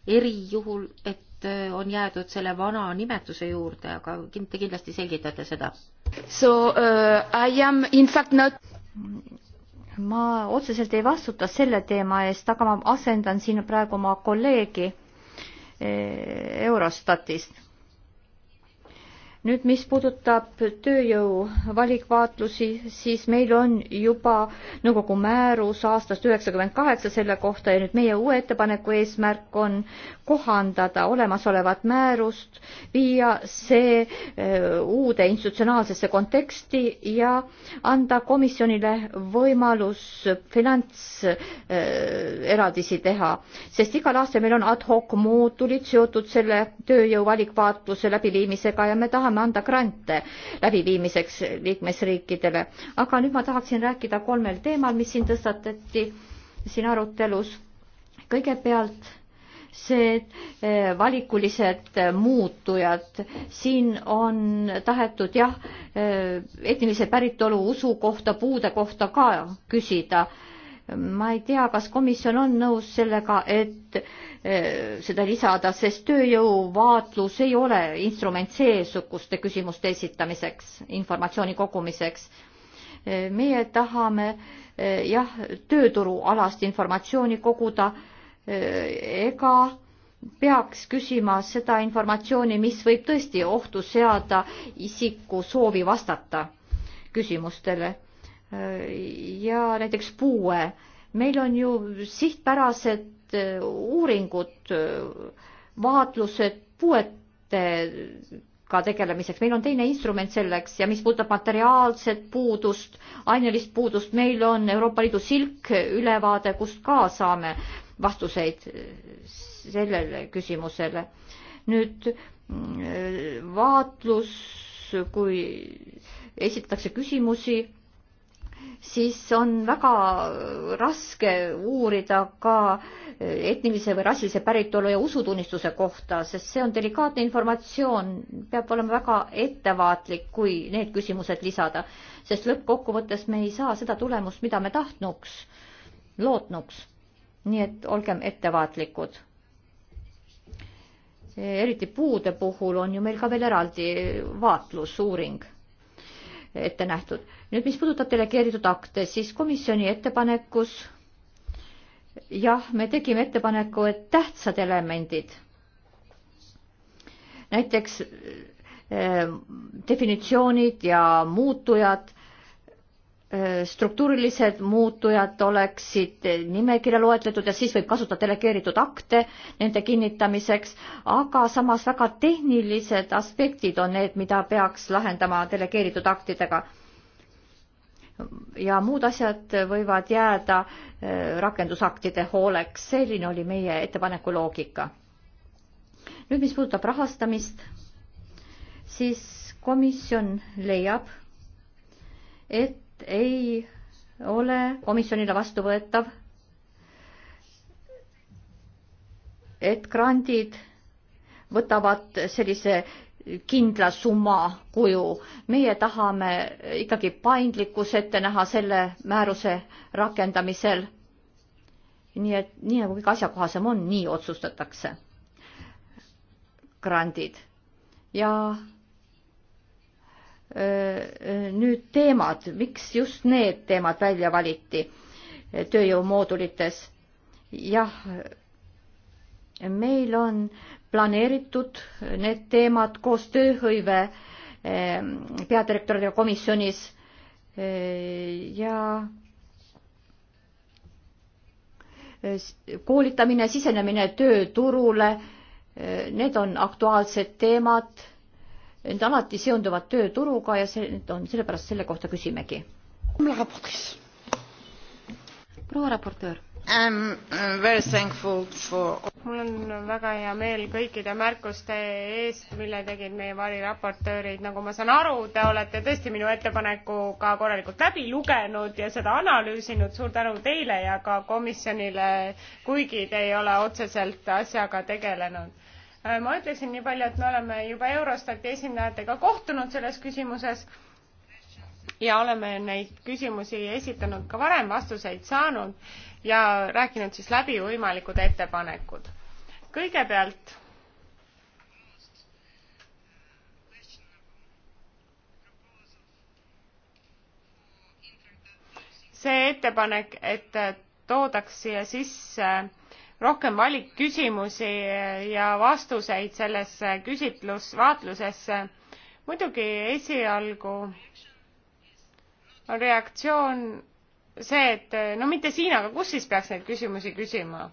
erijuhul, et eh, on jäädud selle vana nimetuse juurde, aga te kindlasti selgitate seda. So uh, I am in fact not ma otseselt ei vastuta selle teema eest, aga ma asendan siin praegu oma kolleegi eh, Eurostatist nüüd, mis puudutab tööjõu valikvaatlusi, siis meil on juba nõukogu määrus aastast üheksakümmend kaheksa selle kohta ja nüüd meie uue ettepaneku eesmärk on kohandada olemasolevat määrust, viia see äh, uude institutsionaalsesse konteksti ja anda komisjonile võimalus finantseraldisi äh, teha, sest igal aastal meil on ad hoc muutulid seotud selle tööjõu valikvaatluse läbiviimisega ja me tahame tahame anda grante läbiviimiseks liikmesriikidele. aga nüüd ma tahaksin rääkida kolmel teemal, mis siin tõstatati siin arutelus. kõigepealt see eh, valikulised muutujad, siin on tahetud jah, eh, etnilise päritolu usu kohta, puude kohta ka küsida ma ei tea, kas komisjon on nõus sellega, et eh, seda lisada, sest tööjõuvaatlus ei ole instrument seesuguste küsimuste esitamiseks, informatsiooni kogumiseks. Eh, meie tahame eh, jah, tööturualast informatsiooni koguda ega peaks küsima seda informatsiooni, mis võib tõesti ohtu seada isiku soovi vastata küsimustele ja näiteks puue. meil on ju sihtpärased äh, uuringud, äh, vaatlused puuetega tegelemiseks, meil on teine instrument selleks ja mis puudutab materiaalset puudust, ainelist puudust, meil on Euroopa Liidu silk ülevaade, kust ka saame vastuseid äh, sellele küsimusele. nüüd vaatlus, kui esitatakse küsimusi siis on väga raske uurida ka etnilise või rassilise päritolu ja usutunnistuse kohta, sest see on delikaatne informatsioon, peab olema väga ettevaatlik, kui need küsimused lisada, sest lõppkokkuvõttes me ei saa seda tulemust, mida me tahtnuks, lootnuks. nii et olgem ettevaatlikud. eriti puude puhul on ju meil ka veel eraldi vaatlusuuring ette nähtud nüüd, mis puudutab delegeeritud akte, siis komisjoni ettepanekus jah, me tegime ettepaneku, et tähtsad elemendid, näiteks äh, definitsioonid ja muutujad äh,, struktuurilised muutujad oleksid nimekirja loetletud ja siis võib kasutada delegeeritud akte nende kinnitamiseks, aga samas väga tehnilised aspektid on need, mida peaks lahendama delegeeritud aktidega ja muud asjad võivad jääda eh, rakendusaktide hooleks. selline oli meie ettepaneku loogika. nüüd, mis puudutab rahastamist, siis komisjon leiab, et ei ole komisjonile vastuvõetav, et grandid võtavad sellise kindla summa kuju. meie tahame ikkagi paindlikkus ette näha selle määruse rakendamisel. nii et nii nagu kõige asjakohasem on, nii otsustatakse grandid. ja öö, nüüd teemad, miks just need teemad välja valiti tööjõumoodulites? jah, meil on planeeritud need teemad koos tööhõive eh, peadirektoriga komisjonis eh, ja eh, koolitamine, sisenemine tööturule, need on aktuaalsed teemad, need alati seonduvad tööturuga ja see on, sellepärast selle kohta küsimegi. proua raportöör For... mul on väga hea meel kõikide märkuste eest mille tegid meie variraportöörid nagu ma saan aru te olete tõesti minu ettepaneku ka korralikult läbi lugenud ja seda analüüsinud suur tänu teile ja ka komisjonile kuigi te ei ole otseselt asjaga tegelenud äh, ma ütleksin nii palju et me oleme juba eurostati esindajatega kohtunud selles küsimuses ja oleme neid küsimusi esitanud ka varem vastuseid saanud ja rääkinud siis läbi võimalikud ettepanekud. kõigepealt see ettepanek, et toodaks siia sisse rohkem valikküsimusi ja vastuseid sellesse küsitlusvaatlusesse. muidugi esialgu on reaktsioon see, et no mitte siin, aga kus siis peaks neid küsimusi küsima?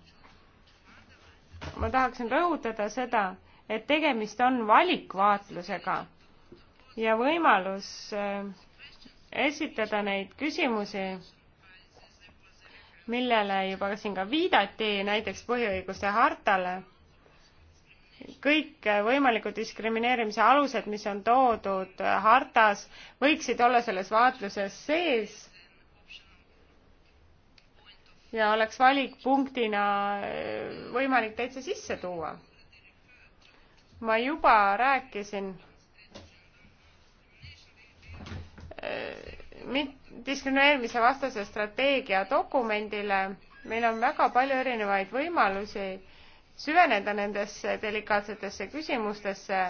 ma tahaksin rõhutada seda, et tegemist on valikvaatlusega ja võimalus äh, esitada neid küsimusi, millele juba siin ka viidati, näiteks põhiõiguste hartale, kõik äh, võimalikud diskrimineerimise alused, mis on toodud äh, hartas, võiksid olla selles vaatluses sees ja oleks valikpunktina eh, võimalik täitsa sisse tuua. ma juba rääkisin eh, diskrimineerimise vastase strateegia dokumendile, meil on väga palju erinevaid võimalusi süveneda nendesse delikaatsetesse küsimustesse.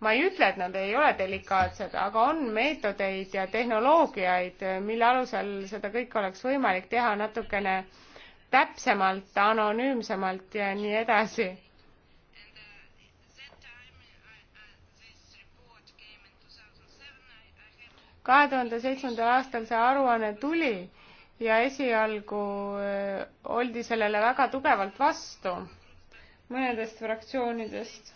ma ei ütle, et nad ei ole delikaatsed, aga on meetodeid ja tehnoloogiaid, mille alusel seda kõike oleks võimalik teha natukene äh, täpsemalt, anonüümsemalt ja nii edasi. kahe tuhande seitsmendal aastal see aruanne tuli ja esialgu äh, oldi sellele väga tugevalt vastu mõnedest fraktsioonidest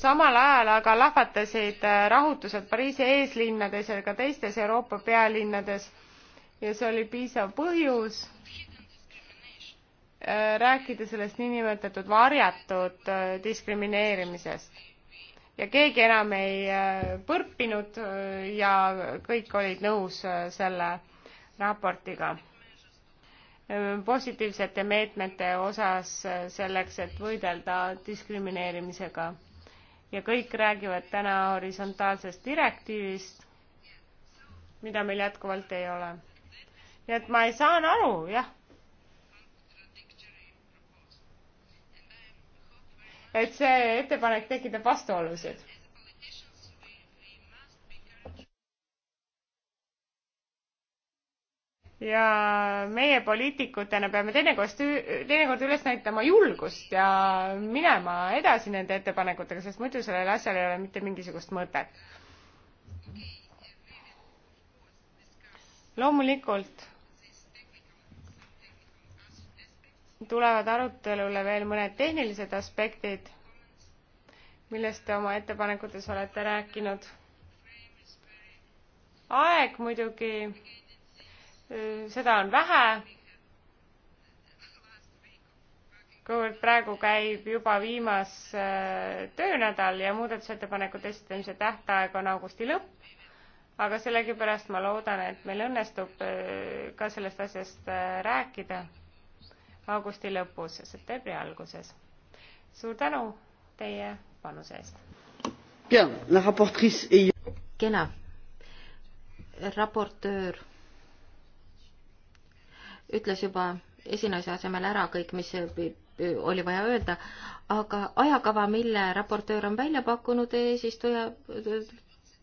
samal ajal aga lahvatasid äh, rahutused Pariisi eeslinnades ja ka teistes Euroopa pealinnades ja see oli piisav põhjus äh, rääkida sellest niinimetatud varjatud äh, diskrimineerimisest. ja keegi enam ei põrpinud ja kõik olid nõus selle raportiga Äh, positiivsete meetmete osas äh, selleks, et võidelda diskrimineerimisega. ja kõik räägivad täna horisontaalsest direktiivist, mida meil jätkuvalt ei ole. nii et ma ei saan aru, jah. et see ettepanek tekitab vastuolusid ja meie poliitikutena peame teinekord, teinekord üles näitama julgust ja minema edasi nende ettepanekutega, sest muidu sellel asjal ei ole mitte mingisugust mõtet. loomulikult tulevad arutelule veel mõned tehnilised aspektid, millest te oma ettepanekutes olete rääkinud. aeg muidugi seda on vähe, kuivõrd praegu käib juba viimas äh, töönädal ja muudatusettepanekute esitamise tähtaeg on augusti lõpp, aga sellegipärast ma loodan, et meil õnnestub äh, ka sellest asjast äh, rääkida augusti lõpus, septembri alguses. suur tänu teie panuse eest! kena, raportöör ütles juba esinaise asemel ära kõik, mis oli vaja öelda, aga ajakava, mille raportöör on välja pakkunud, eesistuja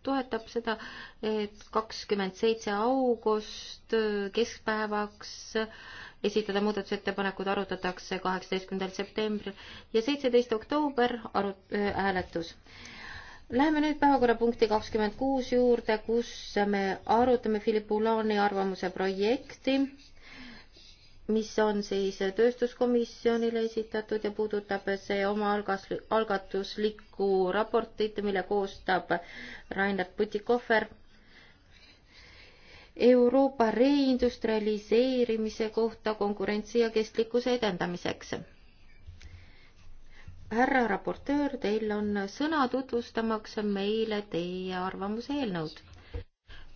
toetab seda, et kakskümmend seitse august keskpäevaks esitada muudatusettepanekud arutatakse kaheksateistkümnendal septembril ja seitseteist oktoober arut-, äh, hääletus äh,. Läheme nüüd päevakorrapunkti kakskümmend kuus juurde, kus me arutame Philipp Ulani arvamuse projekti mis on siis tööstuskomisjonile esitatud ja puudutab see oma algas, algatuslikku raportit, mille koostab Rainer Putikohver Euroopa reindustrialiseerimise kohta konkurentsi ja kestlikkuse edendamiseks. härra raportöör, teil on sõna tutvustamaks meile teie arvamuse eelnõud.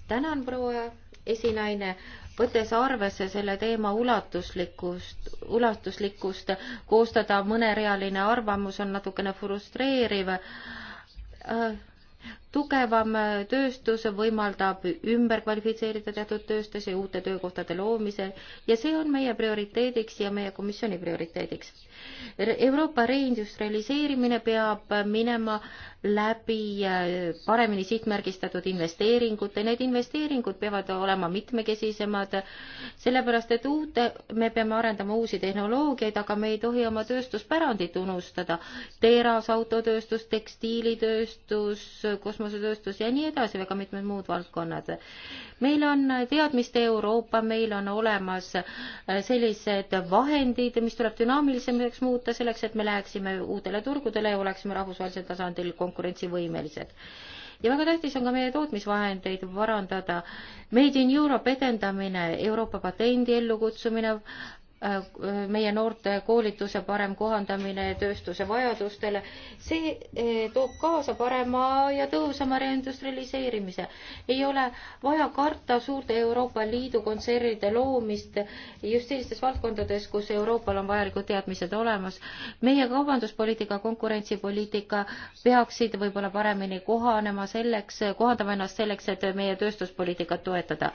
tänan, proua esinaine võttes arvesse selle teema ulatuslikkust, ulatuslikkust, koostada mõnerealine arvamus on natukene frustreeriv äh, tugevam äh, tööstus võimaldab ümber kvalifitseerida teatud tööstusi uute töökohtade loomisel ja see on meie prioriteediks ja meie komisjoni prioriteediks. Euroopa reindustrialiseerimine peab minema läbi äh, paremini sihtmärgistatud investeeringute, need investeeringud peavad olema mitmekesisemad, sellepärast et uute, me peame arendama uusi tehnoloogiaid, aga me ei tohi oma tööstuspärandit unustada. teras, autotööstus, tekstiilitööstus, kosmo-, kosmosetööstus ja nii edasi, väga mitmed muud valdkonnad. meil on teadmiste Euroopa, meil on olemas äh, sellised vahendid, mis tuleb dünaamilisemaks muuta, selleks et me läheksime uutele turgudele ja oleksime rahvusvahelisel tasandil konkurentsivõimelised ja väga tähtis on ka meie tootmisvahendeid parandada. Made in Europe edendamine, Euroopa patendi ellukutsumine, Äh, meie noorte koolituse parem kohandamine tööstuse vajadustele, see äh, toob kaasa parema ja tõhusama reindustrialiseerimise. ei ole vaja karta suurte Euroopa Liidu kontsernide loomist just sellistes valdkondades, kus Euroopal on vajalikud teadmised olemas. meie kaubanduspoliitika, konkurentsipoliitika peaksid võib-olla paremini kohanema selleks, kohandama ennast selleks, et meie tööstuspoliitikat toetada.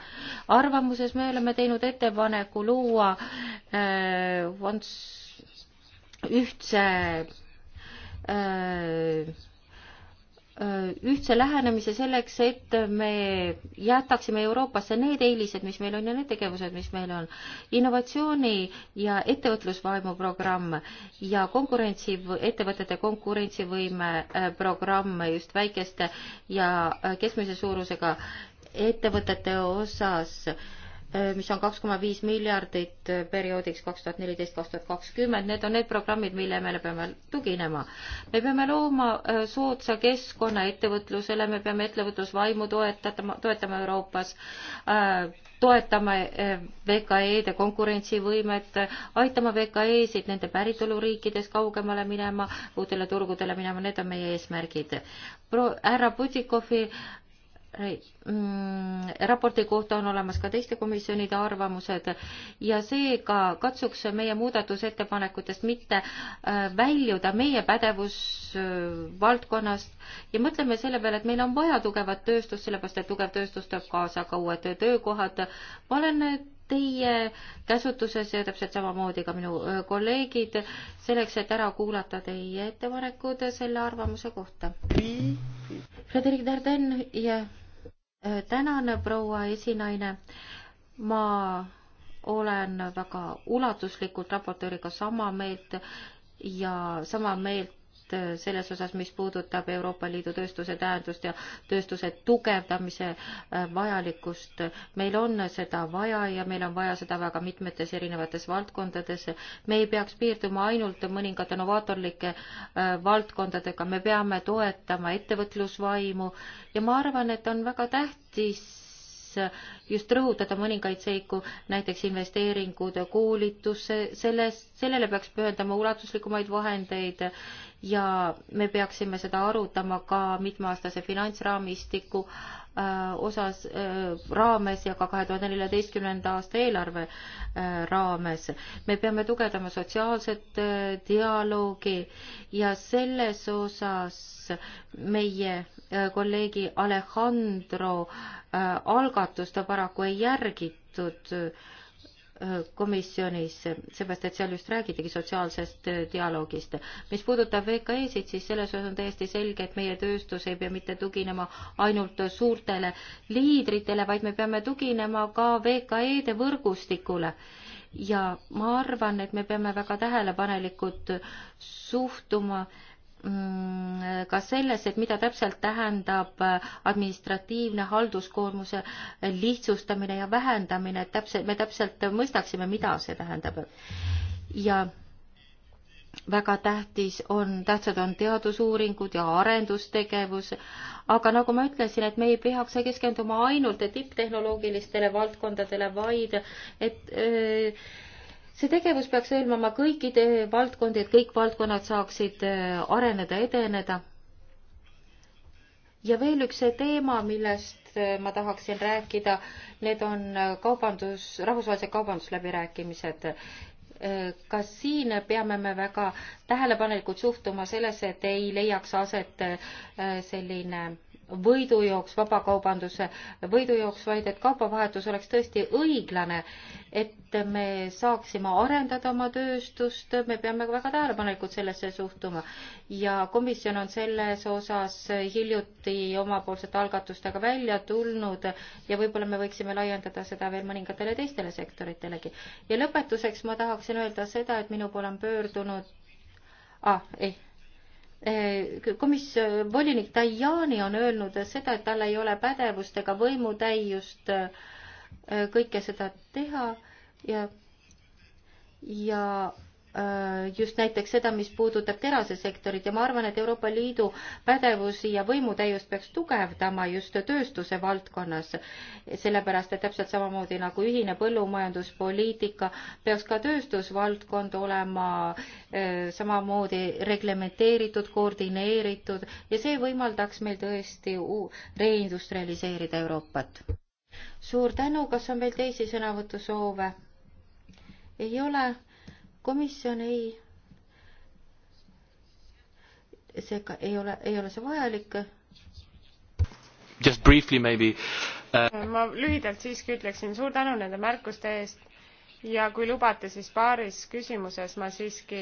arvamuses me oleme teinud ettepaneku luua Äh, ühtse äh, äh, ühtse lähenemise selleks, et me jätaksime Euroopasse need eelised, mis meil on ja need tegevused, mis meil on. innovatsiooni ja ettevõtlusvaimu programm ja konkurentsi, ettevõtete konkurentsivõime programm just väikeste ja keskmise suurusega ettevõtete osas äh, Äh, mis on kaks koma viis miljardit äh, perioodiks kaks tuhat neliteist, kaks tuhat kakskümmend, need on need programmid, mille me peame tuginema. me peame looma äh, soodsa keskkonna ettevõtlusele, me peame ettevõtlusvaimu toetama, toetama Euroopas, toetama VKE-de konkurentsivõimet, aitama VKE-sid nende päritoluriikides kaugemale minema, uutele turgudele minema, need on meie eesmärgid. härra Putikovi äh, Mm, raporti kohta on olemas ka teiste komisjonide arvamused ja seega katsuks meie muudatusettepanekutest mitte äh, väljuda meie pädevusvaldkonnast äh, ja mõtleme selle peale, et meil on vaja tugevat tööstust, sellepärast et tugev tööstus toob kaasa ka uued töökohad. ma olen äh, teie käsutuses ja täpselt samamoodi ka minu kolleegid selleks, et ära kuulata teie ettepanekud selle arvamuse kohta. Frederik Darden ja yeah. Äh, tänan, proua esinaine. ma olen väga ulatuslikult raportööriga sama meelt ja sama meelt tegemist äh, selles osas, mis puudutab Euroopa Liidu tööstuse tähendust ja tööstuse tugevdamise äh, vajalikkust. meil on seda vaja ja meil on vaja seda väga mitmetes erinevates valdkondades. me ei peaks piirduma ainult mõningate novaatorlike äh, valdkondadega, me peame toetama ettevõtlusvaimu ja ma arvan, et on väga tähtis just rõhutada mõningaid seiku, näiteks investeeringud koolitusse, selles, sellele peaks pühendama ulatuslikumaid vahendeid ja me peaksime seda arutama ka mitmeaastase finantsraamistiku äh, osas äh, raames ja ka kahe tuhande neljateistkümnenda aasta eelarve äh, raames. me peame tugevdama sotsiaalset äh, dialoogi ja selles osas meie Äh, kolleegi Alejandro äh, algatust paraku ei järgitud äh, komisjonis, seepärast et seal just räägitigi sotsiaalsest dialoogist. mis puudutab VKE-sid, siis selles osas on täiesti selge, et meie tööstus ei pea mitte tuginema ainult suurtele liidritele, vaid me peame tuginema ka VKE-de võrgustikule. ja ma arvan, et me peame väga tähelepanelikud suhtuma äh, Mm, ka selles, et mida täpselt tähendab äh, administratiivne halduskoormuse äh, lihtsustamine ja vähendamine, et täpselt, me täpselt mõistaksime, mida see tähendab. ja väga tähtis on, tähtsad on teadusuuringud ja arendustegevus, aga nagu ma ütlesin, et me ei peaks keskenduma ainult tipptehnoloogilistele valdkondadele, vaid et öö, äh, see tegevus peaks hõlmama kõikide valdkondi, et kõik valdkonnad saaksid äh, areneda, edeneda. ja veel üks teema, millest äh, ma tahaksin rääkida, need on äh, kaubandus, rahvusvahelised kaubandusläbirääkimised. ka siin peame me väga tähelepanelikult suhtuma sellesse, et ei leiaks aset selline võidujooks, vabakaubanduse võidujooks, vaid et kaubavahetus oleks tõesti õiglane, et me saaksime arendada oma tööstust, me peame väga tähelepanelikult sellesse suhtuma. ja komisjon on selles osas hiljuti omapoolsete algatustega välja tulnud ja võib-olla me võiksime laiendada seda veel mõningatele teistele sektoritelegi. ja lõpetuseks ma tahaksin öelda seda, et minu poole on pöördunud ah, ei Eh, komis-, volinik Tajani on öelnud seda, et tal ei ole pädevust ega võimutäiust eh, kõike seda teha ja, ja Äh, just näiteks seda, mis puudutab terasesektorit ja ma arvan, et Euroopa Liidu pädevusi ja võimutäiust peaks tugevdama just tööstuse valdkonnas, sellepärast et täpselt samamoodi nagu ühine põllumajanduspoliitika peaks ka tööstusvaldkond olema äh, samamoodi reglementeeritud, koordineeritud ja see võimaldaks meil tõesti reindustrialiseerida Euroopat. suur tänu, kas on veel teisi sõnavõtusoove? ei ole komisjon ei, seega ei ole, ei ole see vajalik. Just briefly maybe uh.... ma lühidalt siiski ütleksin suur tänu nende märkuste eest ja kui lubate, siis paaris küsimuses ma siiski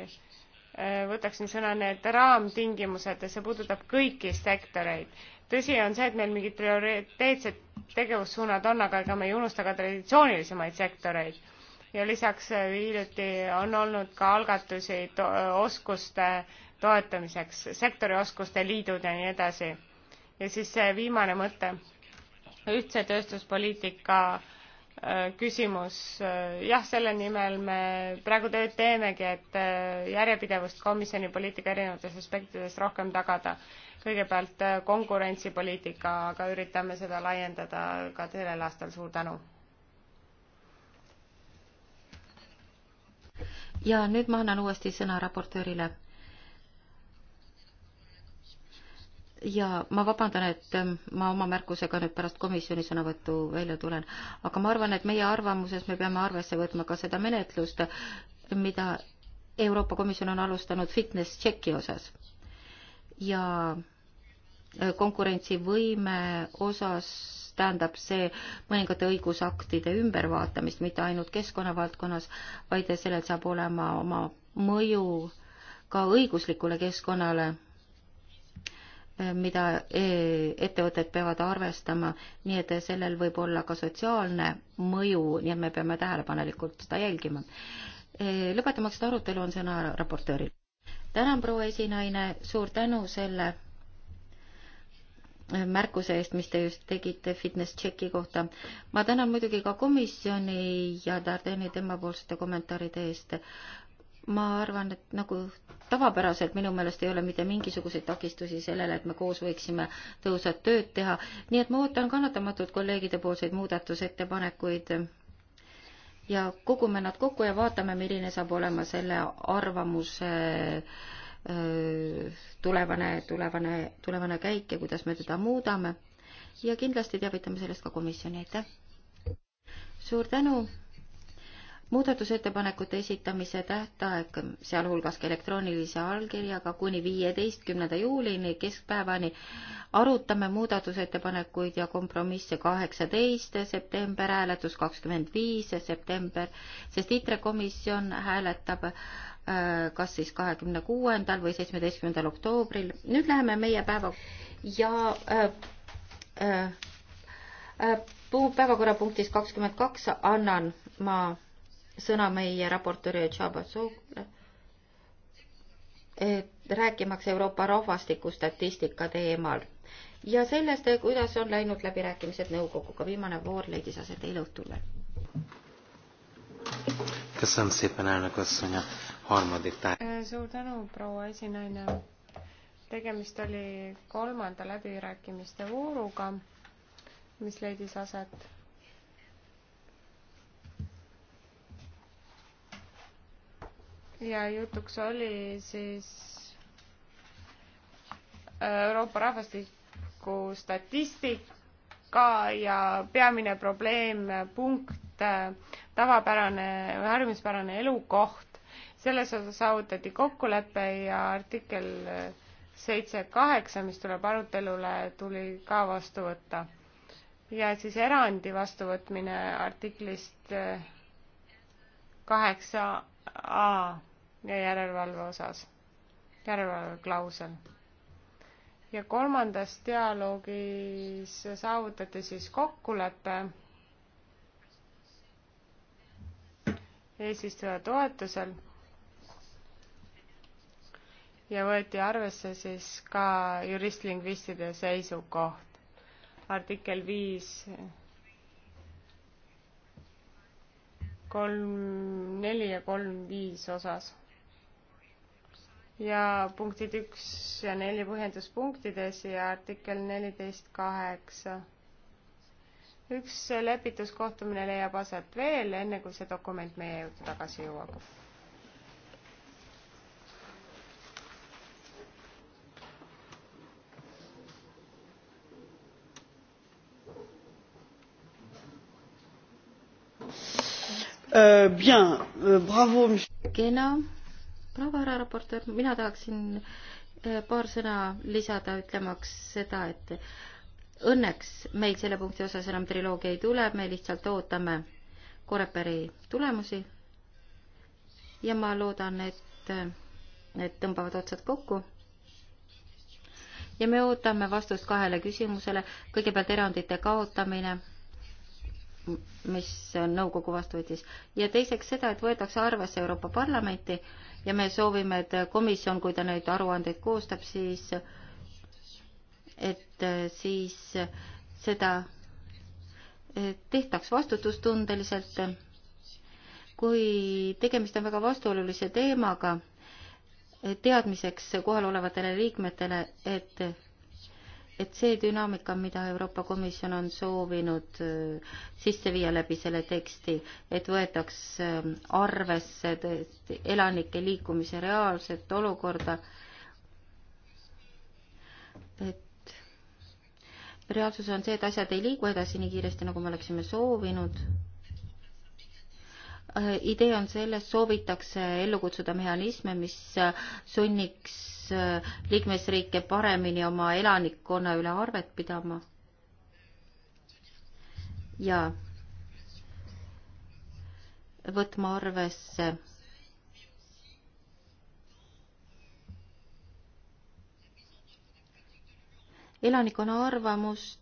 äh, võtaksin sõna need raamtingimused ja see puudutab kõiki sektoreid tõsi on see, et meil mingid prioriteetsed tegevussuunad on, aga ega me ei unusta ka traditsioonilisemaid sektoreid ja lisaks äh, hiljuti on olnud ka algatusi to oskuste toetamiseks, sektorioskuste liidud ja nii edasi. ja siis see äh, viimane mõte, ühtse tööstuspoliitika äh, küsimus, jah, selle nimel me praegu tööd teemegi, et järjepidevust komisjoni poliitika erinevates aspektides rohkem tagada. kõigepealt konkurentsipoliitika, aga üritame seda laiendada ka sellel aastal, suur tänu! ja nüüd ma annan uuesti sõna raportöörile. ja ma vabandan, et ähm, ma oma märkusega nüüd pärast komisjoni sõnavõttu välja tulen, aga ma arvan, et meie arvamuses me peame arvesse võtma ka seda menetlust, mida Euroopa Komisjon on alustanud fitness checki osas ja äh, konkurentsivõime osas tähendab see mõningate õigusaktide ümbervaatamist, mitte ainult keskkonna valdkonnas, vaid sellel saab olema oma mõju ka õiguslikule keskkonnale, mida e-, ettevõtted peavad arvestama, nii et sellel võib olla ka sotsiaalne mõju, nii et me peame tähelepanelikult seda jälgima. E, lõpetamaks seda arutelu on sõna raportööril. tänan, proua esinaine, suur tänu selle märkuse eest, mis te just tegite fitness checki kohta. ma tänan muidugi ka komisjoni ja Dardeni temapoolsete kommentaaride eest. ma arvan, et nagu tavapäraselt minu meelest ei ole mitte mingisuguseid takistusi sellele, et me koos võiksime tõhusat tööd teha, nii et ma ootan kannatamatult kolleegide poolseid muudatusettepanekuid ja kogume nad kokku ja vaatame, milline saab olema selle arvamuse äh, Äh, tulevane, tulevane, tulevane käik ja kuidas me teda muudame. ja kindlasti teavitame sellest ka komisjoni, aitäh! suur tänu! muudatusettepanekute esitamise tähtaeg, sealhulgas ka elektroonilise allkirjaga kuni viieteistkümnenda juulini keskpäevani, arutame muudatusettepanekuid ja kompromisse kaheksateist september, hääletus kakskümmend viis september, sest ITRE komisjon hääletab Äh, kas siis kahekümne kuuendal või seitsmeteistkümnendal oktoobril. nüüd läheme meie päeva ja äh, äh, äh päevakorrapunktis kakskümmend kaks annan ma sõna meie raportööri Tšabatsovile, rääkimaks Euroopa rahvastikustatistika teemal ja sellest, kuidas on läinud läbirääkimised nõukoguga. viimane voor leidis aset eile õhtul veel. köszönöm szépen, elnök asszony, a harmadik tähe-. suur tänu, proua esinaine. tegemist oli kolmanda läbirääkimiste vooruga, mis leidis aset. ja jutuks oli siis Euroopa rahvastiku statistika ja peamine probleem, punkt, tavapärane või harjumuspärane elukoht selles osas saavutati kokkulepe ja artikkel seitse kaheksa, mis tuleb arutelule, tuli ka vastu võtta. ja siis erandi vastuvõtmine artiklist kaheksa A ja järelevalve osas, järelevalve klausel. ja kolmandas dialoogis saavutati siis kokkulepe eesistuja toetusel ja võeti arvesse siis ka juristlingvistide seisukoht. artikkel viis kolm, neli ja kolm, viis osas. ja punktid üks ja neli põhjenduspunktides ja artikkel neliteist kaheksa. üks lepituskohtumine leiab aset veel, enne kui see dokument meie juurde tagasi jõuab Euh, bien, euh, bravo. kena, bravo härra raportöör, mina tahaksin äh, paar sõna lisada, ütlemaks seda, et õnneks meil selle punkti osas enam triloogia ei tule, me lihtsalt ootame Koreperi tulemusi. ja ma loodan, et need tõmbavad otsad kokku. ja me ootame vastust kahele küsimusele, kõigepealt erandite kaotamine mis nõukogu vastu võttis ja teiseks seda, et võetakse arvesse Euroopa Parlamenti ja me soovime, et komisjon, kui ta neid aruandeid koostab, siis et siis seda tehtaks vastutustundeliselt. kui tegemist on väga vastuolulise teemaga, teadmiseks kohalolevatele liikmetele, et et see dünaamika, mida Euroopa Komisjon on soovinud äh, sisse viia läbi selle teksti, et võetaks ähm, arvesse tõesti elanike liikumise reaalset olukorda, et reaalsus on see, et asjad ei liigu edasi nii kiiresti, nagu me oleksime soovinud. Äh, idee on selles, soovitakse ellu kutsuda mehhanisme, mis sunniks Äh, liikmesriike paremini oma elanikkonna üle arvet pidama. ja võtma arvesse elanikkonna arvamust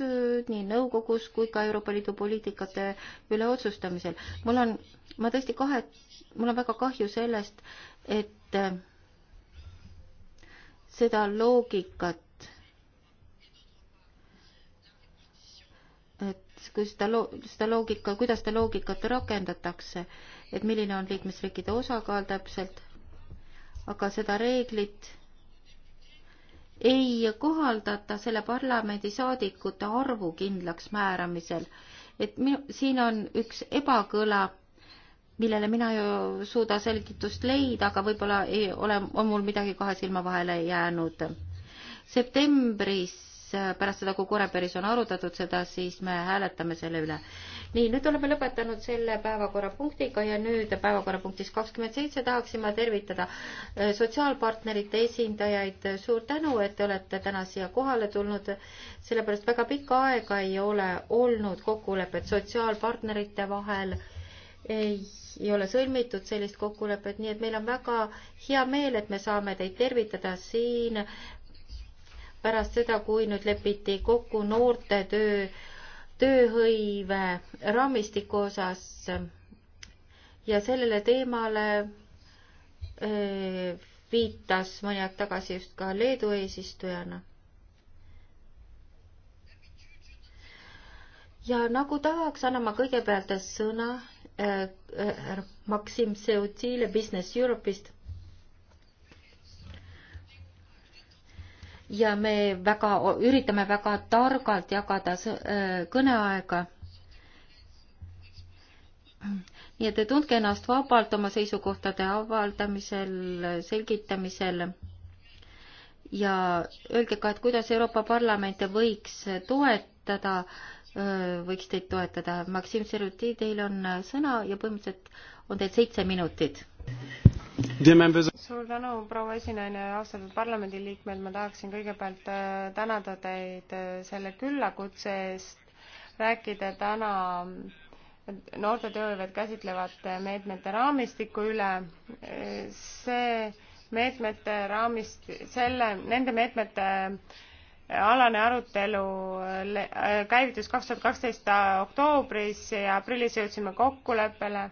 äh, nii nõukogus kui ka Euroopa Liidu poliitikate üle otsustamisel. mul on, ma tõesti kahe, mul on väga kahju sellest, et äh, seda loogikat, et kui seda lo-, seda loogika, kuidas seda loogikat rakendatakse, et milline on liikmesriikide osakaal täpselt, aga seda reeglit ei kohaldata selle parlamendisaadikute arvu kindlaks määramisel. et minu, siin on üks ebakõla millele mina ju suuda selgitust leida, aga võib-olla ei ole, on mul midagi kahe silma vahele jäänud. septembris äh, pärast seda, kui Koreperis on arutatud seda, siis me hääletame selle üle. nii, nüüd oleme lõpetanud selle päevakorrapunktiga ja nüüd päevakorrapunktis kakskümmend seitse tahaksime tervitada äh, sotsiaalpartnerite esindajaid. suur tänu, et te olete täna siia kohale tulnud, sellepärast väga pikka aega ei ole olnud kokkulepet sotsiaalpartnerite vahel ei ei ole sõlmitud sellist kokkulepet, nii et meil on väga hea meel, et me saame teid tervitada siin pärast seda, kui nüüd lepiti kokku noorte töö, tööhõive raamistiku osas ja sellele teemale öö, eh, viitas mõni aeg tagasi just ka Leedu eesistujana. ja nagu tavaks, annan ma kõigepealt sõna härra äh, äh, Maksim Seutile Business Europe'ist. ja me väga, üritame väga targalt jagada äh, kõneaega. nii et tundke ennast vabalt oma seisukohtade avaldamisel, selgitamisel ja öelge ka, et kuidas Euroopa Parlament võiks toetada äh, võiks teid toetada. Maksim Seruti, teil on sõna ja põhimõtteliselt on teil seitse minutit. suur tänu, proua esinaine, austatud parlamendiliikmed, ma tahaksin kõigepealt äh, tänada teid äh, selle küllakutse eest, rääkida täna noorte tööhõivet käsitlevate meetmete raamistiku üle. Äh, see meetmete raamist, selle, nende meetmete alane arutelu äh, käivitus kaks tuhat kaksteist oktoobris ja aprillis jõudsime kokkuleppele.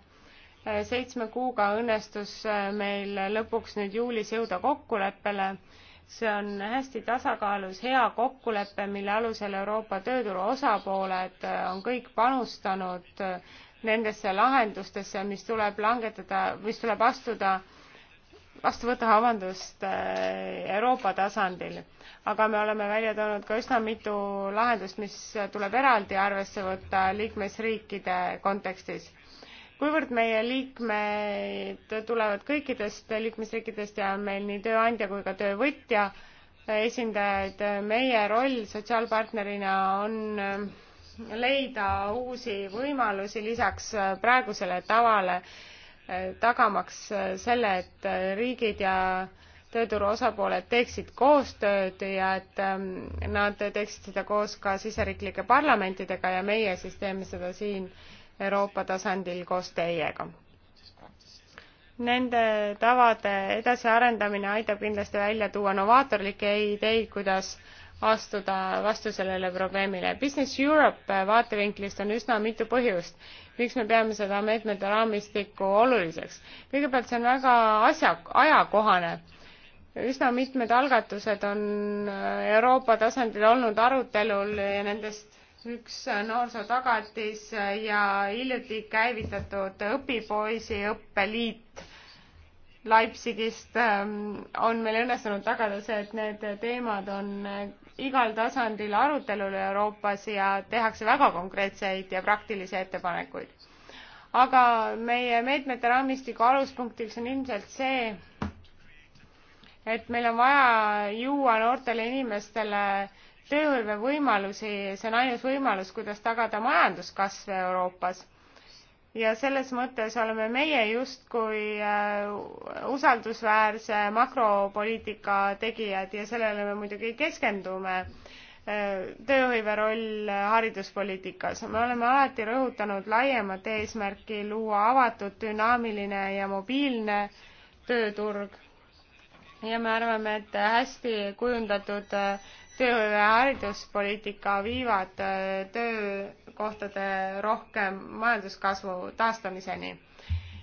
Äh, seitsme kuuga õnnestus äh, meil lõpuks nüüd juulis jõuda kokkuleppele. see on hästi tasakaalus hea kokkulepe, mille alusel Euroopa tööturu osapooled on kõik panustanud nendesse lahendustesse, mis tuleb langetada, mis tuleb astuda vastu võtta, vabandust, äh, Euroopa tasandil. aga me oleme välja toonud ka üsna mitu lahendust, mis tuleb eraldi arvesse võtta liikmesriikide kontekstis. kuivõrd meie liikmed tulevad kõikidest liikmesriikidest ja on meil nii tööandja kui ka töövõtja esindajad, meie roll sotsiaalpartnerina on äh, leida uusi võimalusi lisaks äh, praegusele tavale tagamaks äh, selle, et äh, riigid ja tööturu osapooled teeksid koostööd ja et ähm, nad teeksid seda koos ka siseriiklike parlamentidega ja meie siis teeme seda siin Euroopa tasandil koos teiega. Nende tavade edasiarendamine aitab kindlasti välja tuua novaatorlikke ideid, kuidas astuda vastu sellele probleemile. Business Europe vaatevinklist on üsna mitu põhjust miks me peame seda meetmete raamistikku oluliseks. kõigepealt see on väga asja, ajakohane. üsna mitmed algatused on äh, Euroopa tasandil olnud arutelul ja nendest üks äh, noorsootagatis ja hiljuti käivitatud õpipoisi õppeliit Leipzigist ähm, on meil õnnestunud tagada see, et need teemad on äh, igal tasandil arutelul Euroopas ja tehakse väga konkreetseid ja praktilisi ettepanekuid. aga meie meetmete raamistiku aluspunktiks on ilmselt see, et meil on vaja juua noortele inimestele tööhõivevõimalusi, see on ainus võimalus, kuidas tagada majanduskasv Euroopas ja selles mõttes oleme meie justkui äh, usaldusväärse makropoliitika tegijad ja sellele me muidugi keskendume äh, tööhõive roll äh, hariduspoliitikas. me oleme alati rõhutanud laiemat eesmärki luua avatud, dünaamiline ja mobiilne tööturg ja me arvame, et hästi kujundatud töö- ja hariduspoliitika viivad äh, töökohtade rohkem majanduskasvu taastamiseni.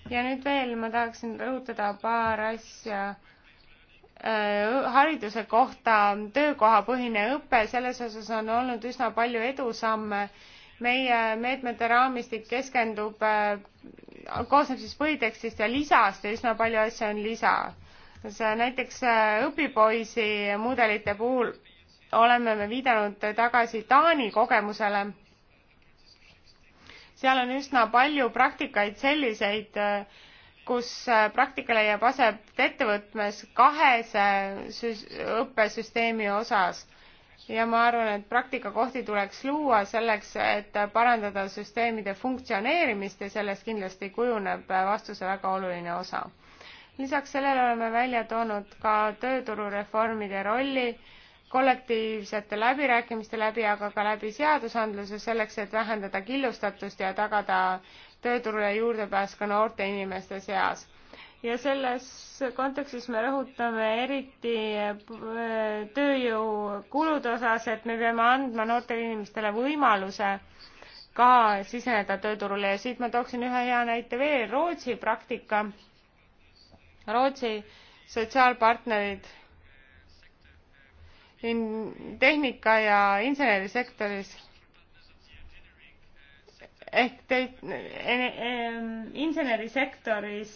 ja nüüd veel ma tahaksin rõhutada paar asja äh, hariduse kohta töökohapõhine õpe, selles osas on olnud üsna palju edusamme. meie meetmete raamistik keskendub, äh, koosneb siis põhitekstist ja lisast ja üsna palju asju on lisa. näiteks õpipoisi mudelite puhul oleme me viidanud tagasi Taani kogemusele. seal on üsna palju praktikaid selliseid, kus praktika leiab aset ettevõtmes kahese õppesüsteemi osas ja ma arvan, et praktikakohti tuleks luua selleks, et parandada süsteemide funktsioneerimist ja sellest kindlasti kujuneb vastuse väga oluline osa. lisaks sellele oleme välja toonud ka tööturureformide rolli kollektiivsete läbirääkimiste läbi, aga ka läbi seadusandluse selleks, et vähendada killustatust ja tagada tööturule juurdepääs ka noorte inimeste seas. ja selles kontekstis me rõhutame eriti äh, tööjõukulude osas, et me peame andma noortele inimestele võimaluse ka siseneda tööturule ja siit ma tooksin ühe hea näite veel, Rootsi praktika. Rootsi sotsiaalpartnerid tehnika ja insenerisektoris ehk te, insenerisektoris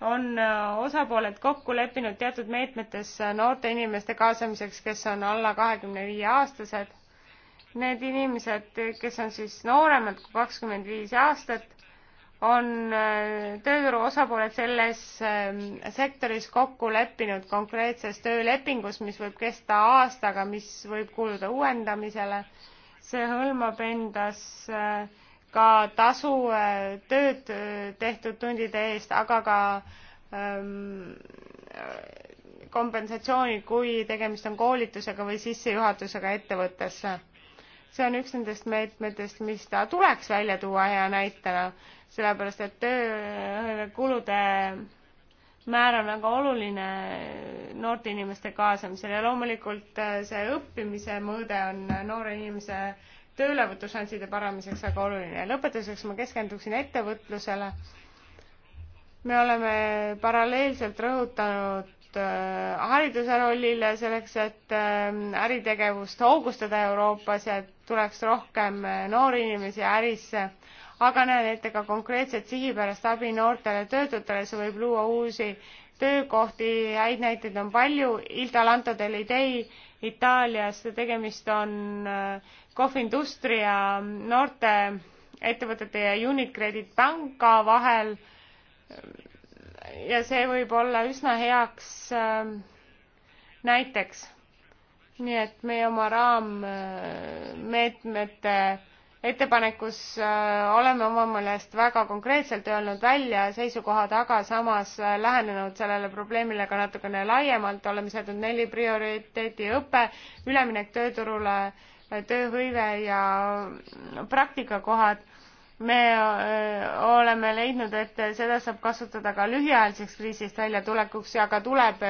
on äh, osapooled kokku leppinud teatud meetmetes äh, noorte inimeste kaasamiseks, kes on alla kahekümne viie aastased. Need inimesed, kes on siis nooremad kui kakskümmend viis aastat, on äh, tööturu osapooled selles äh, sektoris kokku leppinud konkreetses töölepingus, mis võib kesta aasta, aga mis võib kuuluda uuendamisele. see hõlmab endas äh, ka tasu tööd tehtud tundide eest, aga ka ähm, kompensatsiooni, kui tegemist on koolitusega või sissejuhatusega ettevõttesse see on üks nendest meetmetest, mis ta tuleks välja tuua hea näitena, sellepärast et töökulude määr on väga oluline noorte inimeste kaasamisel ja loomulikult äh, see õppimise mõõde on noore inimese töölevõtušansside parandamiseks väga oluline. lõpetuseks ma keskenduksin ettevõtlusele. me oleme paralleelselt rõhutanud äh, hariduse rollile selleks, et äh, äritegevust hoogustada Euroopas ja et tuleks rohkem noori inimesi ärisse aga näen ette ka konkreetset sihipärast abi noortele töötutele, see võib luua uusi töökohti, häid näiteid on palju, Iltalanta del Idei Itaalias, tegemist on Cofindustria äh, noorte ettevõtete ja Unit Credit Panka vahel ja see võib olla üsna heaks ähm, näiteks. nii et meie oma raammeetmete äh, ettepanekus äh, oleme oma meelest väga konkreetselt öelnud välja seisukohad, aga samas äh, lähenenud sellele probleemile ka natukene laiemalt, oleme seadnud neli prioriteeti õpe, üleminek tööturule, äh, tööhõive ja praktikakohad. me oleme leidnud, et seda saab kasutada ka lühiajaliseks kriisist väljatulekuks ja ka tuleb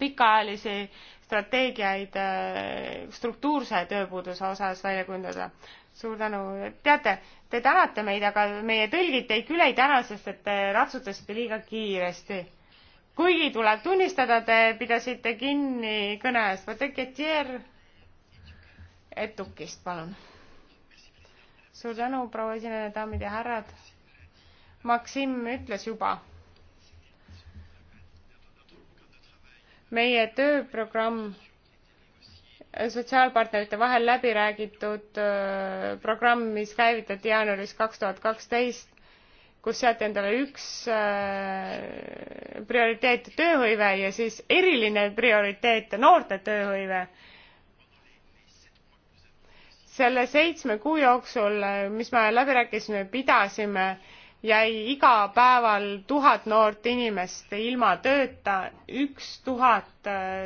pikaajalisi strateegiaid äh, struktuurse tööpuuduse osas välja kujundada. suur tänu, teate, te tänate meid, aga meie tõlgid teid küll ei täna, sest et te ratsutasite liiga kiiresti. kuigi tuleb tunnistada, te pidasite kinni kõne eest, vaadake, Tier Etukist, palun. suur tänu, proua esineja, daamid ja härrad. Maksim ütles juba meie tööprogramm sotsiaalpartnerite vahel läbi räägitud äh, programm, mis käivitati jaanuaris kaks tuhat kaksteist, kus seati endale üks äh, prioriteet tööhõive ja siis eriline prioriteet noorte tööhõive. selle seitsme kuu jooksul, äh, mis me läbirääkimisi pidasime, jäi iga päeval tuhat noort inimest ilma tööta, üks tuhat,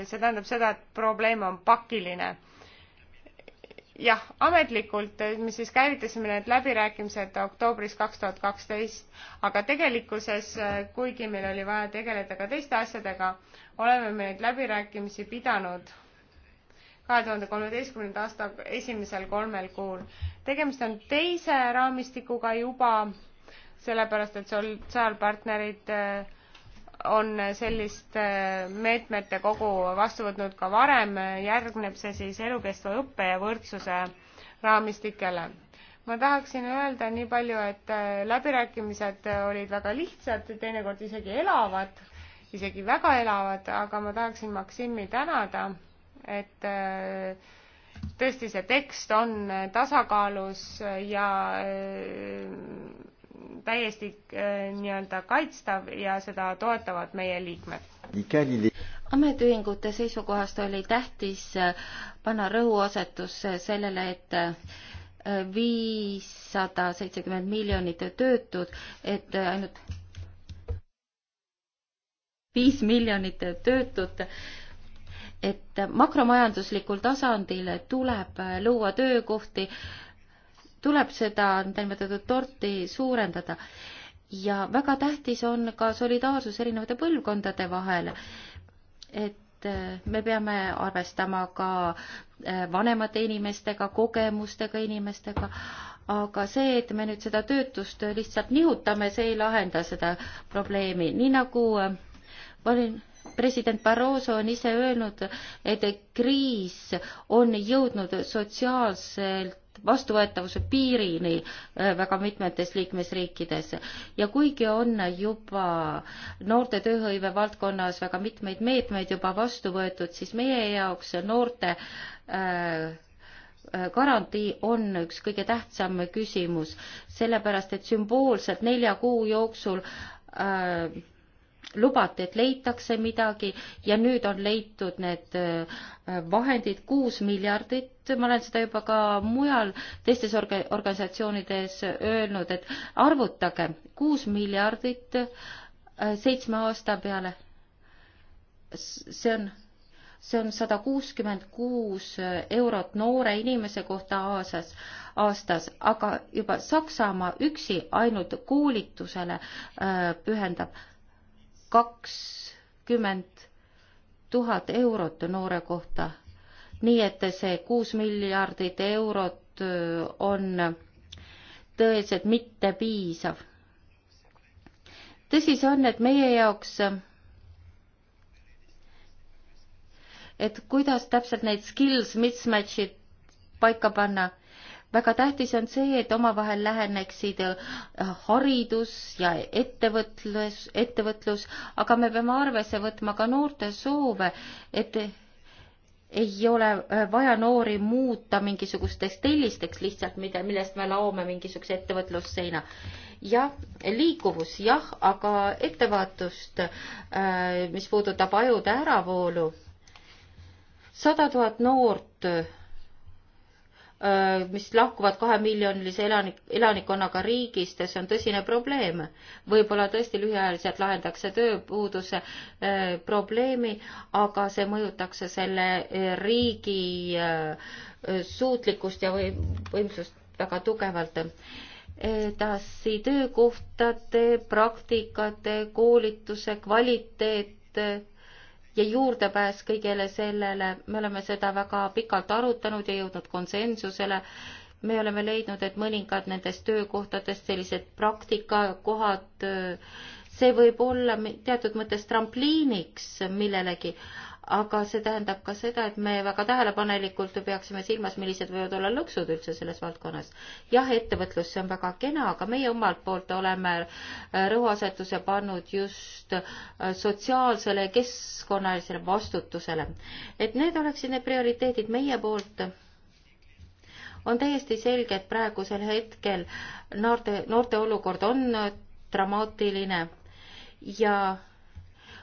see tähendab seda, et probleem on pakiline. jah, ametlikult me siis käivitasime need läbirääkimised oktoobris kaks tuhat kaksteist, aga tegelikkuses, kuigi meil oli vaja tegeleda ka teiste asjadega, oleme me neid läbirääkimisi pidanud kahe tuhande kolmeteistkümnenda aasta esimesel kolmel kuul. tegemist on teise raamistikuga juba sellepärast et sotsiaalpartnerid äh, on selliste äh, meetmete kogu vastu võtnud ka varem, järgneb see siis elukestva õppe ja võrdsuse raamistikele. ma tahaksin öelda nii palju, et äh, läbirääkimised olid väga lihtsad, teinekord isegi elavad, isegi väga elavad, aga ma tahaksin Maksimi tänada, et tõesti see tekst on tasakaalus ja täiesti äh, nii-öelda kaitstav ja seda toetavad meie liikmed. ametiühingute seisukohast oli tähtis äh, panna rõhuasetus sellele, et äh, viissada seitsekümmend miljonit töötud, et ainult viis miljonit töötut et makromajanduslikul tasandil tuleb luua töökohti tuleb seda niinimetatud torti suurendada. ja väga tähtis on ka solidaarsus erinevate põlvkondade vahel, et eh, me peame arvestama ka eh, vanemate inimestega, kogemustega inimestega, aga see, et me nüüd seda töötust lihtsalt nihutame, see ei lahenda seda probleemi, nii nagu ma eh, olin president Barroso on ise öelnud, et kriis on jõudnud sotsiaalselt vastuvõetavuse piirini äh, väga mitmetes liikmesriikides. ja kuigi on juba noorte tööhõive valdkonnas väga mitmeid meetmeid juba vastu võetud, siis meie jaoks noorte äh, äh garantii on üks kõige tähtsam küsimus, sellepärast et sümboolselt nelja kuu jooksul äh, lubati, et leitakse midagi ja nüüd on leitud need äh, vahendid, kuus miljardit, ma olen seda juba ka mujal teistes orga-, organisatsioonides öelnud, et arvutage, kuus miljardit äh, seitsme aasta peale. see on, see on sada kuuskümmend kuus eurot noore inimese kohta aastas, aastas, aga juba Saksamaa üksi ainult koolitusele äh, pühendab kakskümmend tuhat eurot noore kohta. nii et see kuus miljardit eurot äh, on tõeliselt mitte piisav. tõsi see on, et meie jaoks et kuidas täpselt neid skills mismatch'id paika panna väga tähtis on see, et omavahel läheneksid äh, haridus ja ettevõtlus, ettevõtlus, aga me peame arvesse võtma ka noorte soove, et ei ole äh, vaja noori muuta mingisugusteks tellisteks lihtsalt, mida, millest me laome mingisuguse ettevõtlusseina. jah, liikuvus jah, aga ettevaatust, äh, mis puudutab ajude äravoolu. sada tuhat noort Äh, mis lahkuvad kahemiljonilise elanik, elanikkonnaga riigist, see on tõsine probleem. võib-olla tõesti lühiajaliselt lahendakse tööpuuduse äh, probleemi, aga see mõjutaks selle äh, riigi äh, suutlikkust ja või, võimsust väga tugevalt edasi töökohtade, praktikate, koolituse kvaliteet ja juurdepääs kõigele sellele, me oleme seda väga pikalt arutanud ja jõudnud konsensusele. me oleme leidnud, et mõningad nendest töökohtadest sellised praktikakohad, see võib olla teatud mõttes trampliiniks millelegi, aga see tähendab ka seda, et me väga tähelepanelikult peaksime silmas, millised võivad olla lõksud üldse selles valdkonnas. jah, ettevõtlus, see on väga kena, aga meie omalt poolt oleme äh, rõhuasetuse pannud just äh, sotsiaalsele ja keskkonnalisele vastutusele. et need oleksid need prioriteedid meie poolt on täiesti selge, et praegusel hetkel noorte, noorte olukord on äh, dramaatiline ja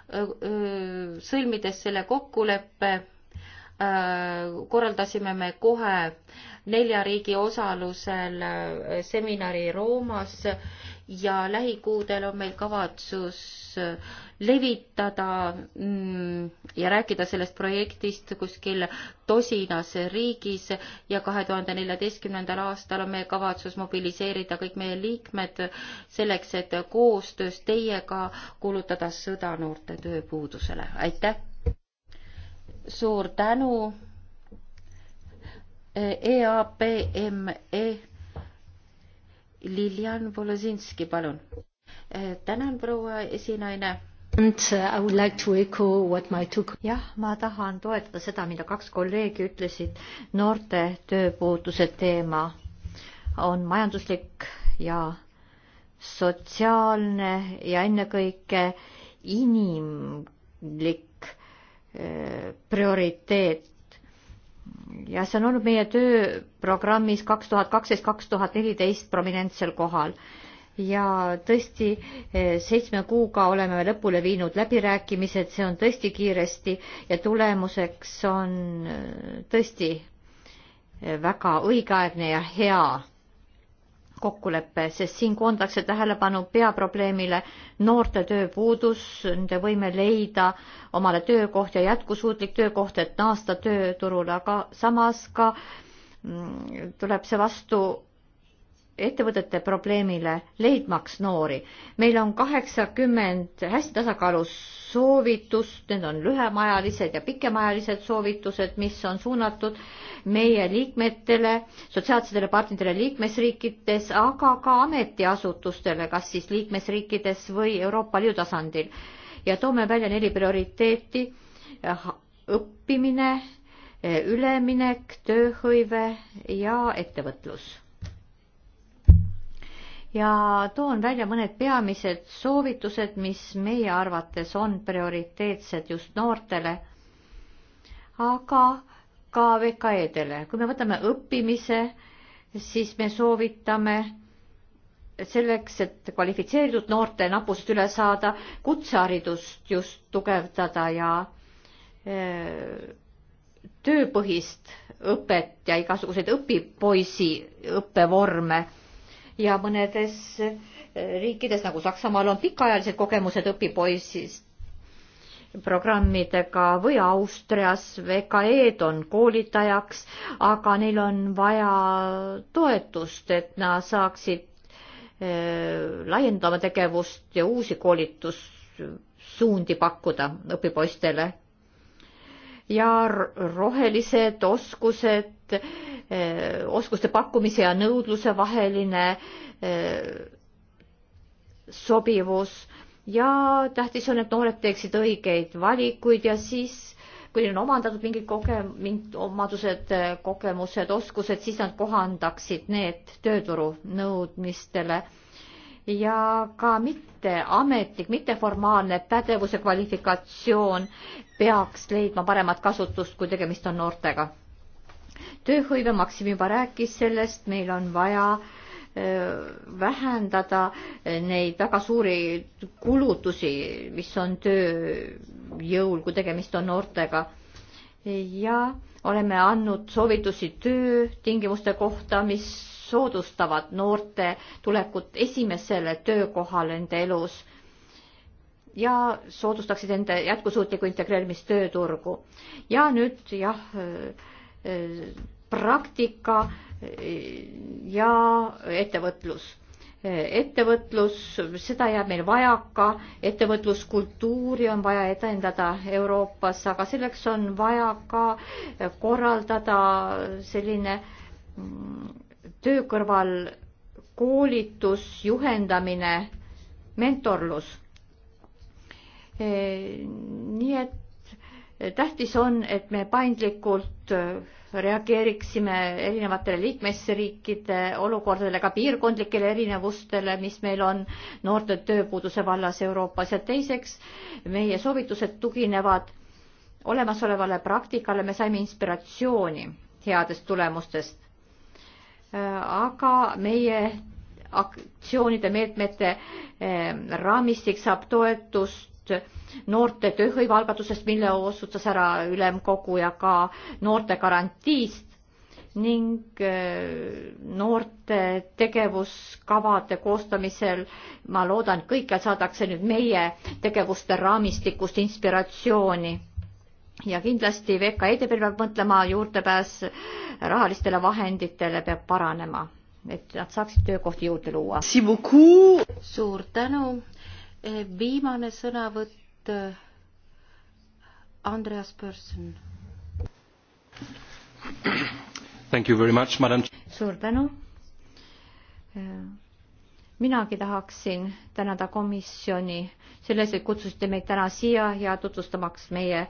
sõlmides selle kokkuleppe, korraldasime me kohe nelja riigi osalusel seminari Roomas ja lähikuudel on meil kavatsus levitada mm, ja rääkida sellest projektist kuskil tosinas riigis ja kahe tuhande neljateistkümnendal aastal on meie kavatsus mobiliseerida kõik meie liikmed selleks, et koostöös teiega kuulutada sõda noorte tööpuudusele. aitäh! suur tänu! EAPME Liljan Volozinski, palun. tänan, proua esinaine Uh, jah, ma tahan toetada seda, mida kaks kolleegi ütlesid, noorte tööpuuduse teema on majanduslik ja sotsiaalne ja ennekõike inimlik äh, prioriteet. ja see on olnud meie tööprogrammis kaks tuhat kaksteist, kaks tuhat neliteist prominentsel kohal ja tõesti eh, seitsme kuuga oleme lõpule viinud läbirääkimised, see on tõesti kiiresti ja tulemuseks on eh, tõesti eh, väga õigeaegne ja hea kokkulepe, sest siin koondatakse tähelepanu peaprobleemile noorte tööpuudus, nende võime leida omale töökoht ja jätkusuutlik töökoht, et naasta tööturule, aga samas ka mm, tuleb see vastu ettevõtete probleemile, leidmaks noori. meil on kaheksakümmend hästi tasakaalus soovitust, need on lühemaajalised ja pikemaajalised soovitused, mis on suunatud meie liikmetele, sotsiaalsetele partneritele liikmesriikides, aga ka ametiasutustele, kas siis liikmesriikides või Euroopa Liidu tasandil. ja toome välja neli prioriteeti. Eh, õppimine, eh, üleminek, tööhõive ja ettevõtlus ja toon välja mõned peamised soovitused, mis meie arvates on prioriteetsed just noortele, aga ka VKE-dele. kui me võtame õppimise, siis me soovitame selleks, et kvalifitseeritud noorte napusest üle saada, kutseharidust just tugevdada ja öö, tööpõhist õpet ja igasuguseid õpipoisi õppevorme ja mõnedes eh, riikides nagu Saksamaal on pikaajalised kogemused õpipoisist programmidega või Austrias VKE-d on koolitajaks, aga neil on vaja toetust, et nad saaksid äh, laiendama tegevust ja uusi koolitussuundi pakkuda õpipoistele ja rohelised oskused, eh, oskuste pakkumise ja nõudluse vaheline eh, sobivus ja tähtis on, et noored teeksid õigeid valikuid ja siis, kui neil on omandatud mingid koge-, mingid omadused, eh, kogemused, oskused, siis nad kohandaksid need tööturu nõudmistele ja ka mitteametlik, mitteformaalne pädevus ja kvalifikatsioon peaks leidma paremat kasutust, kui tegemist on noortega. tööhõive, Maksim juba rääkis sellest, meil on vaja vähendada neid väga suuri kulutusi, mis on tööjõul, kui tegemist on noortega. ja oleme andnud soovitusi töötingimuste kohta, mis soodustavad noorte tulekut esimesele töökohale enda elus ja soodustaksid enda jätkusuutlikku integreerimist tööturgu. ja nüüd jah, äh, äh, praktika äh, ja ettevõtlus ettevõtlus, seda jääb meil vajaka, ettevõtluskultuuri on vaja edendada Euroopas, aga selleks on vaja ka korraldada selline mm, töö kõrval koolitus, juhendamine, mentorlus. Eh, nii et tähtis on, et me paindlikult eh, reageeriksime erinevatele liikmesriikide olukordadele, ka piirkondlikele erinevustele, mis meil on noorte tööpuuduse vallas Euroopas ja teiseks meie soovitused tuginevad olemasolevale praktikale, me saime inspiratsiooni headest tulemustest aga meie aktsioonide meetmete eh, raamistik saab toetust noorte tööhõivealgatusest, mille otsustas ära ülemkogu ja ka noorte garantiist ning eh, noorte tegevuskavade koostamisel ma loodan, kõikjal saadakse nüüd meie tegevuste raamistikust inspiratsiooni ja kindlasti VKE-de peal peab mõtlema, juurdepääs rahalistele vahenditele peab paranema, et nad saaksid töökohti juurde luua. suur tänu. Eh, viimane sõnavõtt. Eh, Andreas Pörsson. Thank you very much, madam. suur tänu. Eh, minagi tahaksin tänada komisjoni selles, et kutsusite meid täna siia ja tutvustamaks meie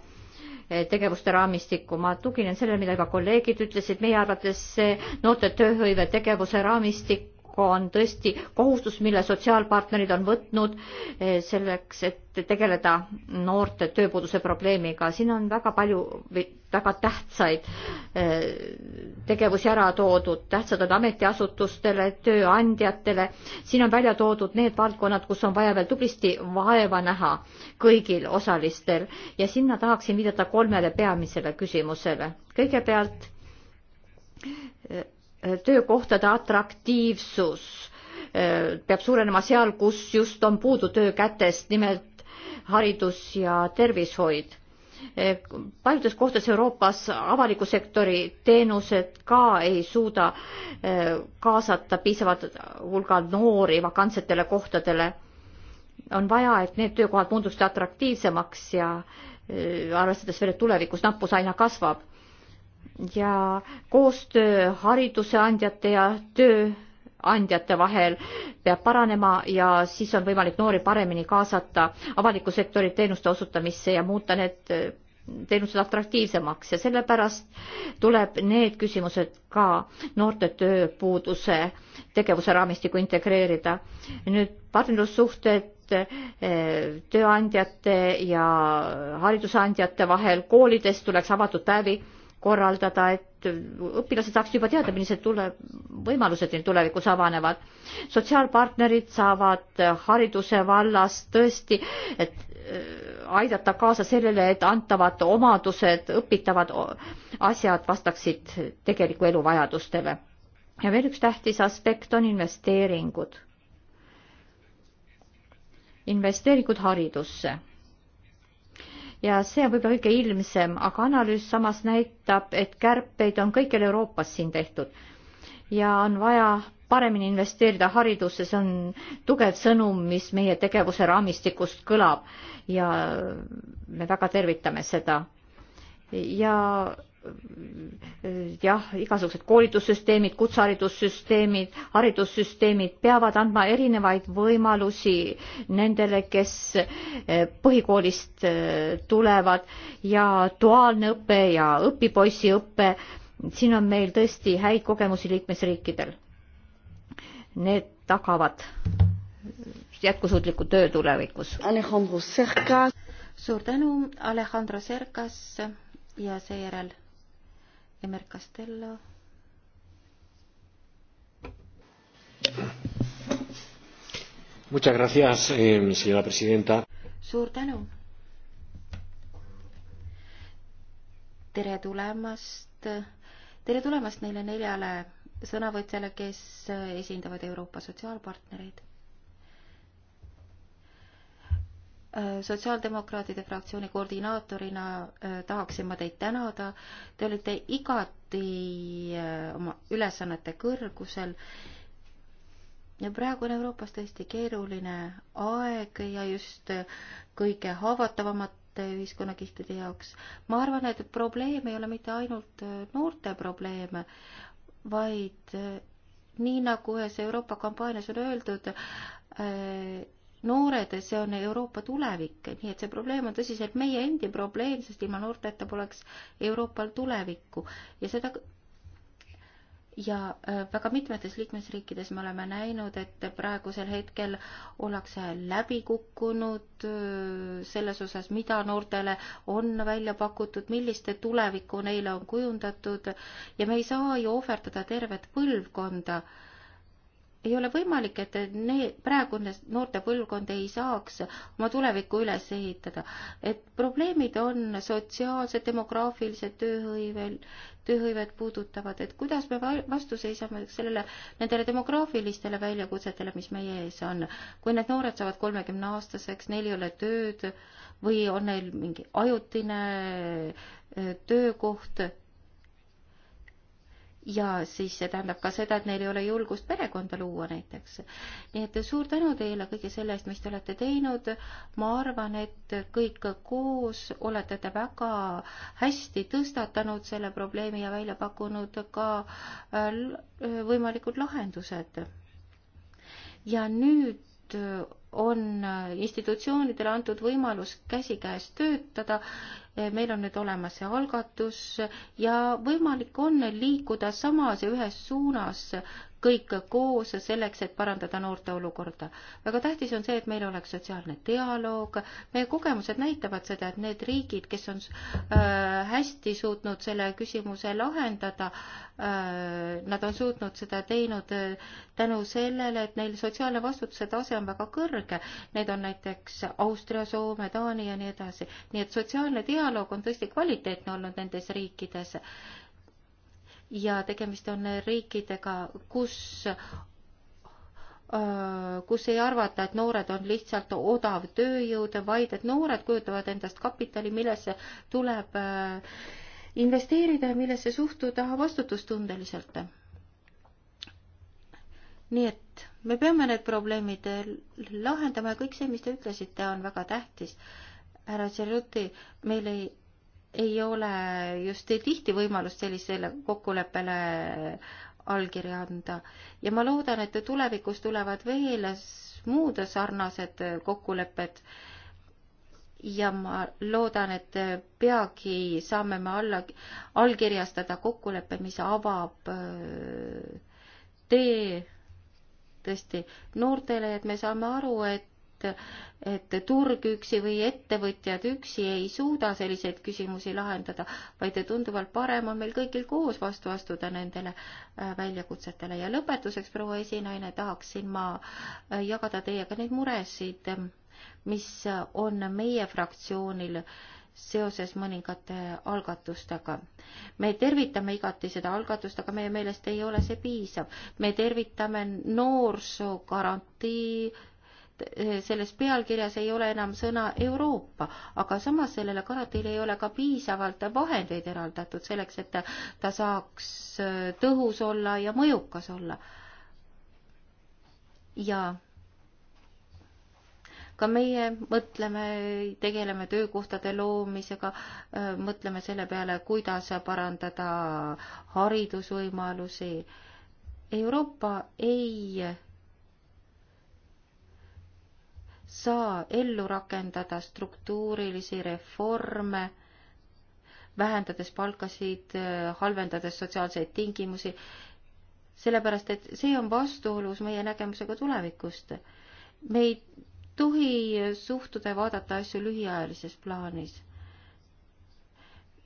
Eh, tegevuste raamistikku. ma tuginen sellele, mida ka kolleegid ütlesid, meie arvates see noorte tööhõive tegevuse raamistik on tõesti kohustus, mille sotsiaalpartnerid on võtnud eh, selleks, et tegeleda noorte tööpuuduse probleemiga. siin on väga palju väga tähtsaid eh, tegevusi ära toodud, tähtsad on ametiasutustele, tööandjatele, siin on välja toodud need valdkonnad, kus on vaja veel tublisti vaeva näha kõigil osalistel ja sinna tahaksin viidata kolmele peamisele küsimusele. kõigepealt eh, töökohtade atraktiivsus eh, peab suurenema seal, kus just on puudu töökätest, nimelt haridus ja tervishoid Eh, paljudes kohtades Euroopas avaliku sektori teenused ka ei suuda eh, kaasata piisaval hulgal noori vakantsetele kohtadele. on vaja, et need töökohad muutuksid atraktiivsemaks ja eh, arvestades veel, et tulevikus nappus aina kasvab ja koostöö hariduse andjate ja töö andjate vahel peab paranema ja siis on võimalik noori paremini kaasata avaliku sektori teenuste osutamisse ja muuta need äh, teenused atraktiivsemaks ja sellepärast tuleb need küsimused ka noorte tööpuuduse tegevuse raamistikku integreerida. nüüd partnerlussuhted äh, tööandjate ja haridusandjate vahel, koolides tuleks avatud päevi korraldada, et õpilased saaksid juba teada, millised tule-, võimalused neil tulevikus avanevad. sotsiaalpartnerid saavad hariduse vallas tõesti, et äh, aidata kaasa sellele, et antavad omadused, õpitavad asjad vastaksid tegeliku elu vajadustele. ja veel üks tähtis aspekt on investeeringud. investeeringud haridusse ja see on võib-olla kõige ilmsem, aga analüüs samas näitab, et kärpeid on kõikjal Euroopas siin tehtud ja on vaja paremini investeerida haridusse, see on tugev sõnum, mis meie tegevuse raamistikust kõlab ja me väga tervitame seda. ja jah, igasugused koolitussüsteemid, kutseharidussüsteemid, haridussüsteemid peavad andma erinevaid võimalusi nendele, kes eh, põhikoolist eh, tulevad ja duaalne õpe ja õpipoisiõpe, siin on meil tõesti häid kogemusi liikmesriikidel. Need tagavad eh, jätkusuutliku töö tulevikus. Alejandro Serkas. suur tänu, Alejandro Serkas ja seejärel Emer Castello. Muchas gracias, eh, señora presidenta. suur tänu. tere tulemast, tere tulemast neile neljale sõnavõtjale, kes esindavad Euroopa sotsiaalpartnereid. sotsiaaldemokraatide fraktsiooni koordinaatorina äh, tahaksin ma teid tänada. Te olite igati äh, oma ülesannete kõrgusel. ja praegu on Euroopas tõesti keeruline aeg ja just äh, kõige haavatavamate ühiskonnakihtide jaoks. ma arvan, et probleem ei ole mitte ainult noorte probleem, vaid nii nagu ühes Euroopa kampaanias on öeldud, noored, see on Euroopa tulevik, nii et see probleem on tõsiselt meie endi probleem, sest ilma noorteta poleks Euroopal tulevikku ja seda ja äh, väga mitmetes liikmesriikides me oleme näinud, et praegusel hetkel ollakse läbi kukkunud äh, selles osas, mida noortele on välja pakutud, milliste tulevikku neile on kujundatud ja me ei saa ju ohverdada tervet põlvkonda äh, ei ole võimalik, et need, praegune noorte põlvkond ei saaks oma tulevikku üles ehitada. et probleemid on sotsiaalsed, demograafilised, tööhõivel, tööhõivet puudutavad, et kuidas me vastu seisame sellele, nendele demograafilistele väljakutsetele, mis meie ees on. kui need noored saavad kolmekümneaastaseks, neil ei ole tööd või on neil mingi ajutine eh, töökoht ja siis see tähendab ka seda, et neil ei ole julgust perekonda luua näiteks. nii et suur tänu teile kõige selle eest, mis te olete teinud. ma arvan, et kõik koos olete te väga hästi tõstatanud selle probleemi ja välja pakkunud ka äh, võimalikud lahendused. ja nüüd on institutsioonidele antud võimalus käsikäes töötada Eh, meil on nüüd olemas see algatus ja võimalik on liikuda samas ja ühes suunas kõik koos selleks, et parandada noorte olukorda. väga tähtis on see, et meil oleks sotsiaalne dialoog, meie kogemused näitavad seda, et need riigid, kes on äh, hästi suutnud selle küsimuse lahendada, äh, nad on suutnud seda teinud äh, tänu sellele, et neil sotsiaalne vastutuse tase on väga kõrge. Need on näiteks Austria, Soome, Taani ja nii edasi. nii et sotsiaalne dialoog on tõesti kvaliteetne olnud nendes riikides ja tegemist on riikidega, kus äh, kus ei arvata, et noored on lihtsalt odav tööjõud, vaid et noored kujutavad endast kapitali, millesse tuleb äh, investeerida ja millesse suhtuda vastutustundeliselt. nii et me peame need probleemid äh, lahendama ja kõik see, mis te ütlesite, on väga tähtis. härra Tšerjuti, meil ei ei ole just tihti võimalust sellisele kokkuleppele allkirja anda ja ma loodan, et tulevikus tulevad veel muud sarnased kokkulepped ja ma loodan, et peagi saame me alla, allkirjastada kokkuleppe, mis avab äh, tee tõesti noortele, et me saame aru, et et, et turg üksi või ettevõtjad üksi ei suuda selliseid küsimusi lahendada, vaid tunduvalt parem on meil kõigil koos vastu astuda nendele äh, väljakutsetele. ja lõpetuseks, proua esinaine, tahaksin ma äh, jagada teiega neid muresid, äh, mis on meie fraktsioonil seoses mõningate algatustega. me tervitame igati seda algatust, aga meie meelest ei ole see piisav. me tervitame noorsoogarantii Eh, selles pealkirjas ei ole enam sõna Euroopa, aga samas sellele karateile ei ole ka piisavalt vahendeid eraldatud selleks, et ta saaks eh, tõhus olla ja mõjukas olla. ja ka meie mõtleme, tegeleme töökohtade loomisega, eh, mõtleme selle peale, kuidas parandada haridusvõimalusi. Euroopa ei saa ellu rakendada struktuurilisi reforme, vähendades palkasid, halvendades sotsiaalseid tingimusi, sellepärast et see on vastuolus meie nägemusega tulevikust. me ei tohi suhtuda ja vaadata asju lühiajalises plaanis.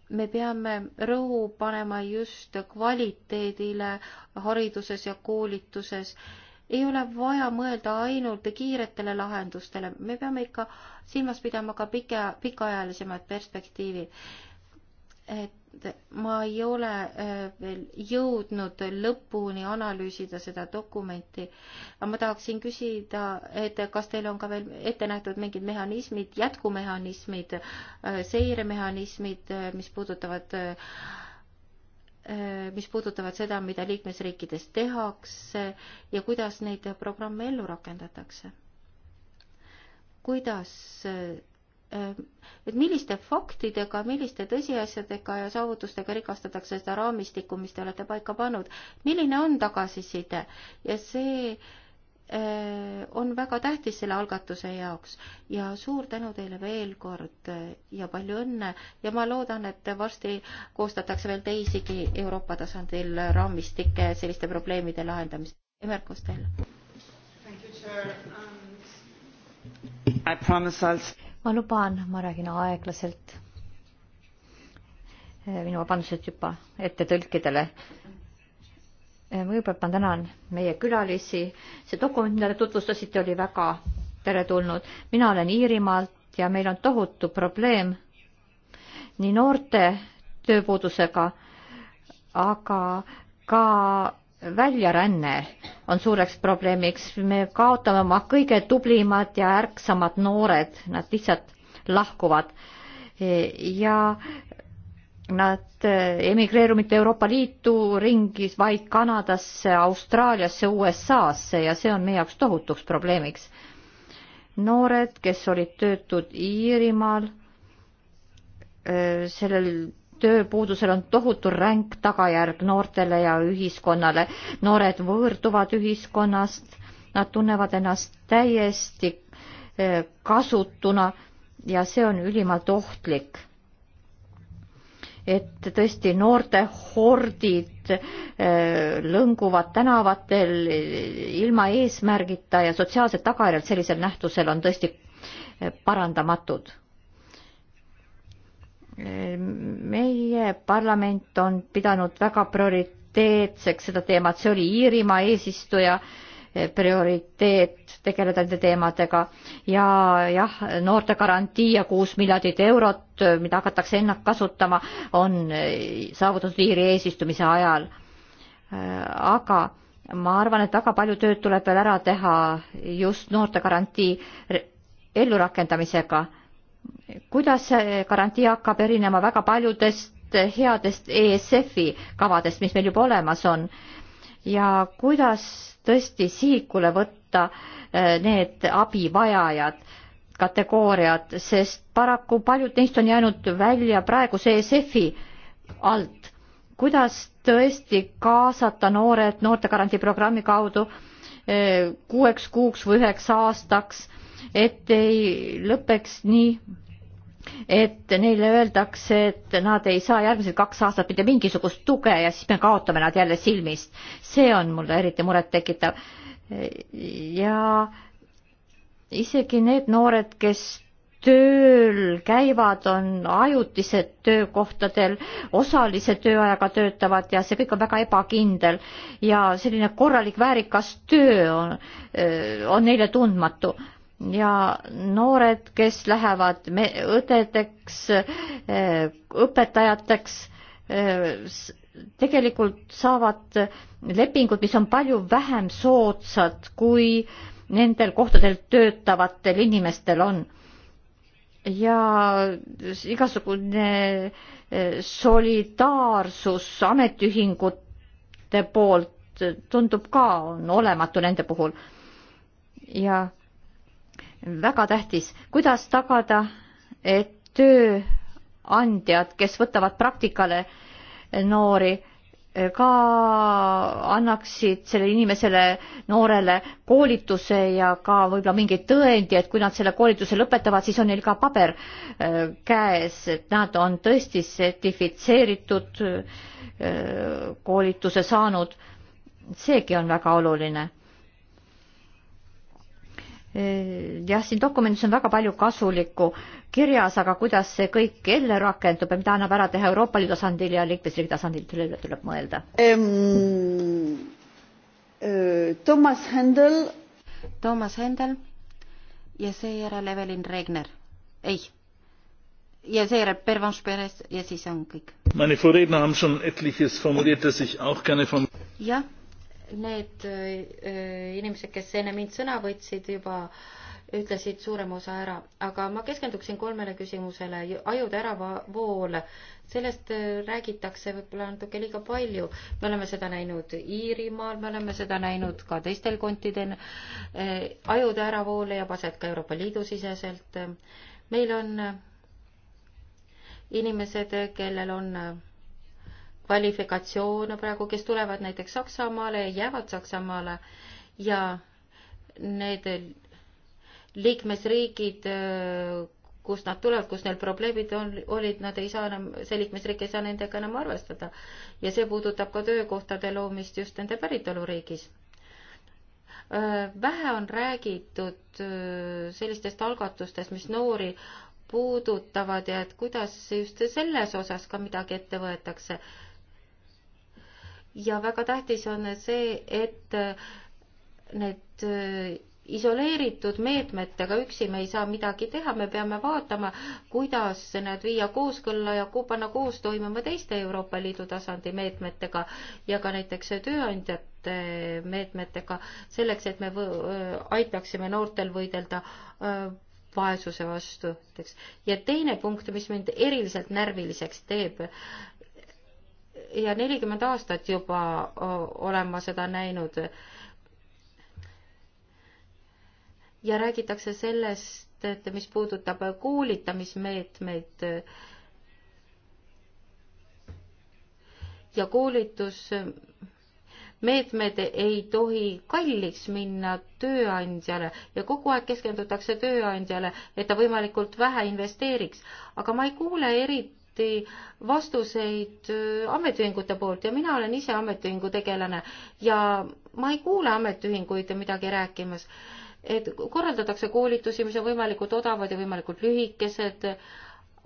me peame rõhu panema just kvaliteedile hariduses ja koolituses ei ole vaja mõelda ainult kiiretele lahendustele, me peame ikka silmas pidama ka pika, pikaajalisemat perspektiivi. et ma ei ole äh, veel jõudnud lõpuni analüüsida seda dokumenti, aga ma tahaksin küsida, et kas teil on ka veel ette nähtud mingid mehhanismid, jätkumehhanismid, äh, seiremehhanismid, äh, mis puudutavad Äh, mis puudutavad seda, mida liikmesriikides tehakse ja kuidas neid programme ellu rakendatakse. kuidas, äh, et milliste faktidega, milliste tõsiasjadega ja saavutustega rikastatakse seda raamistikku, mis te olete paika pannud, milline on tagasiside ja see äh, Äh, on väga tähtis selle algatuse jaoks ja suur tänu teile veel kord äh, ja palju õnne ja ma loodan, et varsti koostatakse veel teisigi Euroopa tasandil raamistikke selliste probleemide lahendamiseks. Emer Kostel. Um, ma luban, ma räägin aeglaselt. Äh, minu vabandused juba ette tõlkidele kõigepealt äh, ma tänan meie külalisi. see dokument, mida te tutvustasite, oli väga teretulnud. mina olen Iirimaalt ja meil on tohutu probleem nii noorte tööpuudusega, aga ka väljaränne on suureks probleemiks. me kaotame oma kõige tublimad ja ärksamad noored, nad lihtsalt lahkuvad ja Nad eh, emigreerumid Euroopa Liitu ringis vaid Kanadasse, Austraaliasse, USA-sse ja see on meie jaoks tohutuks probleemiks. noored, kes olid töötud Iirimaal, eh, sellel tööpuudusel on tohutu ränk tagajärg noortele ja ühiskonnale. noored võõrduvad ühiskonnast, nad tunnevad ennast täiesti eh, kasutuna ja see on ülimalt ohtlik et tõesti noorte hordid eh, lõnguvad tänavatel ilma eesmärgita ja sotsiaalsed tagajärjed sellisel nähtusel on tõesti eh, parandamatud. meie parlament on pidanud väga prioriteetseks seda teemat, see oli Iirimaa eesistuja äh, prioriteet tegeleda nende teemadega ja jah, noorte garantii ja kuus miljardit eurot, mida hakatakse ennakkasutama, on saavutatud Iiri eesistumise ajal. aga ma arvan, et väga palju tööd tuleb veel ära teha just noorte garantii ellurakendamisega. kuidas see garantii hakkab erinema väga paljudest headest ESF-i kavadest, mis meil juba olemas on ja kuidas tõesti sihikule võtta äh, need abivajajad, kategooriad, sest paraku paljud neist on jäänud välja praeguse ESF-i alt. kuidas tõesti kaasata noored noortegarantii programmi kaudu äh, kuueks kuuks või üheks aastaks, et ei lõpeks nii et neile öeldakse, et nad ei saa järgmised kaks aastat mitte mingisugust tuge ja siis me kaotame nad jälle silmist. see on mulle eriti murettekitav. ja isegi need noored, kes tööl käivad, on ajutised töökohtadel, osalise tööajaga töötavad ja see kõik on väga ebakindel ja selline korralik väärikas töö on, on neile tundmatu ja noored, kes lähevad õdedeks, eh, õpetajateks, eh, tegelikult saavad lepingud, mis on palju vähem soodsad, kui nendel kohtadel töötavatel inimestel on ja igasugune eh, solidaarsus ametiühingute poolt tundub ka on olematu nende puhul. ja väga tähtis, kuidas tagada, et tööandjad, kes võtavad praktikale noori, ka annaksid sellele inimesele, noorele koolituse ja ka võib-olla mingeid tõendi, et kui nad selle koolituse lõpetavad, siis on neil ka paber äh, käes, et nad on tõesti sertifitseeritud äh, koolituse saanud. seegi on väga oluline Äh, jah, siin dokumendis on väga palju kasulikku kirjas, aga kuidas see kõik ellu rakendub ja mida annab ära teha Euroopa Liidu tasandil ja liikmesriigi tasandil, selle üle tuleb mõelda ähm,. Äh, Toomas Händel. Toomas Händel ja seejärel Evelyn Regner. ei. ja seejärel Pervanš Perez ja siis on kõik. jah need äh, inimesed, kes enne mind sõna võtsid, juba ütlesid suurema osa ära, aga ma keskenduksin kolmele küsimusele. ajude äravool, sellest äh, räägitakse võib-olla natuke liiga palju. me oleme seda näinud Iirimaal, me oleme seda näinud ka teistel kontidel. Äh, ajude äravool leiab aset ka Euroopa Liidu siseselt. meil on inimesed, kellel on kvalifikatsioone praegu, kes tulevad näiteks Saksamaale ja jäävad Saksamaale ja need liikmesriigid, kust nad tulevad, kus neil probleemid on, olid, nad ei saa enam, see liikmesriik ei saa nendega enam arvestada. ja see puudutab ka töökohtade loomist just nende päritoluriigis. vähe on räägitud äh, sellistest algatustest, mis noori puudutavad ja et kuidas just selles osas ka midagi ette võetakse ja väga tähtis on see, et äh, need äh, isoleeritud meetmetega üksi me ei saa midagi teha, me peame vaatama, kuidas need viia kooskõlla ja panna koos toimima teiste Euroopa Liidu tasandi meetmetega ja ka näiteks tööandjate meetmetega, selleks et me äh, aitaksime noortel võidelda vaesuse vastu, eks. ja teine punkt, mis mind eriliselt närviliseks teeb, ja nelikümmend aastat juba olen ma seda näinud. ja räägitakse sellest, et mis puudutab koolitamismeetmeid ja koolitusmeetmed ei tohi kalliks minna tööandjale ja kogu aeg keskendutakse tööandjale, et ta võimalikult vähe investeeriks, aga ma ei kuule eriti samuti vastuseid äh, ametiühingute poolt ja mina olen ise ametiühingu tegelane ja ma ei kuule ametiühinguid midagi rääkimas. et korraldatakse koolitusi, mis on võimalikult odavad ja võimalikult lühikesed,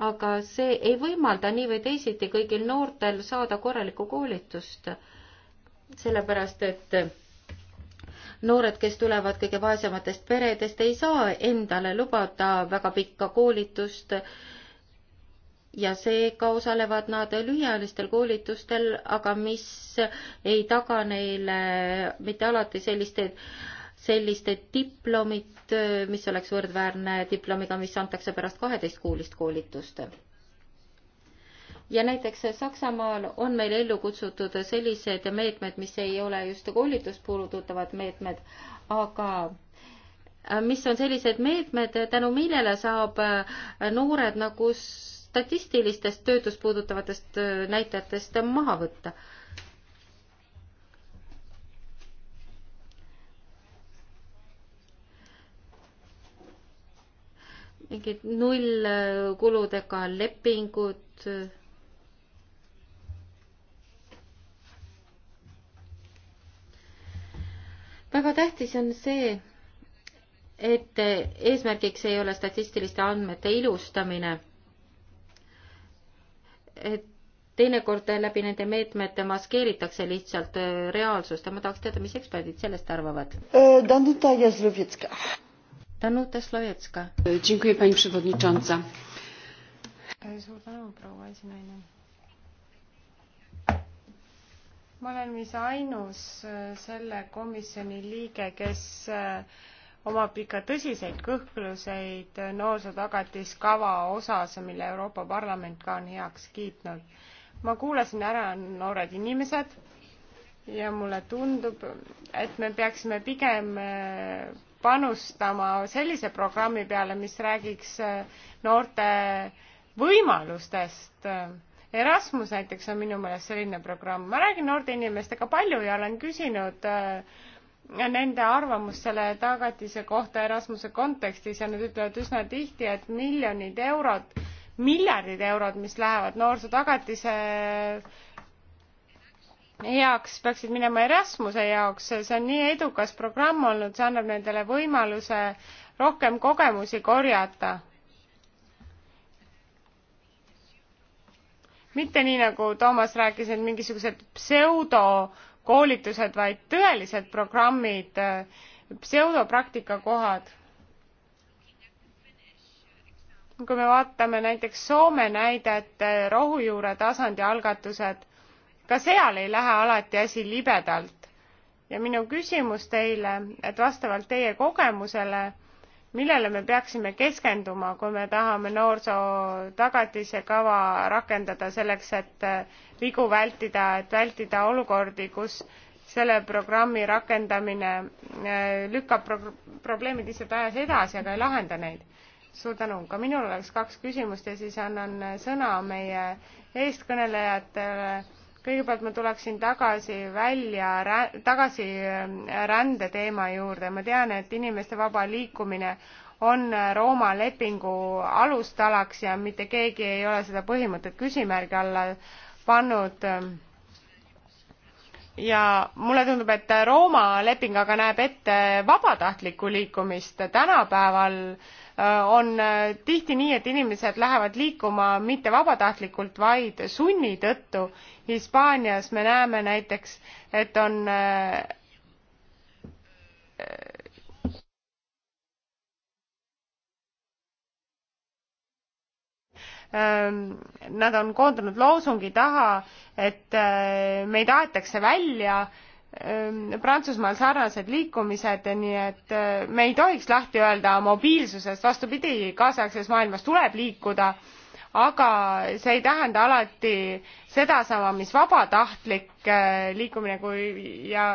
aga see ei võimalda nii või teisiti kõigil noortel saada korralikku koolitust. sellepärast, et noored, kes tulevad kõige vaesematest peredest, ei saa endale lubada väga pikka koolitust ja seega osalevad nad lühiajalistel koolitustel, aga mis ei taga neile mitte alati selliste selliste diplomit, mis oleks võrdväärne diplomiga, mis antakse pärast kaheteistkuulist koolitust. ja näiteks Saksamaal on meil ellu kutsutud sellised meetmed, mis ei ole just koolitust puudutavad meetmed, aga mis on sellised meetmed, tänu millele saab noored nagu statistilistest töötust puudutavatest äh, näitajatest maha võtta. mingid nullkuludega lepingud äh, väga tähtis on see, et eesmärgiks ei ole statistiliste andmete ilustamine et teinekord läbi nende meetmete maskeeritakse lihtsalt äh, reaalsust ja ma tahaks teada, mis eksperdid sellest arvavad. Äh, Danuta Jazlovetska. Danuta Slovetska. Äh, suur tänu, proua esinaine. ma olen vist ainus selle komisjoni liige, kes äh, omab ikka tõsiseid kõhkluseid noorsootagatiskava osas, mille Euroopa Parlament ka on heaks kiitnud. ma kuulasin ära noored inimesed ja mulle tundub, et me peaksime pigem äh, panustama sellise programmi peale, mis räägiks äh, noorte võimalustest. Erasmus näiteks on minu meelest selline programm, ma räägin noorte inimestega palju ja olen küsinud äh, nende arvamust selle tagatise kohta Erasmuse kontekstis ja nad ütlevad üsna tihti, et miljonid eurod, miljardid eurod, mis lähevad noorsootagatise heaks, peaksid minema Erasmuse jaoks, see on nii edukas programm olnud, see annab nendele võimaluse rohkem kogemusi korjata mitte nii nagu Toomas rääkis, et mingisugused pseudo koolitused, vaid tõelised programmid, pseudoppraktikakohad. kui me vaatame näiteks Soome näidet, rohujuure tasandi algatused, ka seal ei lähe alati asi libedalt. ja minu küsimus teile, et vastavalt teie kogemusele millele me peaksime keskenduma, kui me tahame noorsoo tagatise kava rakendada selleks, et äh, vigu vältida, et vältida olukordi, kus selle programmi rakendamine äh, lükkab pro probleemid lihtsalt ajas edasi, aga ei lahenda neid. suur tänu, ka minul oleks kaks küsimust ja siis annan äh, sõna meie eestkõnelejatele kõigepealt ma tuleksin tagasi välja, tagasi äh, rände teema juurde. ma tean, et inimeste vaba liikumine on äh, Rooma lepingu alustalaks ja mitte keegi ei ole seda põhimõtet küsimärgi alla pannud. ja mulle tundub, et Rooma leping aga näeb ette vabatahtlikku liikumist. tänapäeval äh, Äh, on äh, tihti nii, et inimesed lähevad liikuma mitte vabatahtlikult, vaid sunni tõttu. Hispaanias me näeme näiteks, et on äh, ähm, Nad on koondunud loosungi taha, et meid aetakse välja Ehm, Prantsusmaal sarnased liikumised, nii et eh, me ei tohiks lahti öelda mobiilsusest, vastupidi, kaasaegses maailmas tuleb liikuda, aga see ei tähenda alati sedasama, mis vabatahtlik eh, liikumine kui ja,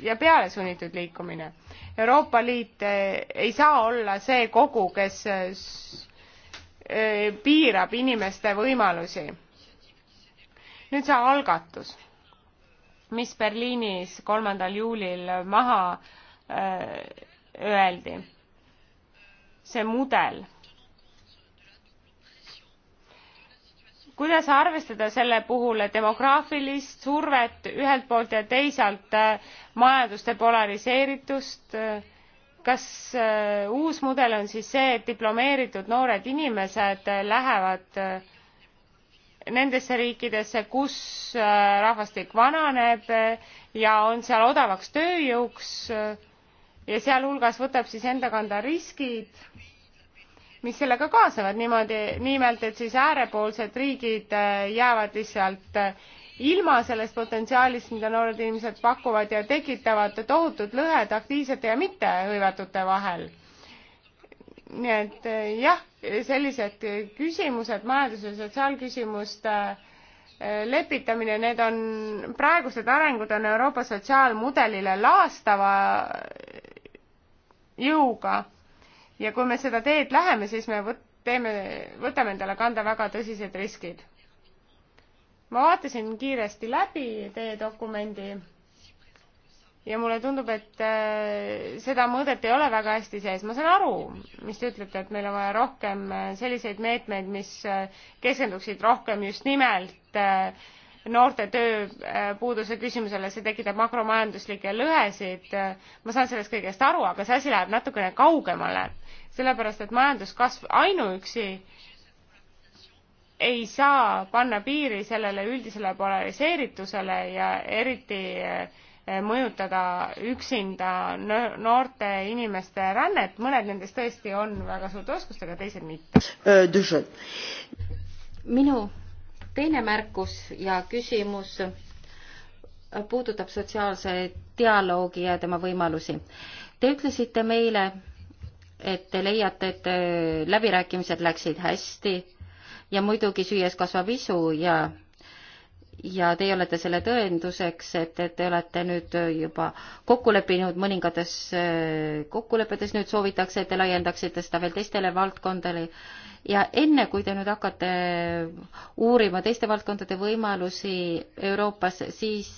ja pealesunnitud liikumine. Euroopa Liit eh, ei saa olla see kogu, kes piirab inimeste võimalusi. nüüd see algatus mis Berliinis kolmandal juulil maha öö, äh, öeldi. see mudel. kuidas arvestada selle puhul demograafilist survet ühelt poolt ja teisalt äh, majanduste polariseeritust? Äh, kas öö, uus mudel on siis see, et diplomeeritud noored inimesed lähevad öö, nendesse riikidesse kus äh, rahvastik vananeb äh, ja on seal odavaks tööjõuks äh, ja sealhulgas võtab siis enda kanda riskid mis sellega kaasnevad niimoodi nimelt et siis äärepoolsed riigid jäävad lihtsalt ilma sellest potentsiaalist mida noored inimesed pakuvad ja tekitavad tohutud lõhed aktiivsete ja mittehõivatute vahel nii et eh, jah, sellised küsimused, majandus- ja sotsiaalküsimuste eh, lepitamine, need on, praegused arengud on Euroopa sotsiaalmudelile laastava jõuga. ja kui me seda teed läheme, siis me võt-, teeme, võtame endale kanda väga tõsised riskid. ma vaatasin kiiresti läbi teie dokumendi ja mulle tundub, et äh, seda mõõdet ei ole väga hästi sees. ma saan aru, mis te ütlete, et meil on vaja rohkem äh, selliseid meetmeid, mis äh, keskenduksid rohkem just nimelt noorte tööpuuduse küsimusele, see tekitab makromajanduslikke lõhesid. ma saan sellest kõigest aru, aga see asi läheb natukene kaugemale, sellepärast et majanduskasv ainuüksi ei saa panna piiri sellele üldisele polariseeritusele ja eriti äh, Eh, mõjutada üksinda noorte inimeste rännet, mõned nendest tõesti on väga suurte oskustega, teised mitte. minu teine märkus ja küsimus puudutab sotsiaalse dialoogi ja tema võimalusi. Te ütlesite meile, et te leiate, et äh, läbirääkimised läksid hästi ja muidugi süües kasvab isu ja ja teie olete selle tõenduseks, et, et te olete nüüd juba kokku leppinud mõningates eh, kokkulepetes, nüüd soovitakse, et te laiendaksite seda veel teistele valdkondadele. ja enne, kui te nüüd hakkate uurima teiste valdkondade võimalusi Euroopas, siis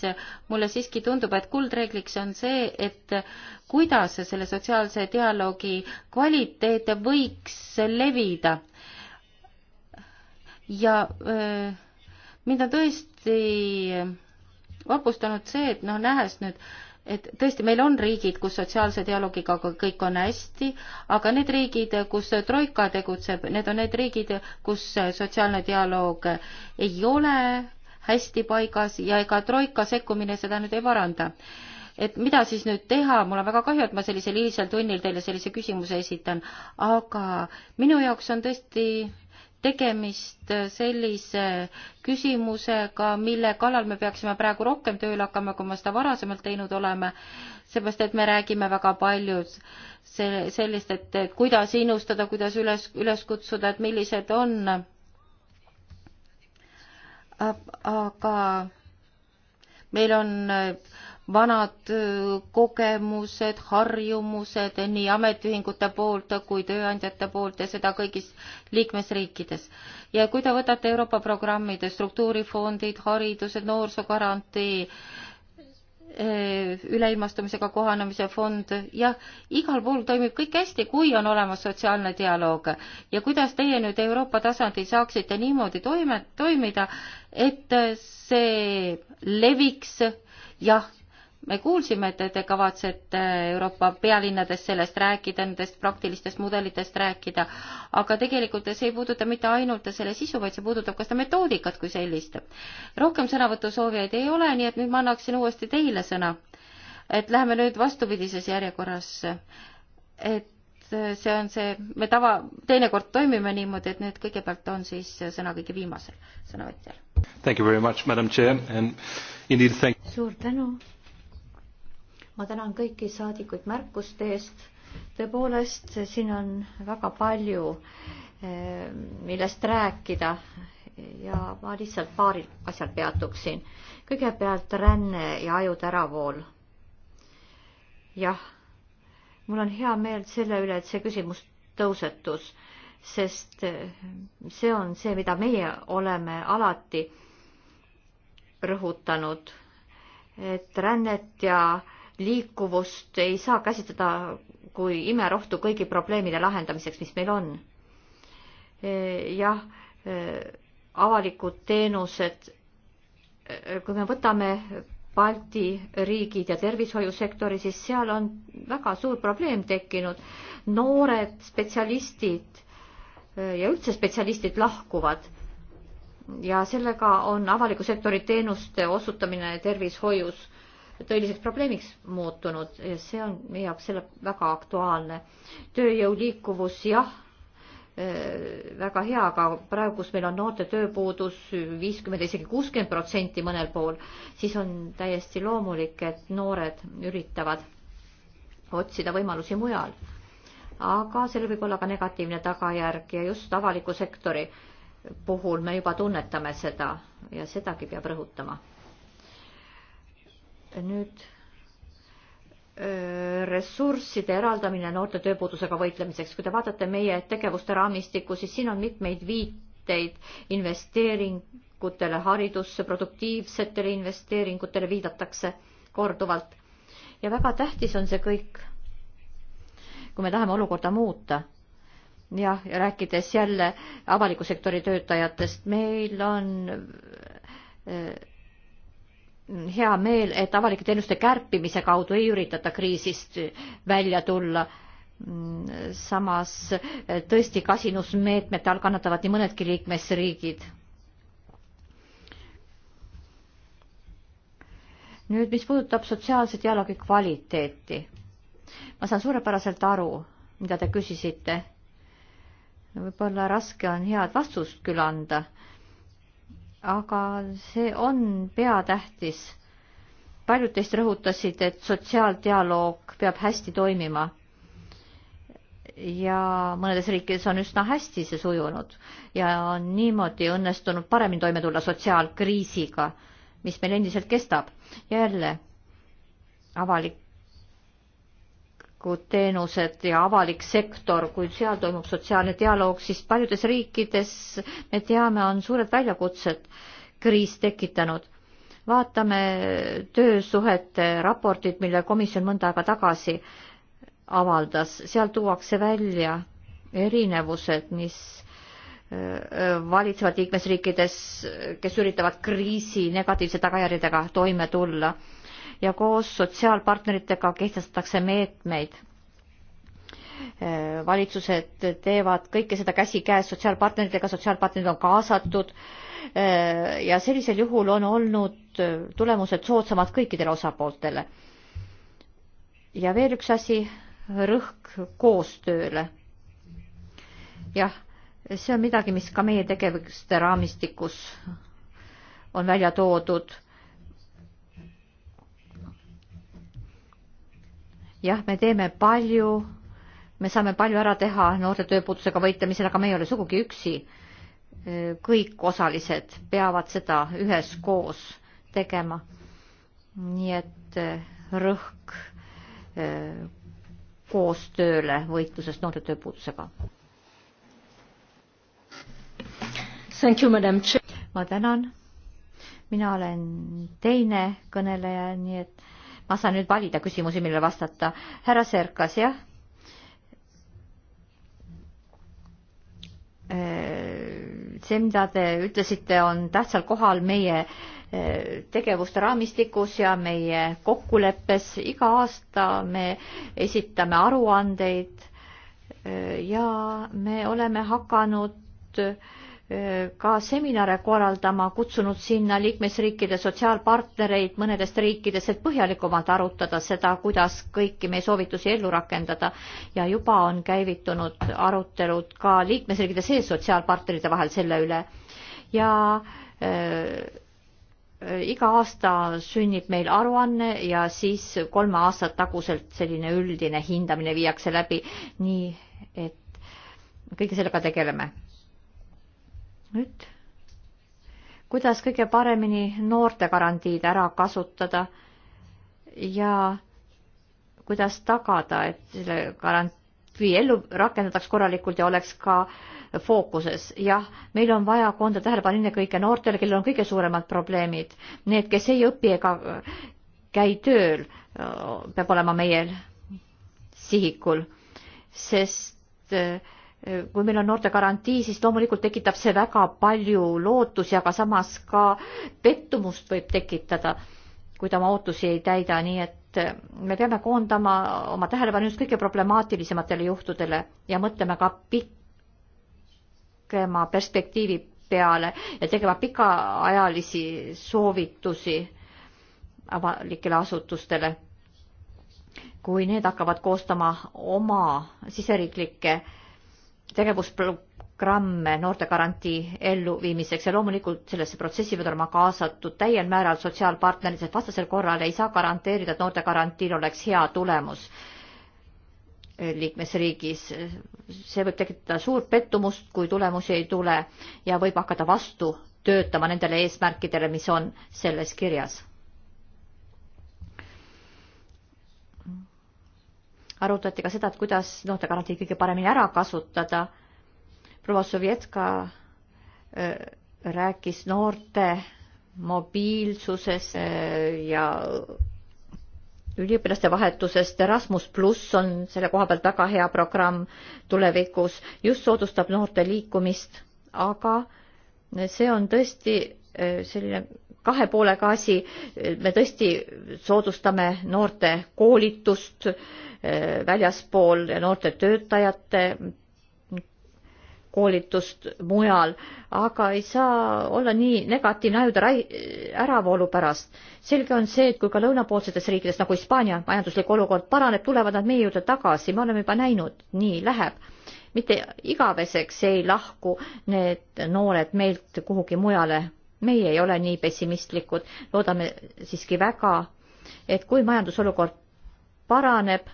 mulle siiski tundub, et kuldreegliks on see, et kuidas selle sotsiaalse dialoogi kvaliteet võiks levida. ja öö, eh, mind on tõesti tõesti vapustanud see, et noh, nähes nüüd et tõesti, meil on riigid, kus sotsiaalse dialoogiga kõik on hästi, aga need riigid, kus troika tegutseb, need on need riigid, kus sotsiaalne dialoog ei ole hästi paigas ja ega troika sekkumine seda nüüd ei paranda. et mida siis nüüd teha, mul on väga kahju, et ma sellisel hilisel tunnil teile sellise küsimuse esitan, aga minu jaoks on tõesti tegemist sellise küsimusega, mille kallal me peaksime praegu rohkem tööle hakkama, kui me seda varasemalt teinud oleme, seepärast et me räägime väga palju see, sellist, et kuidas innustada, kuidas üles, üles kutsuda, et millised on. aga meil on vanad kogemused, harjumused nii ametiühingute poolt kui tööandjate poolt ja seda kõigis liikmesriikides. ja kui te võtate Euroopa programmide struktuurifondid, haridused, noorsoogarantii, üleilmastumisega kohanemise fond, jah, igal pool toimib kõik hästi, kui on olemas sotsiaalne dialoog. ja kuidas teie nüüd Euroopa tasandil saaksite niimoodi toime, toimida, et see leviks, jah, me kuulsime, et te kavatsete Euroopa pealinnades sellest rääkida, nendest praktilistest mudelitest rääkida, aga tegelikult see ei puuduta mitte ainult selle sisu, vaid see puudutab ka seda metoodikat kui sellist. rohkem sõnavõtusoovijaid ei ole, nii et nüüd ma annaksin uuesti teile sõna. et läheme nüüd vastupidises järjekorras. et see on see, me tava, teinekord toimime niimoodi, et nüüd kõigepealt on siis sõna kõige viimasel sõnavõtjal. Thank you very much, madam chair and indeed thank suur tänu ma tänan kõiki saadikuid märkuste eest. tõepoolest, siin on väga palju, eh, millest rääkida ja ma lihtsalt paaril asjal peatuksin. kõigepealt ränne ja ajude äravool. jah, mul on hea meel selle üle, et see küsimus tõusetus, sest eh, see on see, mida meie oleme alati rõhutanud, et rännet ja äh, liikuvust ei saa käsitleda kui imerohtu kõigi probleemide lahendamiseks, mis meil on. jah, avalikud teenused, kui me võtame Balti riigid ja tervishoiusektori, siis seal on väga suur probleem tekkinud. noored spetsialistid ja üldse spetsialistid lahkuvad ja sellega on avaliku sektori teenuste osutamine tervishoius tõeliseks probleemiks muutunud ja see on meie jaoks selle väga aktuaalne. tööjõu liikuvus, jah, äh, väga hea, aga praegu, kus meil on noorte tööpuudus viiskümmend, isegi kuuskümmend protsenti mõnel pool, siis on täiesti loomulik, et noored üritavad otsida võimalusi mujal. aga sellel võib olla ka negatiivne tagajärg ja just avaliku sektori puhul me juba tunnetame seda ja sedagi peab rõhutama nüüd ressursside eraldamine noorte tööpuudusega võitlemiseks. kui te vaatate meie tegevuste raamistikku, siis siin on mitmeid viiteid investeeringutele haridusse, produktiivsetele investeeringutele viidatakse korduvalt. ja väga tähtis on see kõik, kui me tahame olukorda muuta. jah, ja rääkides jälle avaliku sektori töötajatest, meil on äh, hea meel, et avalike teenuste kärpimise kaudu ei üritata kriisist välja tulla. samas tõesti kasinusmeetmete all kannatavad nii mõnedki liikmesriigid. nüüd, mis puudutab sotsiaalse dialoogi kvaliteeti. ma saan suurepäraselt aru, mida te küsisite. võib-olla raske on head vastust küll anda aga see on peatähtis. paljud teist rõhutasid, et sotsiaaldialoog peab hästi toimima. ja mõnedes riikides on üsna hästi see sujunud ja on niimoodi õnnestunud paremini toime tulla sotsiaalkriisiga, mis meil endiselt kestab. jälle avalik avalikud teenused ja avalik sektor, kui seal toimub sotsiaalne dialoog, siis paljudes riikides me teame, on suured väljakutsed kriis tekitanud. vaatame töösuhete raportit, mille komisjon mõnda aega tagasi avaldas, seal tuuakse välja erinevused, mis äh, valitsevad liikmesriikides, kes üritavad kriisi negatiivse tagajärjedega toime tulla ja koos sotsiaalpartneritega kehtestatakse meetmeid. valitsused teevad kõike seda käsikäes sotsiaalpartneritega, sotsiaalpartnerid on kaasatud ja sellisel juhul on olnud tulemused soodsamad kõikidele osapooltele. ja veel üks asi, rõhk koostööle. jah, see on midagi, mis ka meie tegevuste raamistikus on välja toodud jah, me teeme palju, me saame palju ära teha noorte tööpuudusega võitlemisel, aga me ei ole sugugi üksi. kõik osalised peavad seda üheskoos tegema. nii et eh, rõhk eh, koostööle võitluses noorte tööpuudusega. ma tänan. mina olen teine kõneleja, nii et ma saan nüüd valida küsimusi, millele vastata. härra Serkas, jah? Äh, see, mida te ütlesite, on tähtsal kohal meie äh, tegevuste raamistikus ja meie kokkuleppes. iga aasta me esitame aruandeid äh, ja me oleme hakanud äh, ka seminare korraldama, kutsunud sinna liikmesriikide sotsiaalpartnereid mõnedest riikidest, et põhjalikumalt arutada seda, kuidas kõiki meie soovitusi ellu rakendada ja juba on käivitunud arutelud ka liikmesriikide sees sotsiaalpartnerite vahel selle üle ja äh, äh iga aasta sünnib meil aruanne ja siis kolme aastat taguselt selline üldine hindamine viiakse läbi, nii et kõige sellega tegeleme nüüd, kuidas kõige paremini noortegarantiid ära kasutada ja kuidas tagada, et selle garantii ellu rakendataks korralikult ja oleks ka fookuses. jah, meil on vaja koondada tähelepanu ennekõike noortele, kellel on kõige suuremad probleemid. Need, kes ei õpi ega käi tööl, peab olema meie sihikul, sest äh, kui meil on noorte garantii, siis loomulikult tekitab see väga palju lootusi, aga samas ka pettumust võib tekitada, kui ta oma ootusi ei täida, nii et eh, me peame koondama oma tähelepanu just kõige problemaatilisematele juhtudele ja mõtlema ka pikema perspektiivi peale ja tegema pikaajalisi soovitusi avalikele asutustele. kui need hakkavad koostama oma siseriiklikke tegevusprogramme noortegarantii elluviimiseks ja loomulikult sellesse protsessi peavad olema kaasatud täiel määral sotsiaalpartnerid, sest vastasel korral ei saa garanteerida, et noortegarantiil oleks hea tulemus liikmesriigis. see võib tekitada suurt pettumust, kui tulemusi ei tule ja võib hakata vastu töötama nendele eesmärkidele, mis on selles kirjas arutati ka seda, et kuidas noortegarantiid kõige paremini ära kasutada. proua Sovjetka äh, rääkis noorte mobiilsuses äh, ja üliõpilaste vahetusest. Erasmus pluss on selle koha pealt väga hea programm tulevikus, just soodustab noorte liikumist, aga see on tõesti äh, selline kahe poolega asi, me tõesti soodustame noorte koolitust eh, väljaspool ja noorte töötajate koolitust mujal, aga ei saa olla nii negatiivne ajude äravoolu pärast. selge on see, et kui ka lõunapoolsetes riikides nagu Hispaania majanduslik olukord paraneb, tulevad nad meie juurde tagasi, me oleme juba näinud, nii läheb. mitte igaveseks ei lahku need noored meilt kuhugi mujale meie ei ole nii pessimistlikud, loodame siiski väga, et kui majandusolukord paraneb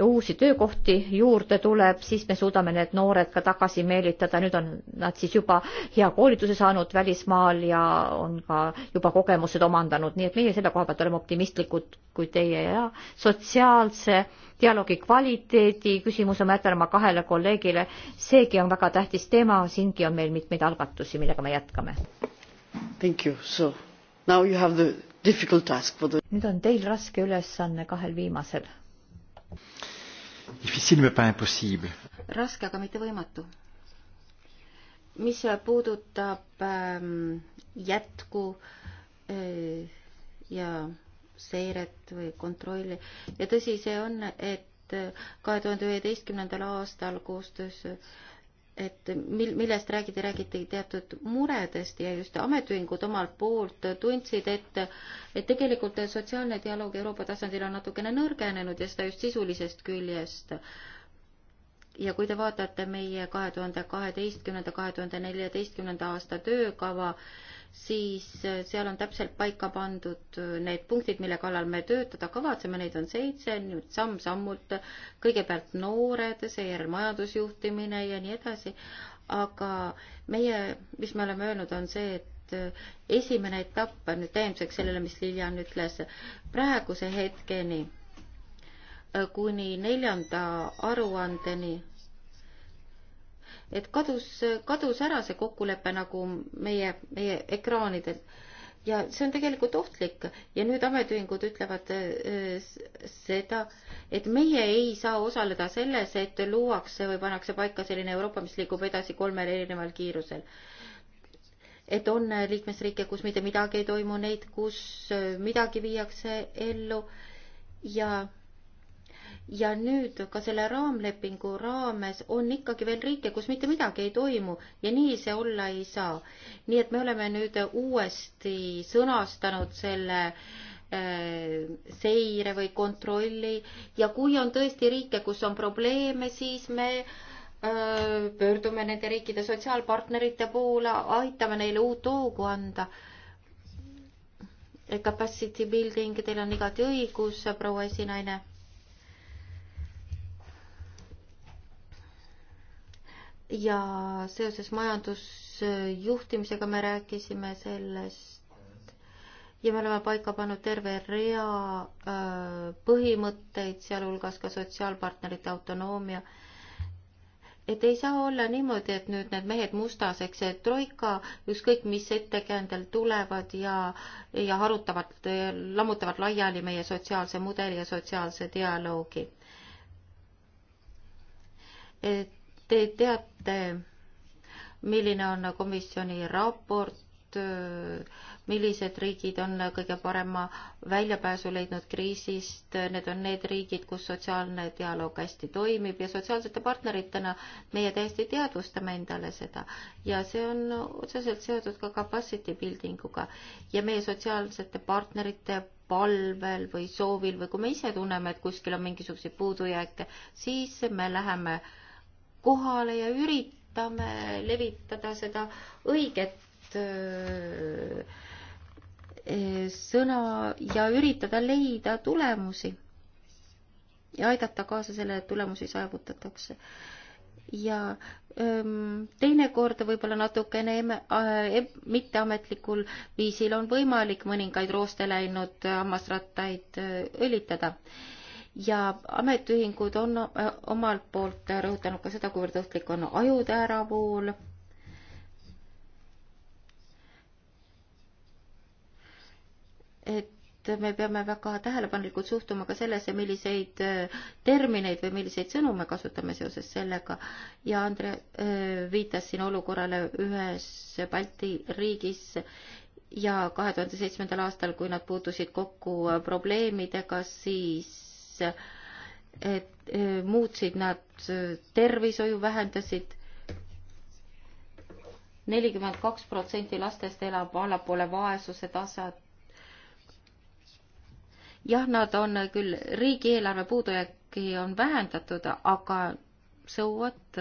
ja uusi töökohti juurde tuleb, siis me suudame need noored ka tagasi meelitada, nüüd on nad siis juba hea koolituse saanud välismaal ja on ka juba kogemused omandanud, nii et meie selle koha pealt oleme optimistlikud kui teie ja sotsiaalse dialoogi kvaliteedi küsimuse ma jätan oma kahele kolleegile, seegi on väga tähtis teema, siingi on meil mitmeid algatusi, millega me jätkame. The... nüüd on teil raske ülesanne kahel viimasel. raske, aga mitte võimatu. mis puudutab ähm, jätku äh, ja seiret või kontrolli ja tõsi see on, et äh, kahe tuhande üheteistkümnendal aastal koostöös äh, et mil-, millest räägiti, räägiti teatud muredest ja just ametiühingud omalt poolt tundsid, et et tegelikult sotsiaalne dialoog Euroopa tasandil on natukene nõrgenenud ja seda just sisulisest küljest ja kui te vaatate meie kahe tuhande kaheteistkümnenda, kahe tuhande neljateistkümnenda aasta töökava, siis äh, seal on täpselt paika pandud äh, need punktid, mille kallal me töötada kavatseme, neid on seitse, nüüd samm-sammult, kõigepealt noored, seejärel majandusjuhtimine ja nii edasi, aga meie, mis me oleme öelnud, on see, et äh, esimene etapp on nüüd täienduseks sellele, mis Liljan ütles, praeguse hetkeni kuni neljanda aruandeni. et kadus, kadus ära see kokkulepe nagu meie, meie ekraanidel ja see on tegelikult ohtlik ja nüüd ametiühingud ütlevad äh, seda, et meie ei saa osaleda selles, et luuakse või pannakse paika selline Euroopa, mis liigub edasi kolmel erineval kiirusel. et on liikmesriike, kus mitte midagi ei toimu, neid, kus midagi viiakse ellu ja ja nüüd ka selle raamlepingu raames on ikkagi veel riike, kus mitte midagi ei toimu ja nii see olla ei saa. nii et me oleme nüüd uuesti sõnastanud selle äh, seire või kontrolli ja kui on tõesti riike, kus on probleeme, siis me äh, pöördume nende riikide sotsiaalpartnerite poole, aitame neile uut hoogu anda. Capacity building, teil on igati õigus, proua esinaine ja seoses majandusjuhtimisega me rääkisime sellest ja me oleme paika pannud terve rea äh, põhimõtteid, sealhulgas ka sotsiaalpartnerite autonoomia. et ei saa olla niimoodi, et nüüd need mehed mustas, eks see troika, ükskõik mis ettekäändel tulevad ja, ja harutavad, lammutavad laiali meie sotsiaalse mudeli ja sotsiaalse dialoogi. et Te teate, milline on komisjoni raport millised riigid on kõige parema väljapääsu leidnud kriisist, need on need riigid, kus sotsiaalne dialoog hästi toimib ja sotsiaalsete partneritena meie täiesti teadvustame endale seda. ja see on otseselt seotud ka capacity building uga ja meie sotsiaalsete partnerite palvel või soovil või kui me ise tunneme, et kuskil on mingisuguseid puudujääke, siis me läheme äh, kohale ja üritame levitada seda õiget öö, sõna ja üritada leida tulemusi ja aidata kaasa sellele, et tulemusi saavutatakse. ja teinekord võib-olla natukene äh, mitteametlikul viisil on võimalik mõningaid rooste läinud hammasrattaid õlitada ja ametiühingud on äh, omalt poolt rõhutanud ka seda, kuivõrd ohtlik on ajude äravool. et me peame väga tähelepanelikult suhtuma ka sellesse, milliseid äh, termineid või milliseid sõnu me kasutame seoses sellega ja Andre äh, viitas siin olukorrale ühes Balti riigis ja kahe tuhande seitsmendal aastal, kui nad puutusid kokku probleemidega, siis et eh, muutsid nad eh, tervishoiu, vähendasid nelikümmend kaks protsenti lastest elab allapoole vaesuse taset. jah, nad on küll, riigieelarve puudujääki on vähendatud, aga so what,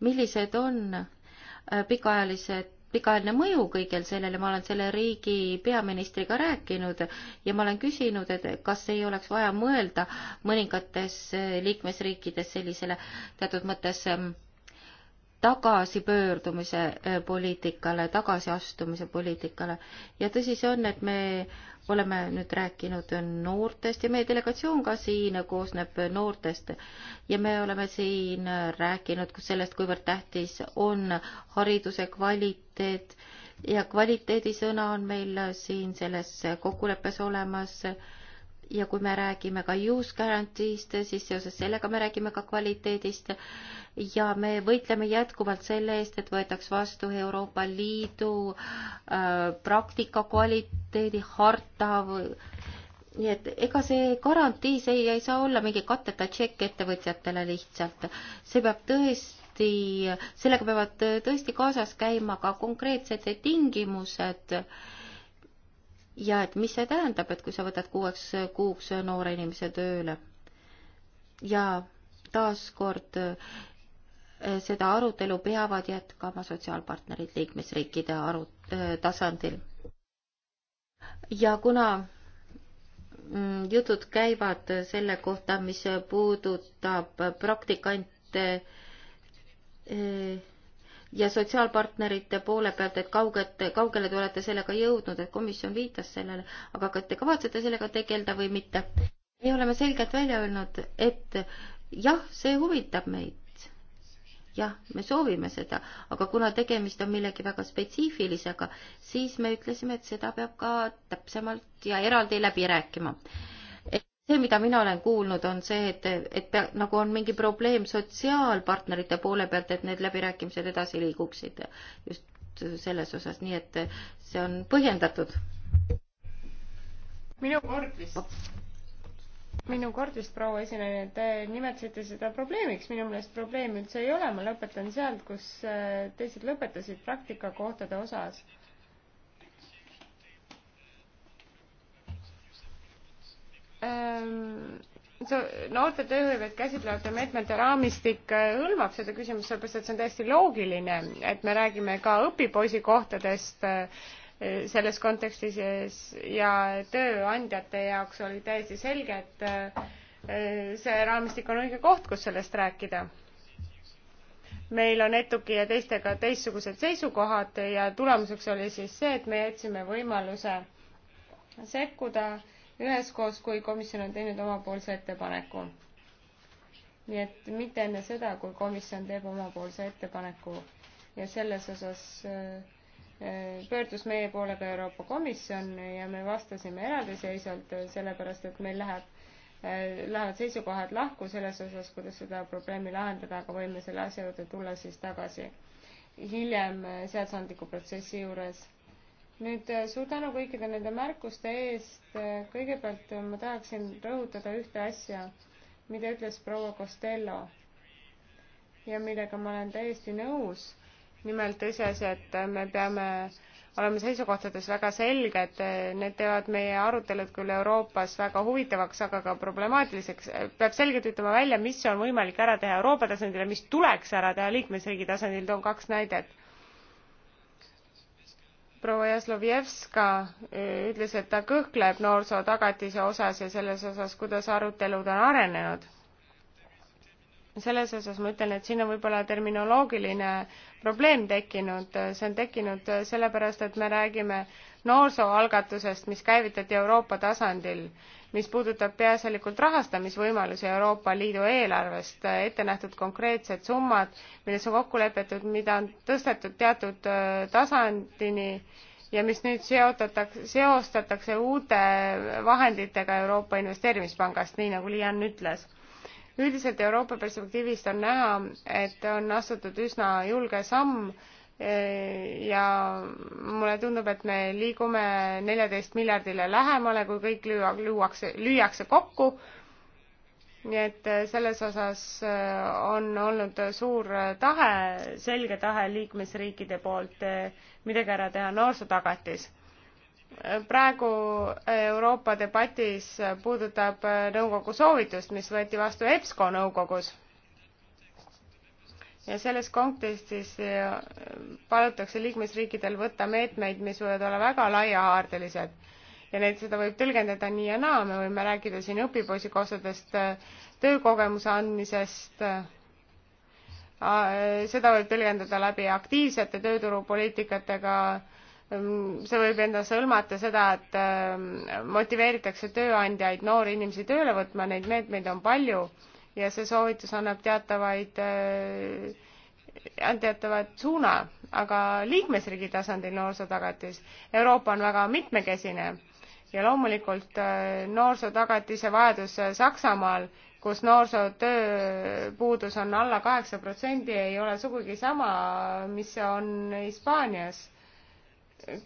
millised on eh, pikaajalised pikaajaline mõju kõigel sellele, ma olen selle riigi peaministriga rääkinud ja ma olen küsinud, et kas ei oleks vaja mõelda mõningates eh, liikmesriikides sellisele teatud mõttes ehm, tagasipöördumise eh, poliitikale, tagasiastumise poliitikale. ja tõsi see on, et me oleme nüüd rääkinud noortest ja meie delegatsioon ka siin koosneb noortest ja me oleme siin rääkinud sellest, kuivõrd tähtis on hariduse kvaliteet ja kvaliteedisõna on meil siin selles kokkuleppes olemas ja kui me räägime ka use guarantee'st, siis seoses sellega me räägime ka kvaliteedist ja me võitleme jätkuvalt selle eest, et võetaks vastu Euroopa Liidu äh, praktika kvaliteedi harta või nii et ega see garantii, see ei, ei saa olla mingi katteta tšekk ettevõtjatele lihtsalt. see peab tõesti, sellega peavad tõesti kaasas käima ka konkreetsed tingimused äh, ja et mis see tähendab, et kui sa võtad kuueks kuuks noore inimese tööle. ja taaskord eh, seda arutelu peavad jätkama sotsiaalpartnerid liikmesriikide aru-, eh, tasandil. ja kuna mm, jutud käivad selle kohta, mis puudutab praktikante, eh, ja sotsiaalpartnerite poole pealt, et kauget, kaugele te olete sellega jõudnud, et komisjon viitas sellele, aga kas te kavatsete sellega tegeleda või mitte? me oleme selgelt välja öelnud, et jah, see huvitab meid. jah, me soovime seda, aga kuna tegemist on millegi väga spetsiifilisega, siis me ütlesime, et seda peab ka täpsemalt ja eraldi läbi rääkima see, mida mina olen kuulnud, on see, et, et pea, nagu on mingi probleem sotsiaalpartnerite poole pealt, et need läbirääkimised edasi liiguksid just selles osas, nii et see on põhjendatud. minu kord vist, minu kord vist, proua esineja, te nimetasite seda probleemiks, minu meelest probleemi üldse ei ole, ma lõpetan sealt, kus äh, teised lõpetasid praktikakohtade osas Ehm, noorte tööhõivet käsitlevate meetmete raamistik äh, hõlmab seda küsimust, sellepärast et see on täiesti loogiline, et me räägime ka õpipoisikohtadest äh, selles kontekstis ja tööandjate jaoks oli täiesti selge, et äh, see raamistik on õige koht, kus sellest rääkida meil on Etuki ja teistega teistsugused seisukohad ja tulemuseks oli siis see, et me jätsime võimaluse sekkuda üheskoos, kui komisjon on teinud omapoolse ettepaneku. nii et mitte enne seda, kui komisjon teeb omapoolse ettepaneku ja selles osas äh, äh, pöördus meie poole ka Euroopa Komisjon ja me vastasime eraldiseisvalt, äh, sellepärast et meil läheb, lähevad seisukohad lahku selles osas, kuidas seda probleemi lahendada, aga võime selle asja juurde tulla siis tagasi hiljem seadusandliku protsessi juures nüüd äh, suur tänu kõikide nende märkuste eest. Äh, kõigepealt äh, ma tahaksin rõhutada ühte asja, mida ütles proua Costello ja millega ma olen täiesti nõus. nimelt tõsiasi, et me peame olema seisukohtades väga selged, need teevad meie arutelud küll Euroopas väga huvitavaks, aga ka problemaatiliseks. peab selgelt ütlema välja, mis on võimalik ära teha Euroopa tasandil ja mis tuleks ära teha liikmesriigi tasandil, toon kaks näidet proua Jaslovjevska e, ütles, et ta kõhkleb noorsootagatise osas ja selles osas, kuidas arutelud on arenenud. selles osas ma ütlen, et siin on võib-olla terminoloogiline probleem tekkinud, see on tekkinud sellepärast, et me räägime noorsooalgatusest, mis käivitati Euroopa tasandil mis puudutab peaasjalikult rahastamisvõimalusi Euroopa Liidu eelarvest, äh, ette nähtud konkreetsed summad, milles on kokku lepitud, mida on tõstetud teatud äh, tasandini ja mis nüüd seotatakse, seostatakse uute vahenditega Euroopa Investeerimispangast, nii nagu Liian ütles. üldiselt Euroopa perspektiivist on näha, et on astutud üsna julge samm ja mulle tundub, et me liigume neljateist miljardile lähemale, kui kõik lüüa, luuakse, lüüakse kokku. nii et äh, selles osas äh, on olnud suur äh, tahe, selge tahe liikmesriikide poolt midagi ära teha noorsootagatis praegu Euroopa debatis puudutab nõukogu soovitust, mis võeti vastu EBSCO nõukogus ja selles kontekstis eh, palutakse liikmesriikidel võtta meetmeid, mis võivad olla väga laiahaardelised ja neid, seda võib tõlgendada nii ja naa, me võime rääkida siin õpipoisikohtadest, töökogemuse andmisest, seda võib tõlgendada läbi aktiivsete tööturupoliitikatega, see võib endas hõlmata seda, et eh, motiveeritakse tööandjaid noori inimesi tööle võtma, neid meetmeid on palju ja see soovitus annab teatavaid äh, teatavad suuna, aga liikmesriigi tasandil noorsootagatis, Euroopa on väga mitmekesine ja loomulikult äh, noorsootagatise vajadus äh, Saksamaal, kus noorsootööpuudus on alla kaheksa protsendi, ei ole sugugi sama, mis see on Hispaanias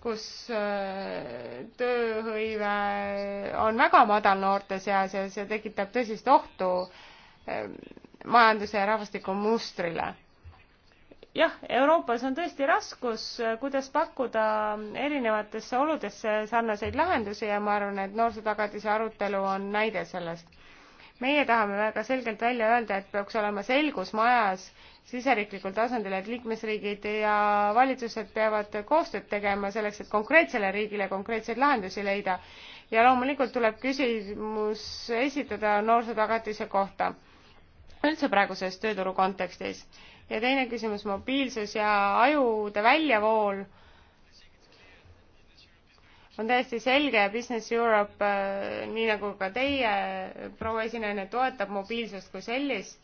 kus tööhõive on väga madal noorte seas ja see tekitab tõsist ohtu Ehm, majanduse ja rahvastiku mustrile. jah, Euroopas on tõesti raskus, eh, kuidas pakkuda erinevatesse oludesse sarnaseid lahendusi ja ma arvan, et noorsootagatise arutelu on näide sellest. meie tahame väga selgelt välja öelda, et peaks olema selgus majas siseriiklikul tasandil, et liikmesriigid ja valitsused peavad koostööd tegema selleks, et konkreetsele riigile konkreetseid lahendusi leida. ja loomulikult tuleb küsimus esitada noorsootagatise kohta üldse praeguses tööturu kontekstis. ja teine küsimus, mobiilsus ja ajude väljavool. on täiesti selge, Business Europe, äh, nii nagu ka teie, äh, proua esinaine, toetab mobiilsust kui sellist.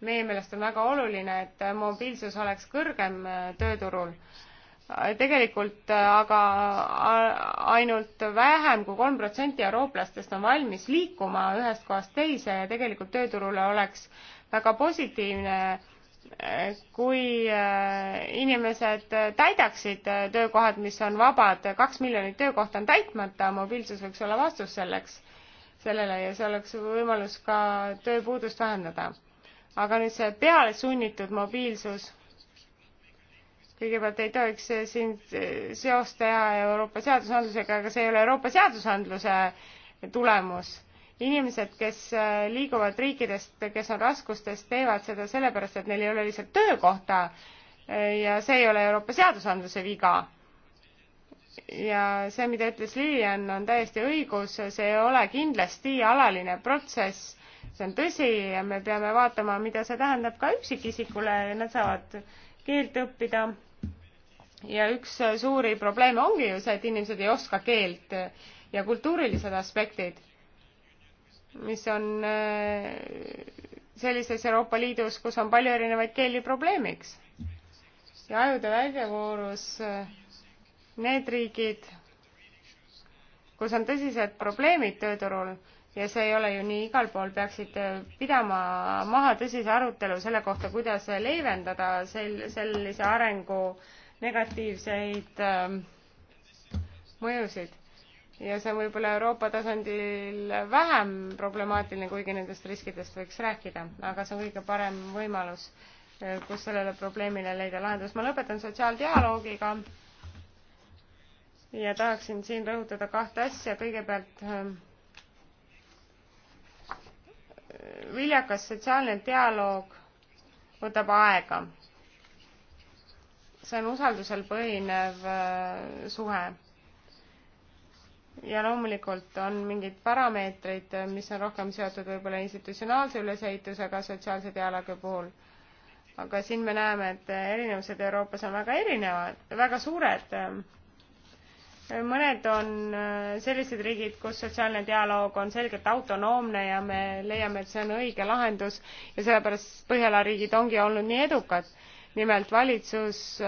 meie meelest on väga oluline, et äh, mobiilsus oleks kõrgem tööturul tegelikult aga ainult vähem kui kolm protsenti eurooplastest on valmis liikuma ühest kohast teise ja tegelikult tööturule oleks väga positiivne kui äh, inimesed täidaksid äh, töökohad, mis on vabad, kaks miljonit töökohta on täitmata, mobiilsus võiks olla vastus selleks, sellele ja see oleks võimalus ka tööpuudust vähendada. aga nüüd see pealesunnitud mobiilsus, kõigepealt ei tohiks siin äh, seost teha Euroopa seadusandlusega, aga see ei ole Euroopa seadusandluse tulemus inimesed, kes äh, liiguvad riikidest, kes on raskustes, teevad seda sellepärast, et neil ei ole lihtsalt töökohta äh, ja see ei ole Euroopa seadusandluse viga. ja see, mida ütles Lilian, on täiesti õigus, see ei ole kindlasti alaline protsess, see on tõsi ja me peame vaatama, mida see tähendab ka üksikisikule, nad saavad keelt õppida ja üks äh, suuri probleeme ongi ju see, et inimesed ei oska keelt ja kultuurilised aspektid mis on äh, sellises Euroopa Liidus, kus on palju erinevaid keeli probleemiks. ja ajude väljavoorus äh, need riigid, kus on tõsised probleemid tööturul ja see ei ole ju nii igal pool, peaksid äh, pidama maha tõsise arutelu selle kohta, kuidas leevendada sel-, sellise arengu negatiivseid ähm, mõjusid ja see on võib-olla Euroopa tasandil vähem problemaatiline, kuigi nendest riskidest võiks rääkida, aga see on kõige parem võimalus, eh, kus sellele probleemile leida lahendus. ma lõpetan sotsiaaldialoogiga ja tahaksin siin rõhutada kahte asja, kõigepealt eh, viljakas sotsiaalne dialoog võtab aega. see on usaldusel põhinev eh, suhe ja loomulikult on mingid parameetrid, mis on rohkem seotud võib-olla institutsionaalse ülesehitusega sotsiaalse dialoogi puhul. aga siin me näeme, et erinevused Euroopas on väga erinevad, väga suured. mõned on sellised riigid, kus sotsiaalne dialoog on selgelt autonoomne ja me leiame, et see on õige lahendus ja sellepärast Põhjala riigid ongi olnud nii edukad nimelt valitsus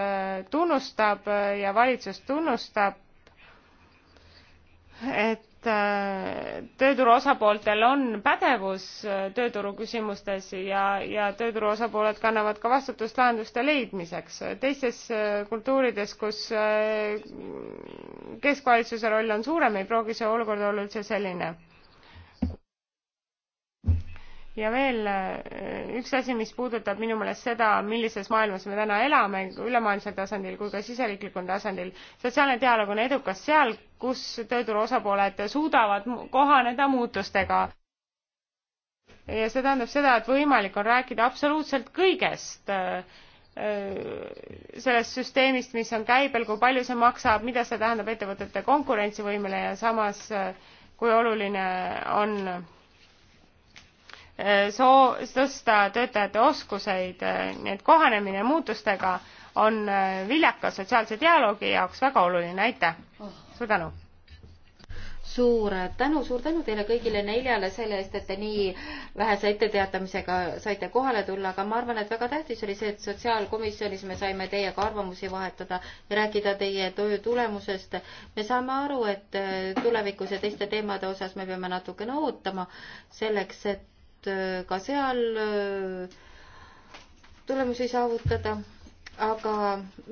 tunnustab ja valitsus tunnustab et äh, tööturu osapooltel on pädevus äh, tööturu küsimustes ja, ja tööturu osapooled kannavad ka vastutust lahenduste leidmiseks. teistes äh, kultuurides, kus keskvalitsuse roll on suurem, ei pruugi see olukord olla üldse selline ja veel äh, üks asi, mis puudutab minu meelest seda, millises maailmas me täna elame, ülemaailmsel tasandil kui ka siseriiklikul tasandil. sotsiaalne dialoog on edukas seal, kus tööturu osapooled suudavad kohaneda muutustega. ja see tähendab seda, et võimalik on rääkida absoluutselt kõigest äh, äh, sellest süsteemist, mis on käibel, kui palju see maksab, mida see tähendab ettevõtete konkurentsivõimele ja samas, kui oluline on Äh, soo-, tõsta töötajate oskuseid, äh, nii et kohanemine muutustega on äh, viljaka sotsiaalse dialoogi jaoks väga oluline, aitäh! suur tänu! suur tänu, suur tänu teile kõigile neljale selle eest, et te nii vähese etteteatamisega saite kohale tulla, aga ma arvan, et väga tähtis oli see, et sotsiaalkomisjonis me saime teiega arvamusi vahetada ja rääkida teie töö tulemusest. me saame aru, et tulevikus ja teiste teemade osas me peame natukene ootama selleks, et Äh, ka seal äh, tulemusi saavutada, aga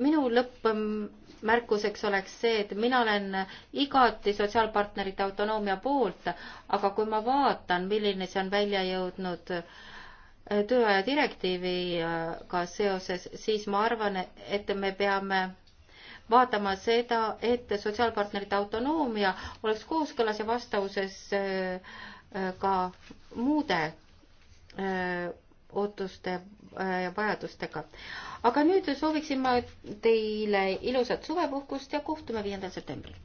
minu lõppmärkuseks oleks see, et mina olen igati sotsiaalpartnerite autonoomia poolt, aga kui ma vaatan, milline see on välja jõudnud äh, tööaja direktiiviga seoses, siis ma arvan, et me peame vaatama seda, et sotsiaalpartnerite autonoomia oleks kooskõlas ja vastavuses äh, Äh, ka muude äh, ootuste äh, ja vajadustega. aga nüüd sooviksin ma teile ilusat suvepuhkust ja kohtume viiendal septembril.